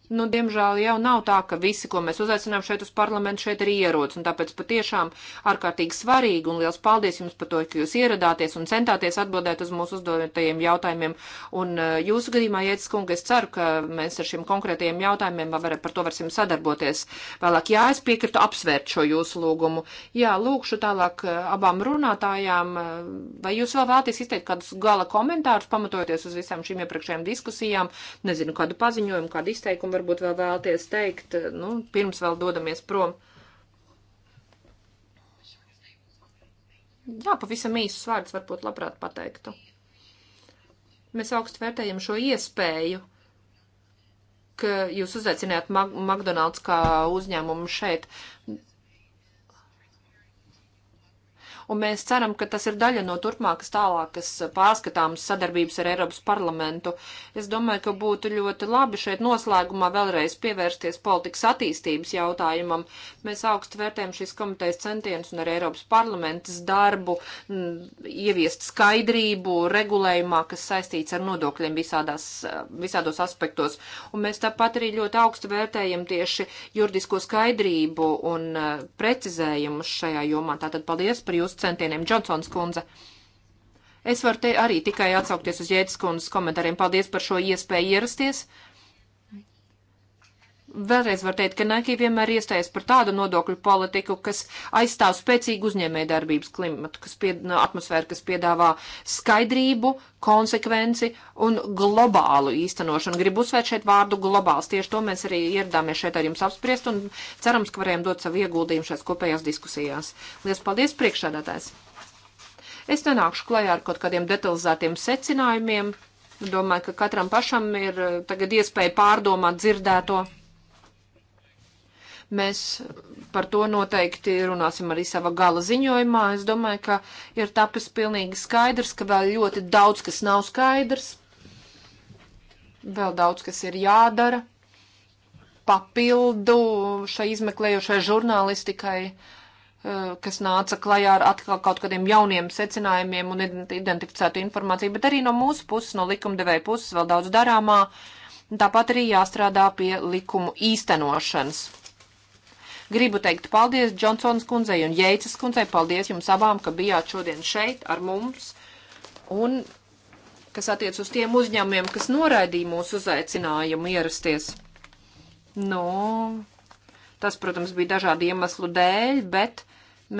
Nu, diemžēl jau nav tā, ka visi, ko mēs uzaicinām šeit uz parlamentu, šeit arī ierodas, un tāpēc patiešām ārkārtīgi svarīgi, un liels paldies jums par to, ka jūs ieradāties un centāties atbildēt uz mūsu uzdotajiem jautājumiem, un eh, jūsu gadījumā, Jēcis kunga, es ceru, ka mēs ar šiem konkrētajiem jautājumiem var, par to varsim sadarboties vēlāk. Jā, es piekritu apsvērt šo jūsu lūgumu. Jā, lūkšu tālāk eh, abām runātājām, eh, vai jūs vēl vēlaties izteikt kādus gala komentārus, pamatojoties uz visām šīm iepriekšējām diskusijām, nezinu, kādu paziņojumu, kādu izteikumu varbūt vēl vēlties teikt, nu, pirms vēl dodamies prom? Jā, pavisam īsus vārdus varbūt labprāt pateiktu. Mēs augstu vērtējam šo iespēju, ka jūs uzaicinājāt Mag McDonald's kā uzņēmumu šeit un mēs ceram, ka tas ir daļa no turpmākas tālākas eh, pārskatāmas sadarbības ar Eiropas parlamentu. Es domāju, ka būtu ļoti labi šeit noslēgumā vēlreiz pievērsties politikas attīstības jautājumam. Mēs augstu vērtējam šīs komitejas centienus un ar Eiropas parlamentas darbu m, mm, ieviest skaidrību regulējumā, kas saistīts ar nodokļiem visādās, eh, visādos aspektos. Un mēs tāpat arī ļoti augstu vērtējam tieši juridisko skaidrību un eh, precizējumus šajā jomā. Tātad paldies par jūsu jūsu centieniem, Džonsons kundze. Es varu te arī tikai atsaukties uz Jēdzes kundzes komentāriem. Paldies par šo iespēju ierasties vēlreiz var teikt, ka Nike vienmēr iestājas par tādu nodokļu politiku, kas aizstāv spēcīgu uzņēmējdarbības klimatu, kas pied, atmosfēru, kas piedāvā skaidrību, konsekvenci un globālu īstenošanu. Gribu uzsvērt šeit vārdu globāls. Tieši to mēs arī ieradāmies šeit ar jums apspriest un cerams, ka varējām dot savu ieguldījumu šajās kopējās diskusijās. Lielas paldies, priekšādātājs! Es nenākšu klajā ar kaut kādiem detalizētiem secinājumiem. Domāju, ka katram pašam ir eh, tagad iespēja pārdomāt dzirdēto. Mēs par to noteikti runāsim arī sava gala ziņojumā. Es domāju, ka ir tapis pilnīgi skaidrs, ka vēl ļoti daudz kas nav skaidrs, vēl daudz kas ir jādara papildu šai izmeklējošai žurnālistikai eh, kas nāca klajā ar atkal kaut kādiem jauniem secinājumiem un identificētu informāciju, bet arī no mūsu puses, no likumdevēja puses vēl daudz darāmā. Tāpat arī jāstrādā pie likumu īstenošanas. Gribu teikt paldies Džonsons kundzei un Jeicas kundzei. Paldies jums abām, ka bijāt šodien šeit ar mums. Un kas attiec uz tiem uzņēmumiem, kas noraidīja mūsu uzaicinājumu ierasties. Nu, tas, protams, bija dažādu iemeslu dēļ, bet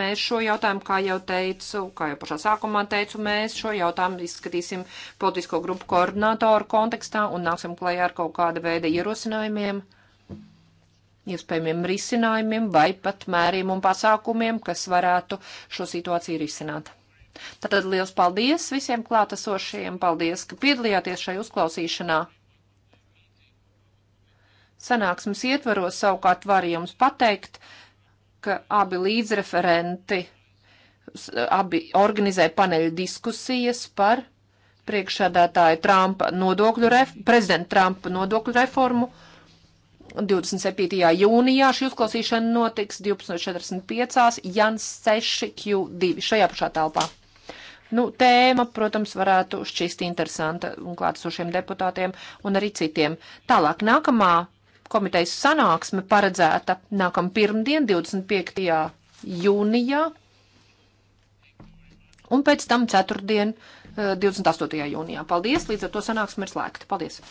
mēs šo jautājumu, kā jau teicu, kā jau pašā sākumā teicu, mēs šo jautājumu izskatīsim politisko grupu koordinātoru kontekstā un nāksim klajā ar kaut kāda veida ierosinājumiem iespējamiem risinājumiem vai pat mēriem un pasākumiem, kas varētu šo situāciju risināt. Tātad liels paldies visiem klātesošajiem, paldies, ka piedalījāties šai uzklausīšanā. Sanāksmes ietvaros savukārt var jums pateikt, ka abi līdzreferenti abi organizē paneļa diskusijas par priekšādātāja Trumpa nodokļu, ref, prezidenta Trumpa nodokļu reformu 27. jūnijā šī uzklausīšana notiks 12.45. Jans 6Q2 šajā pašā telpā. Nu, tēma, protams, varētu šķist interesanta un klātsošiem deputātiem un arī citiem. Tālāk nākamā komitejas sanāksme paredzēta nākam pirmdien, 25. jūnijā, un pēc tam ceturtdien, 28. Eh, jūnijā. Paldies, līdz ar to sanāksme ir slēgta. Paldies!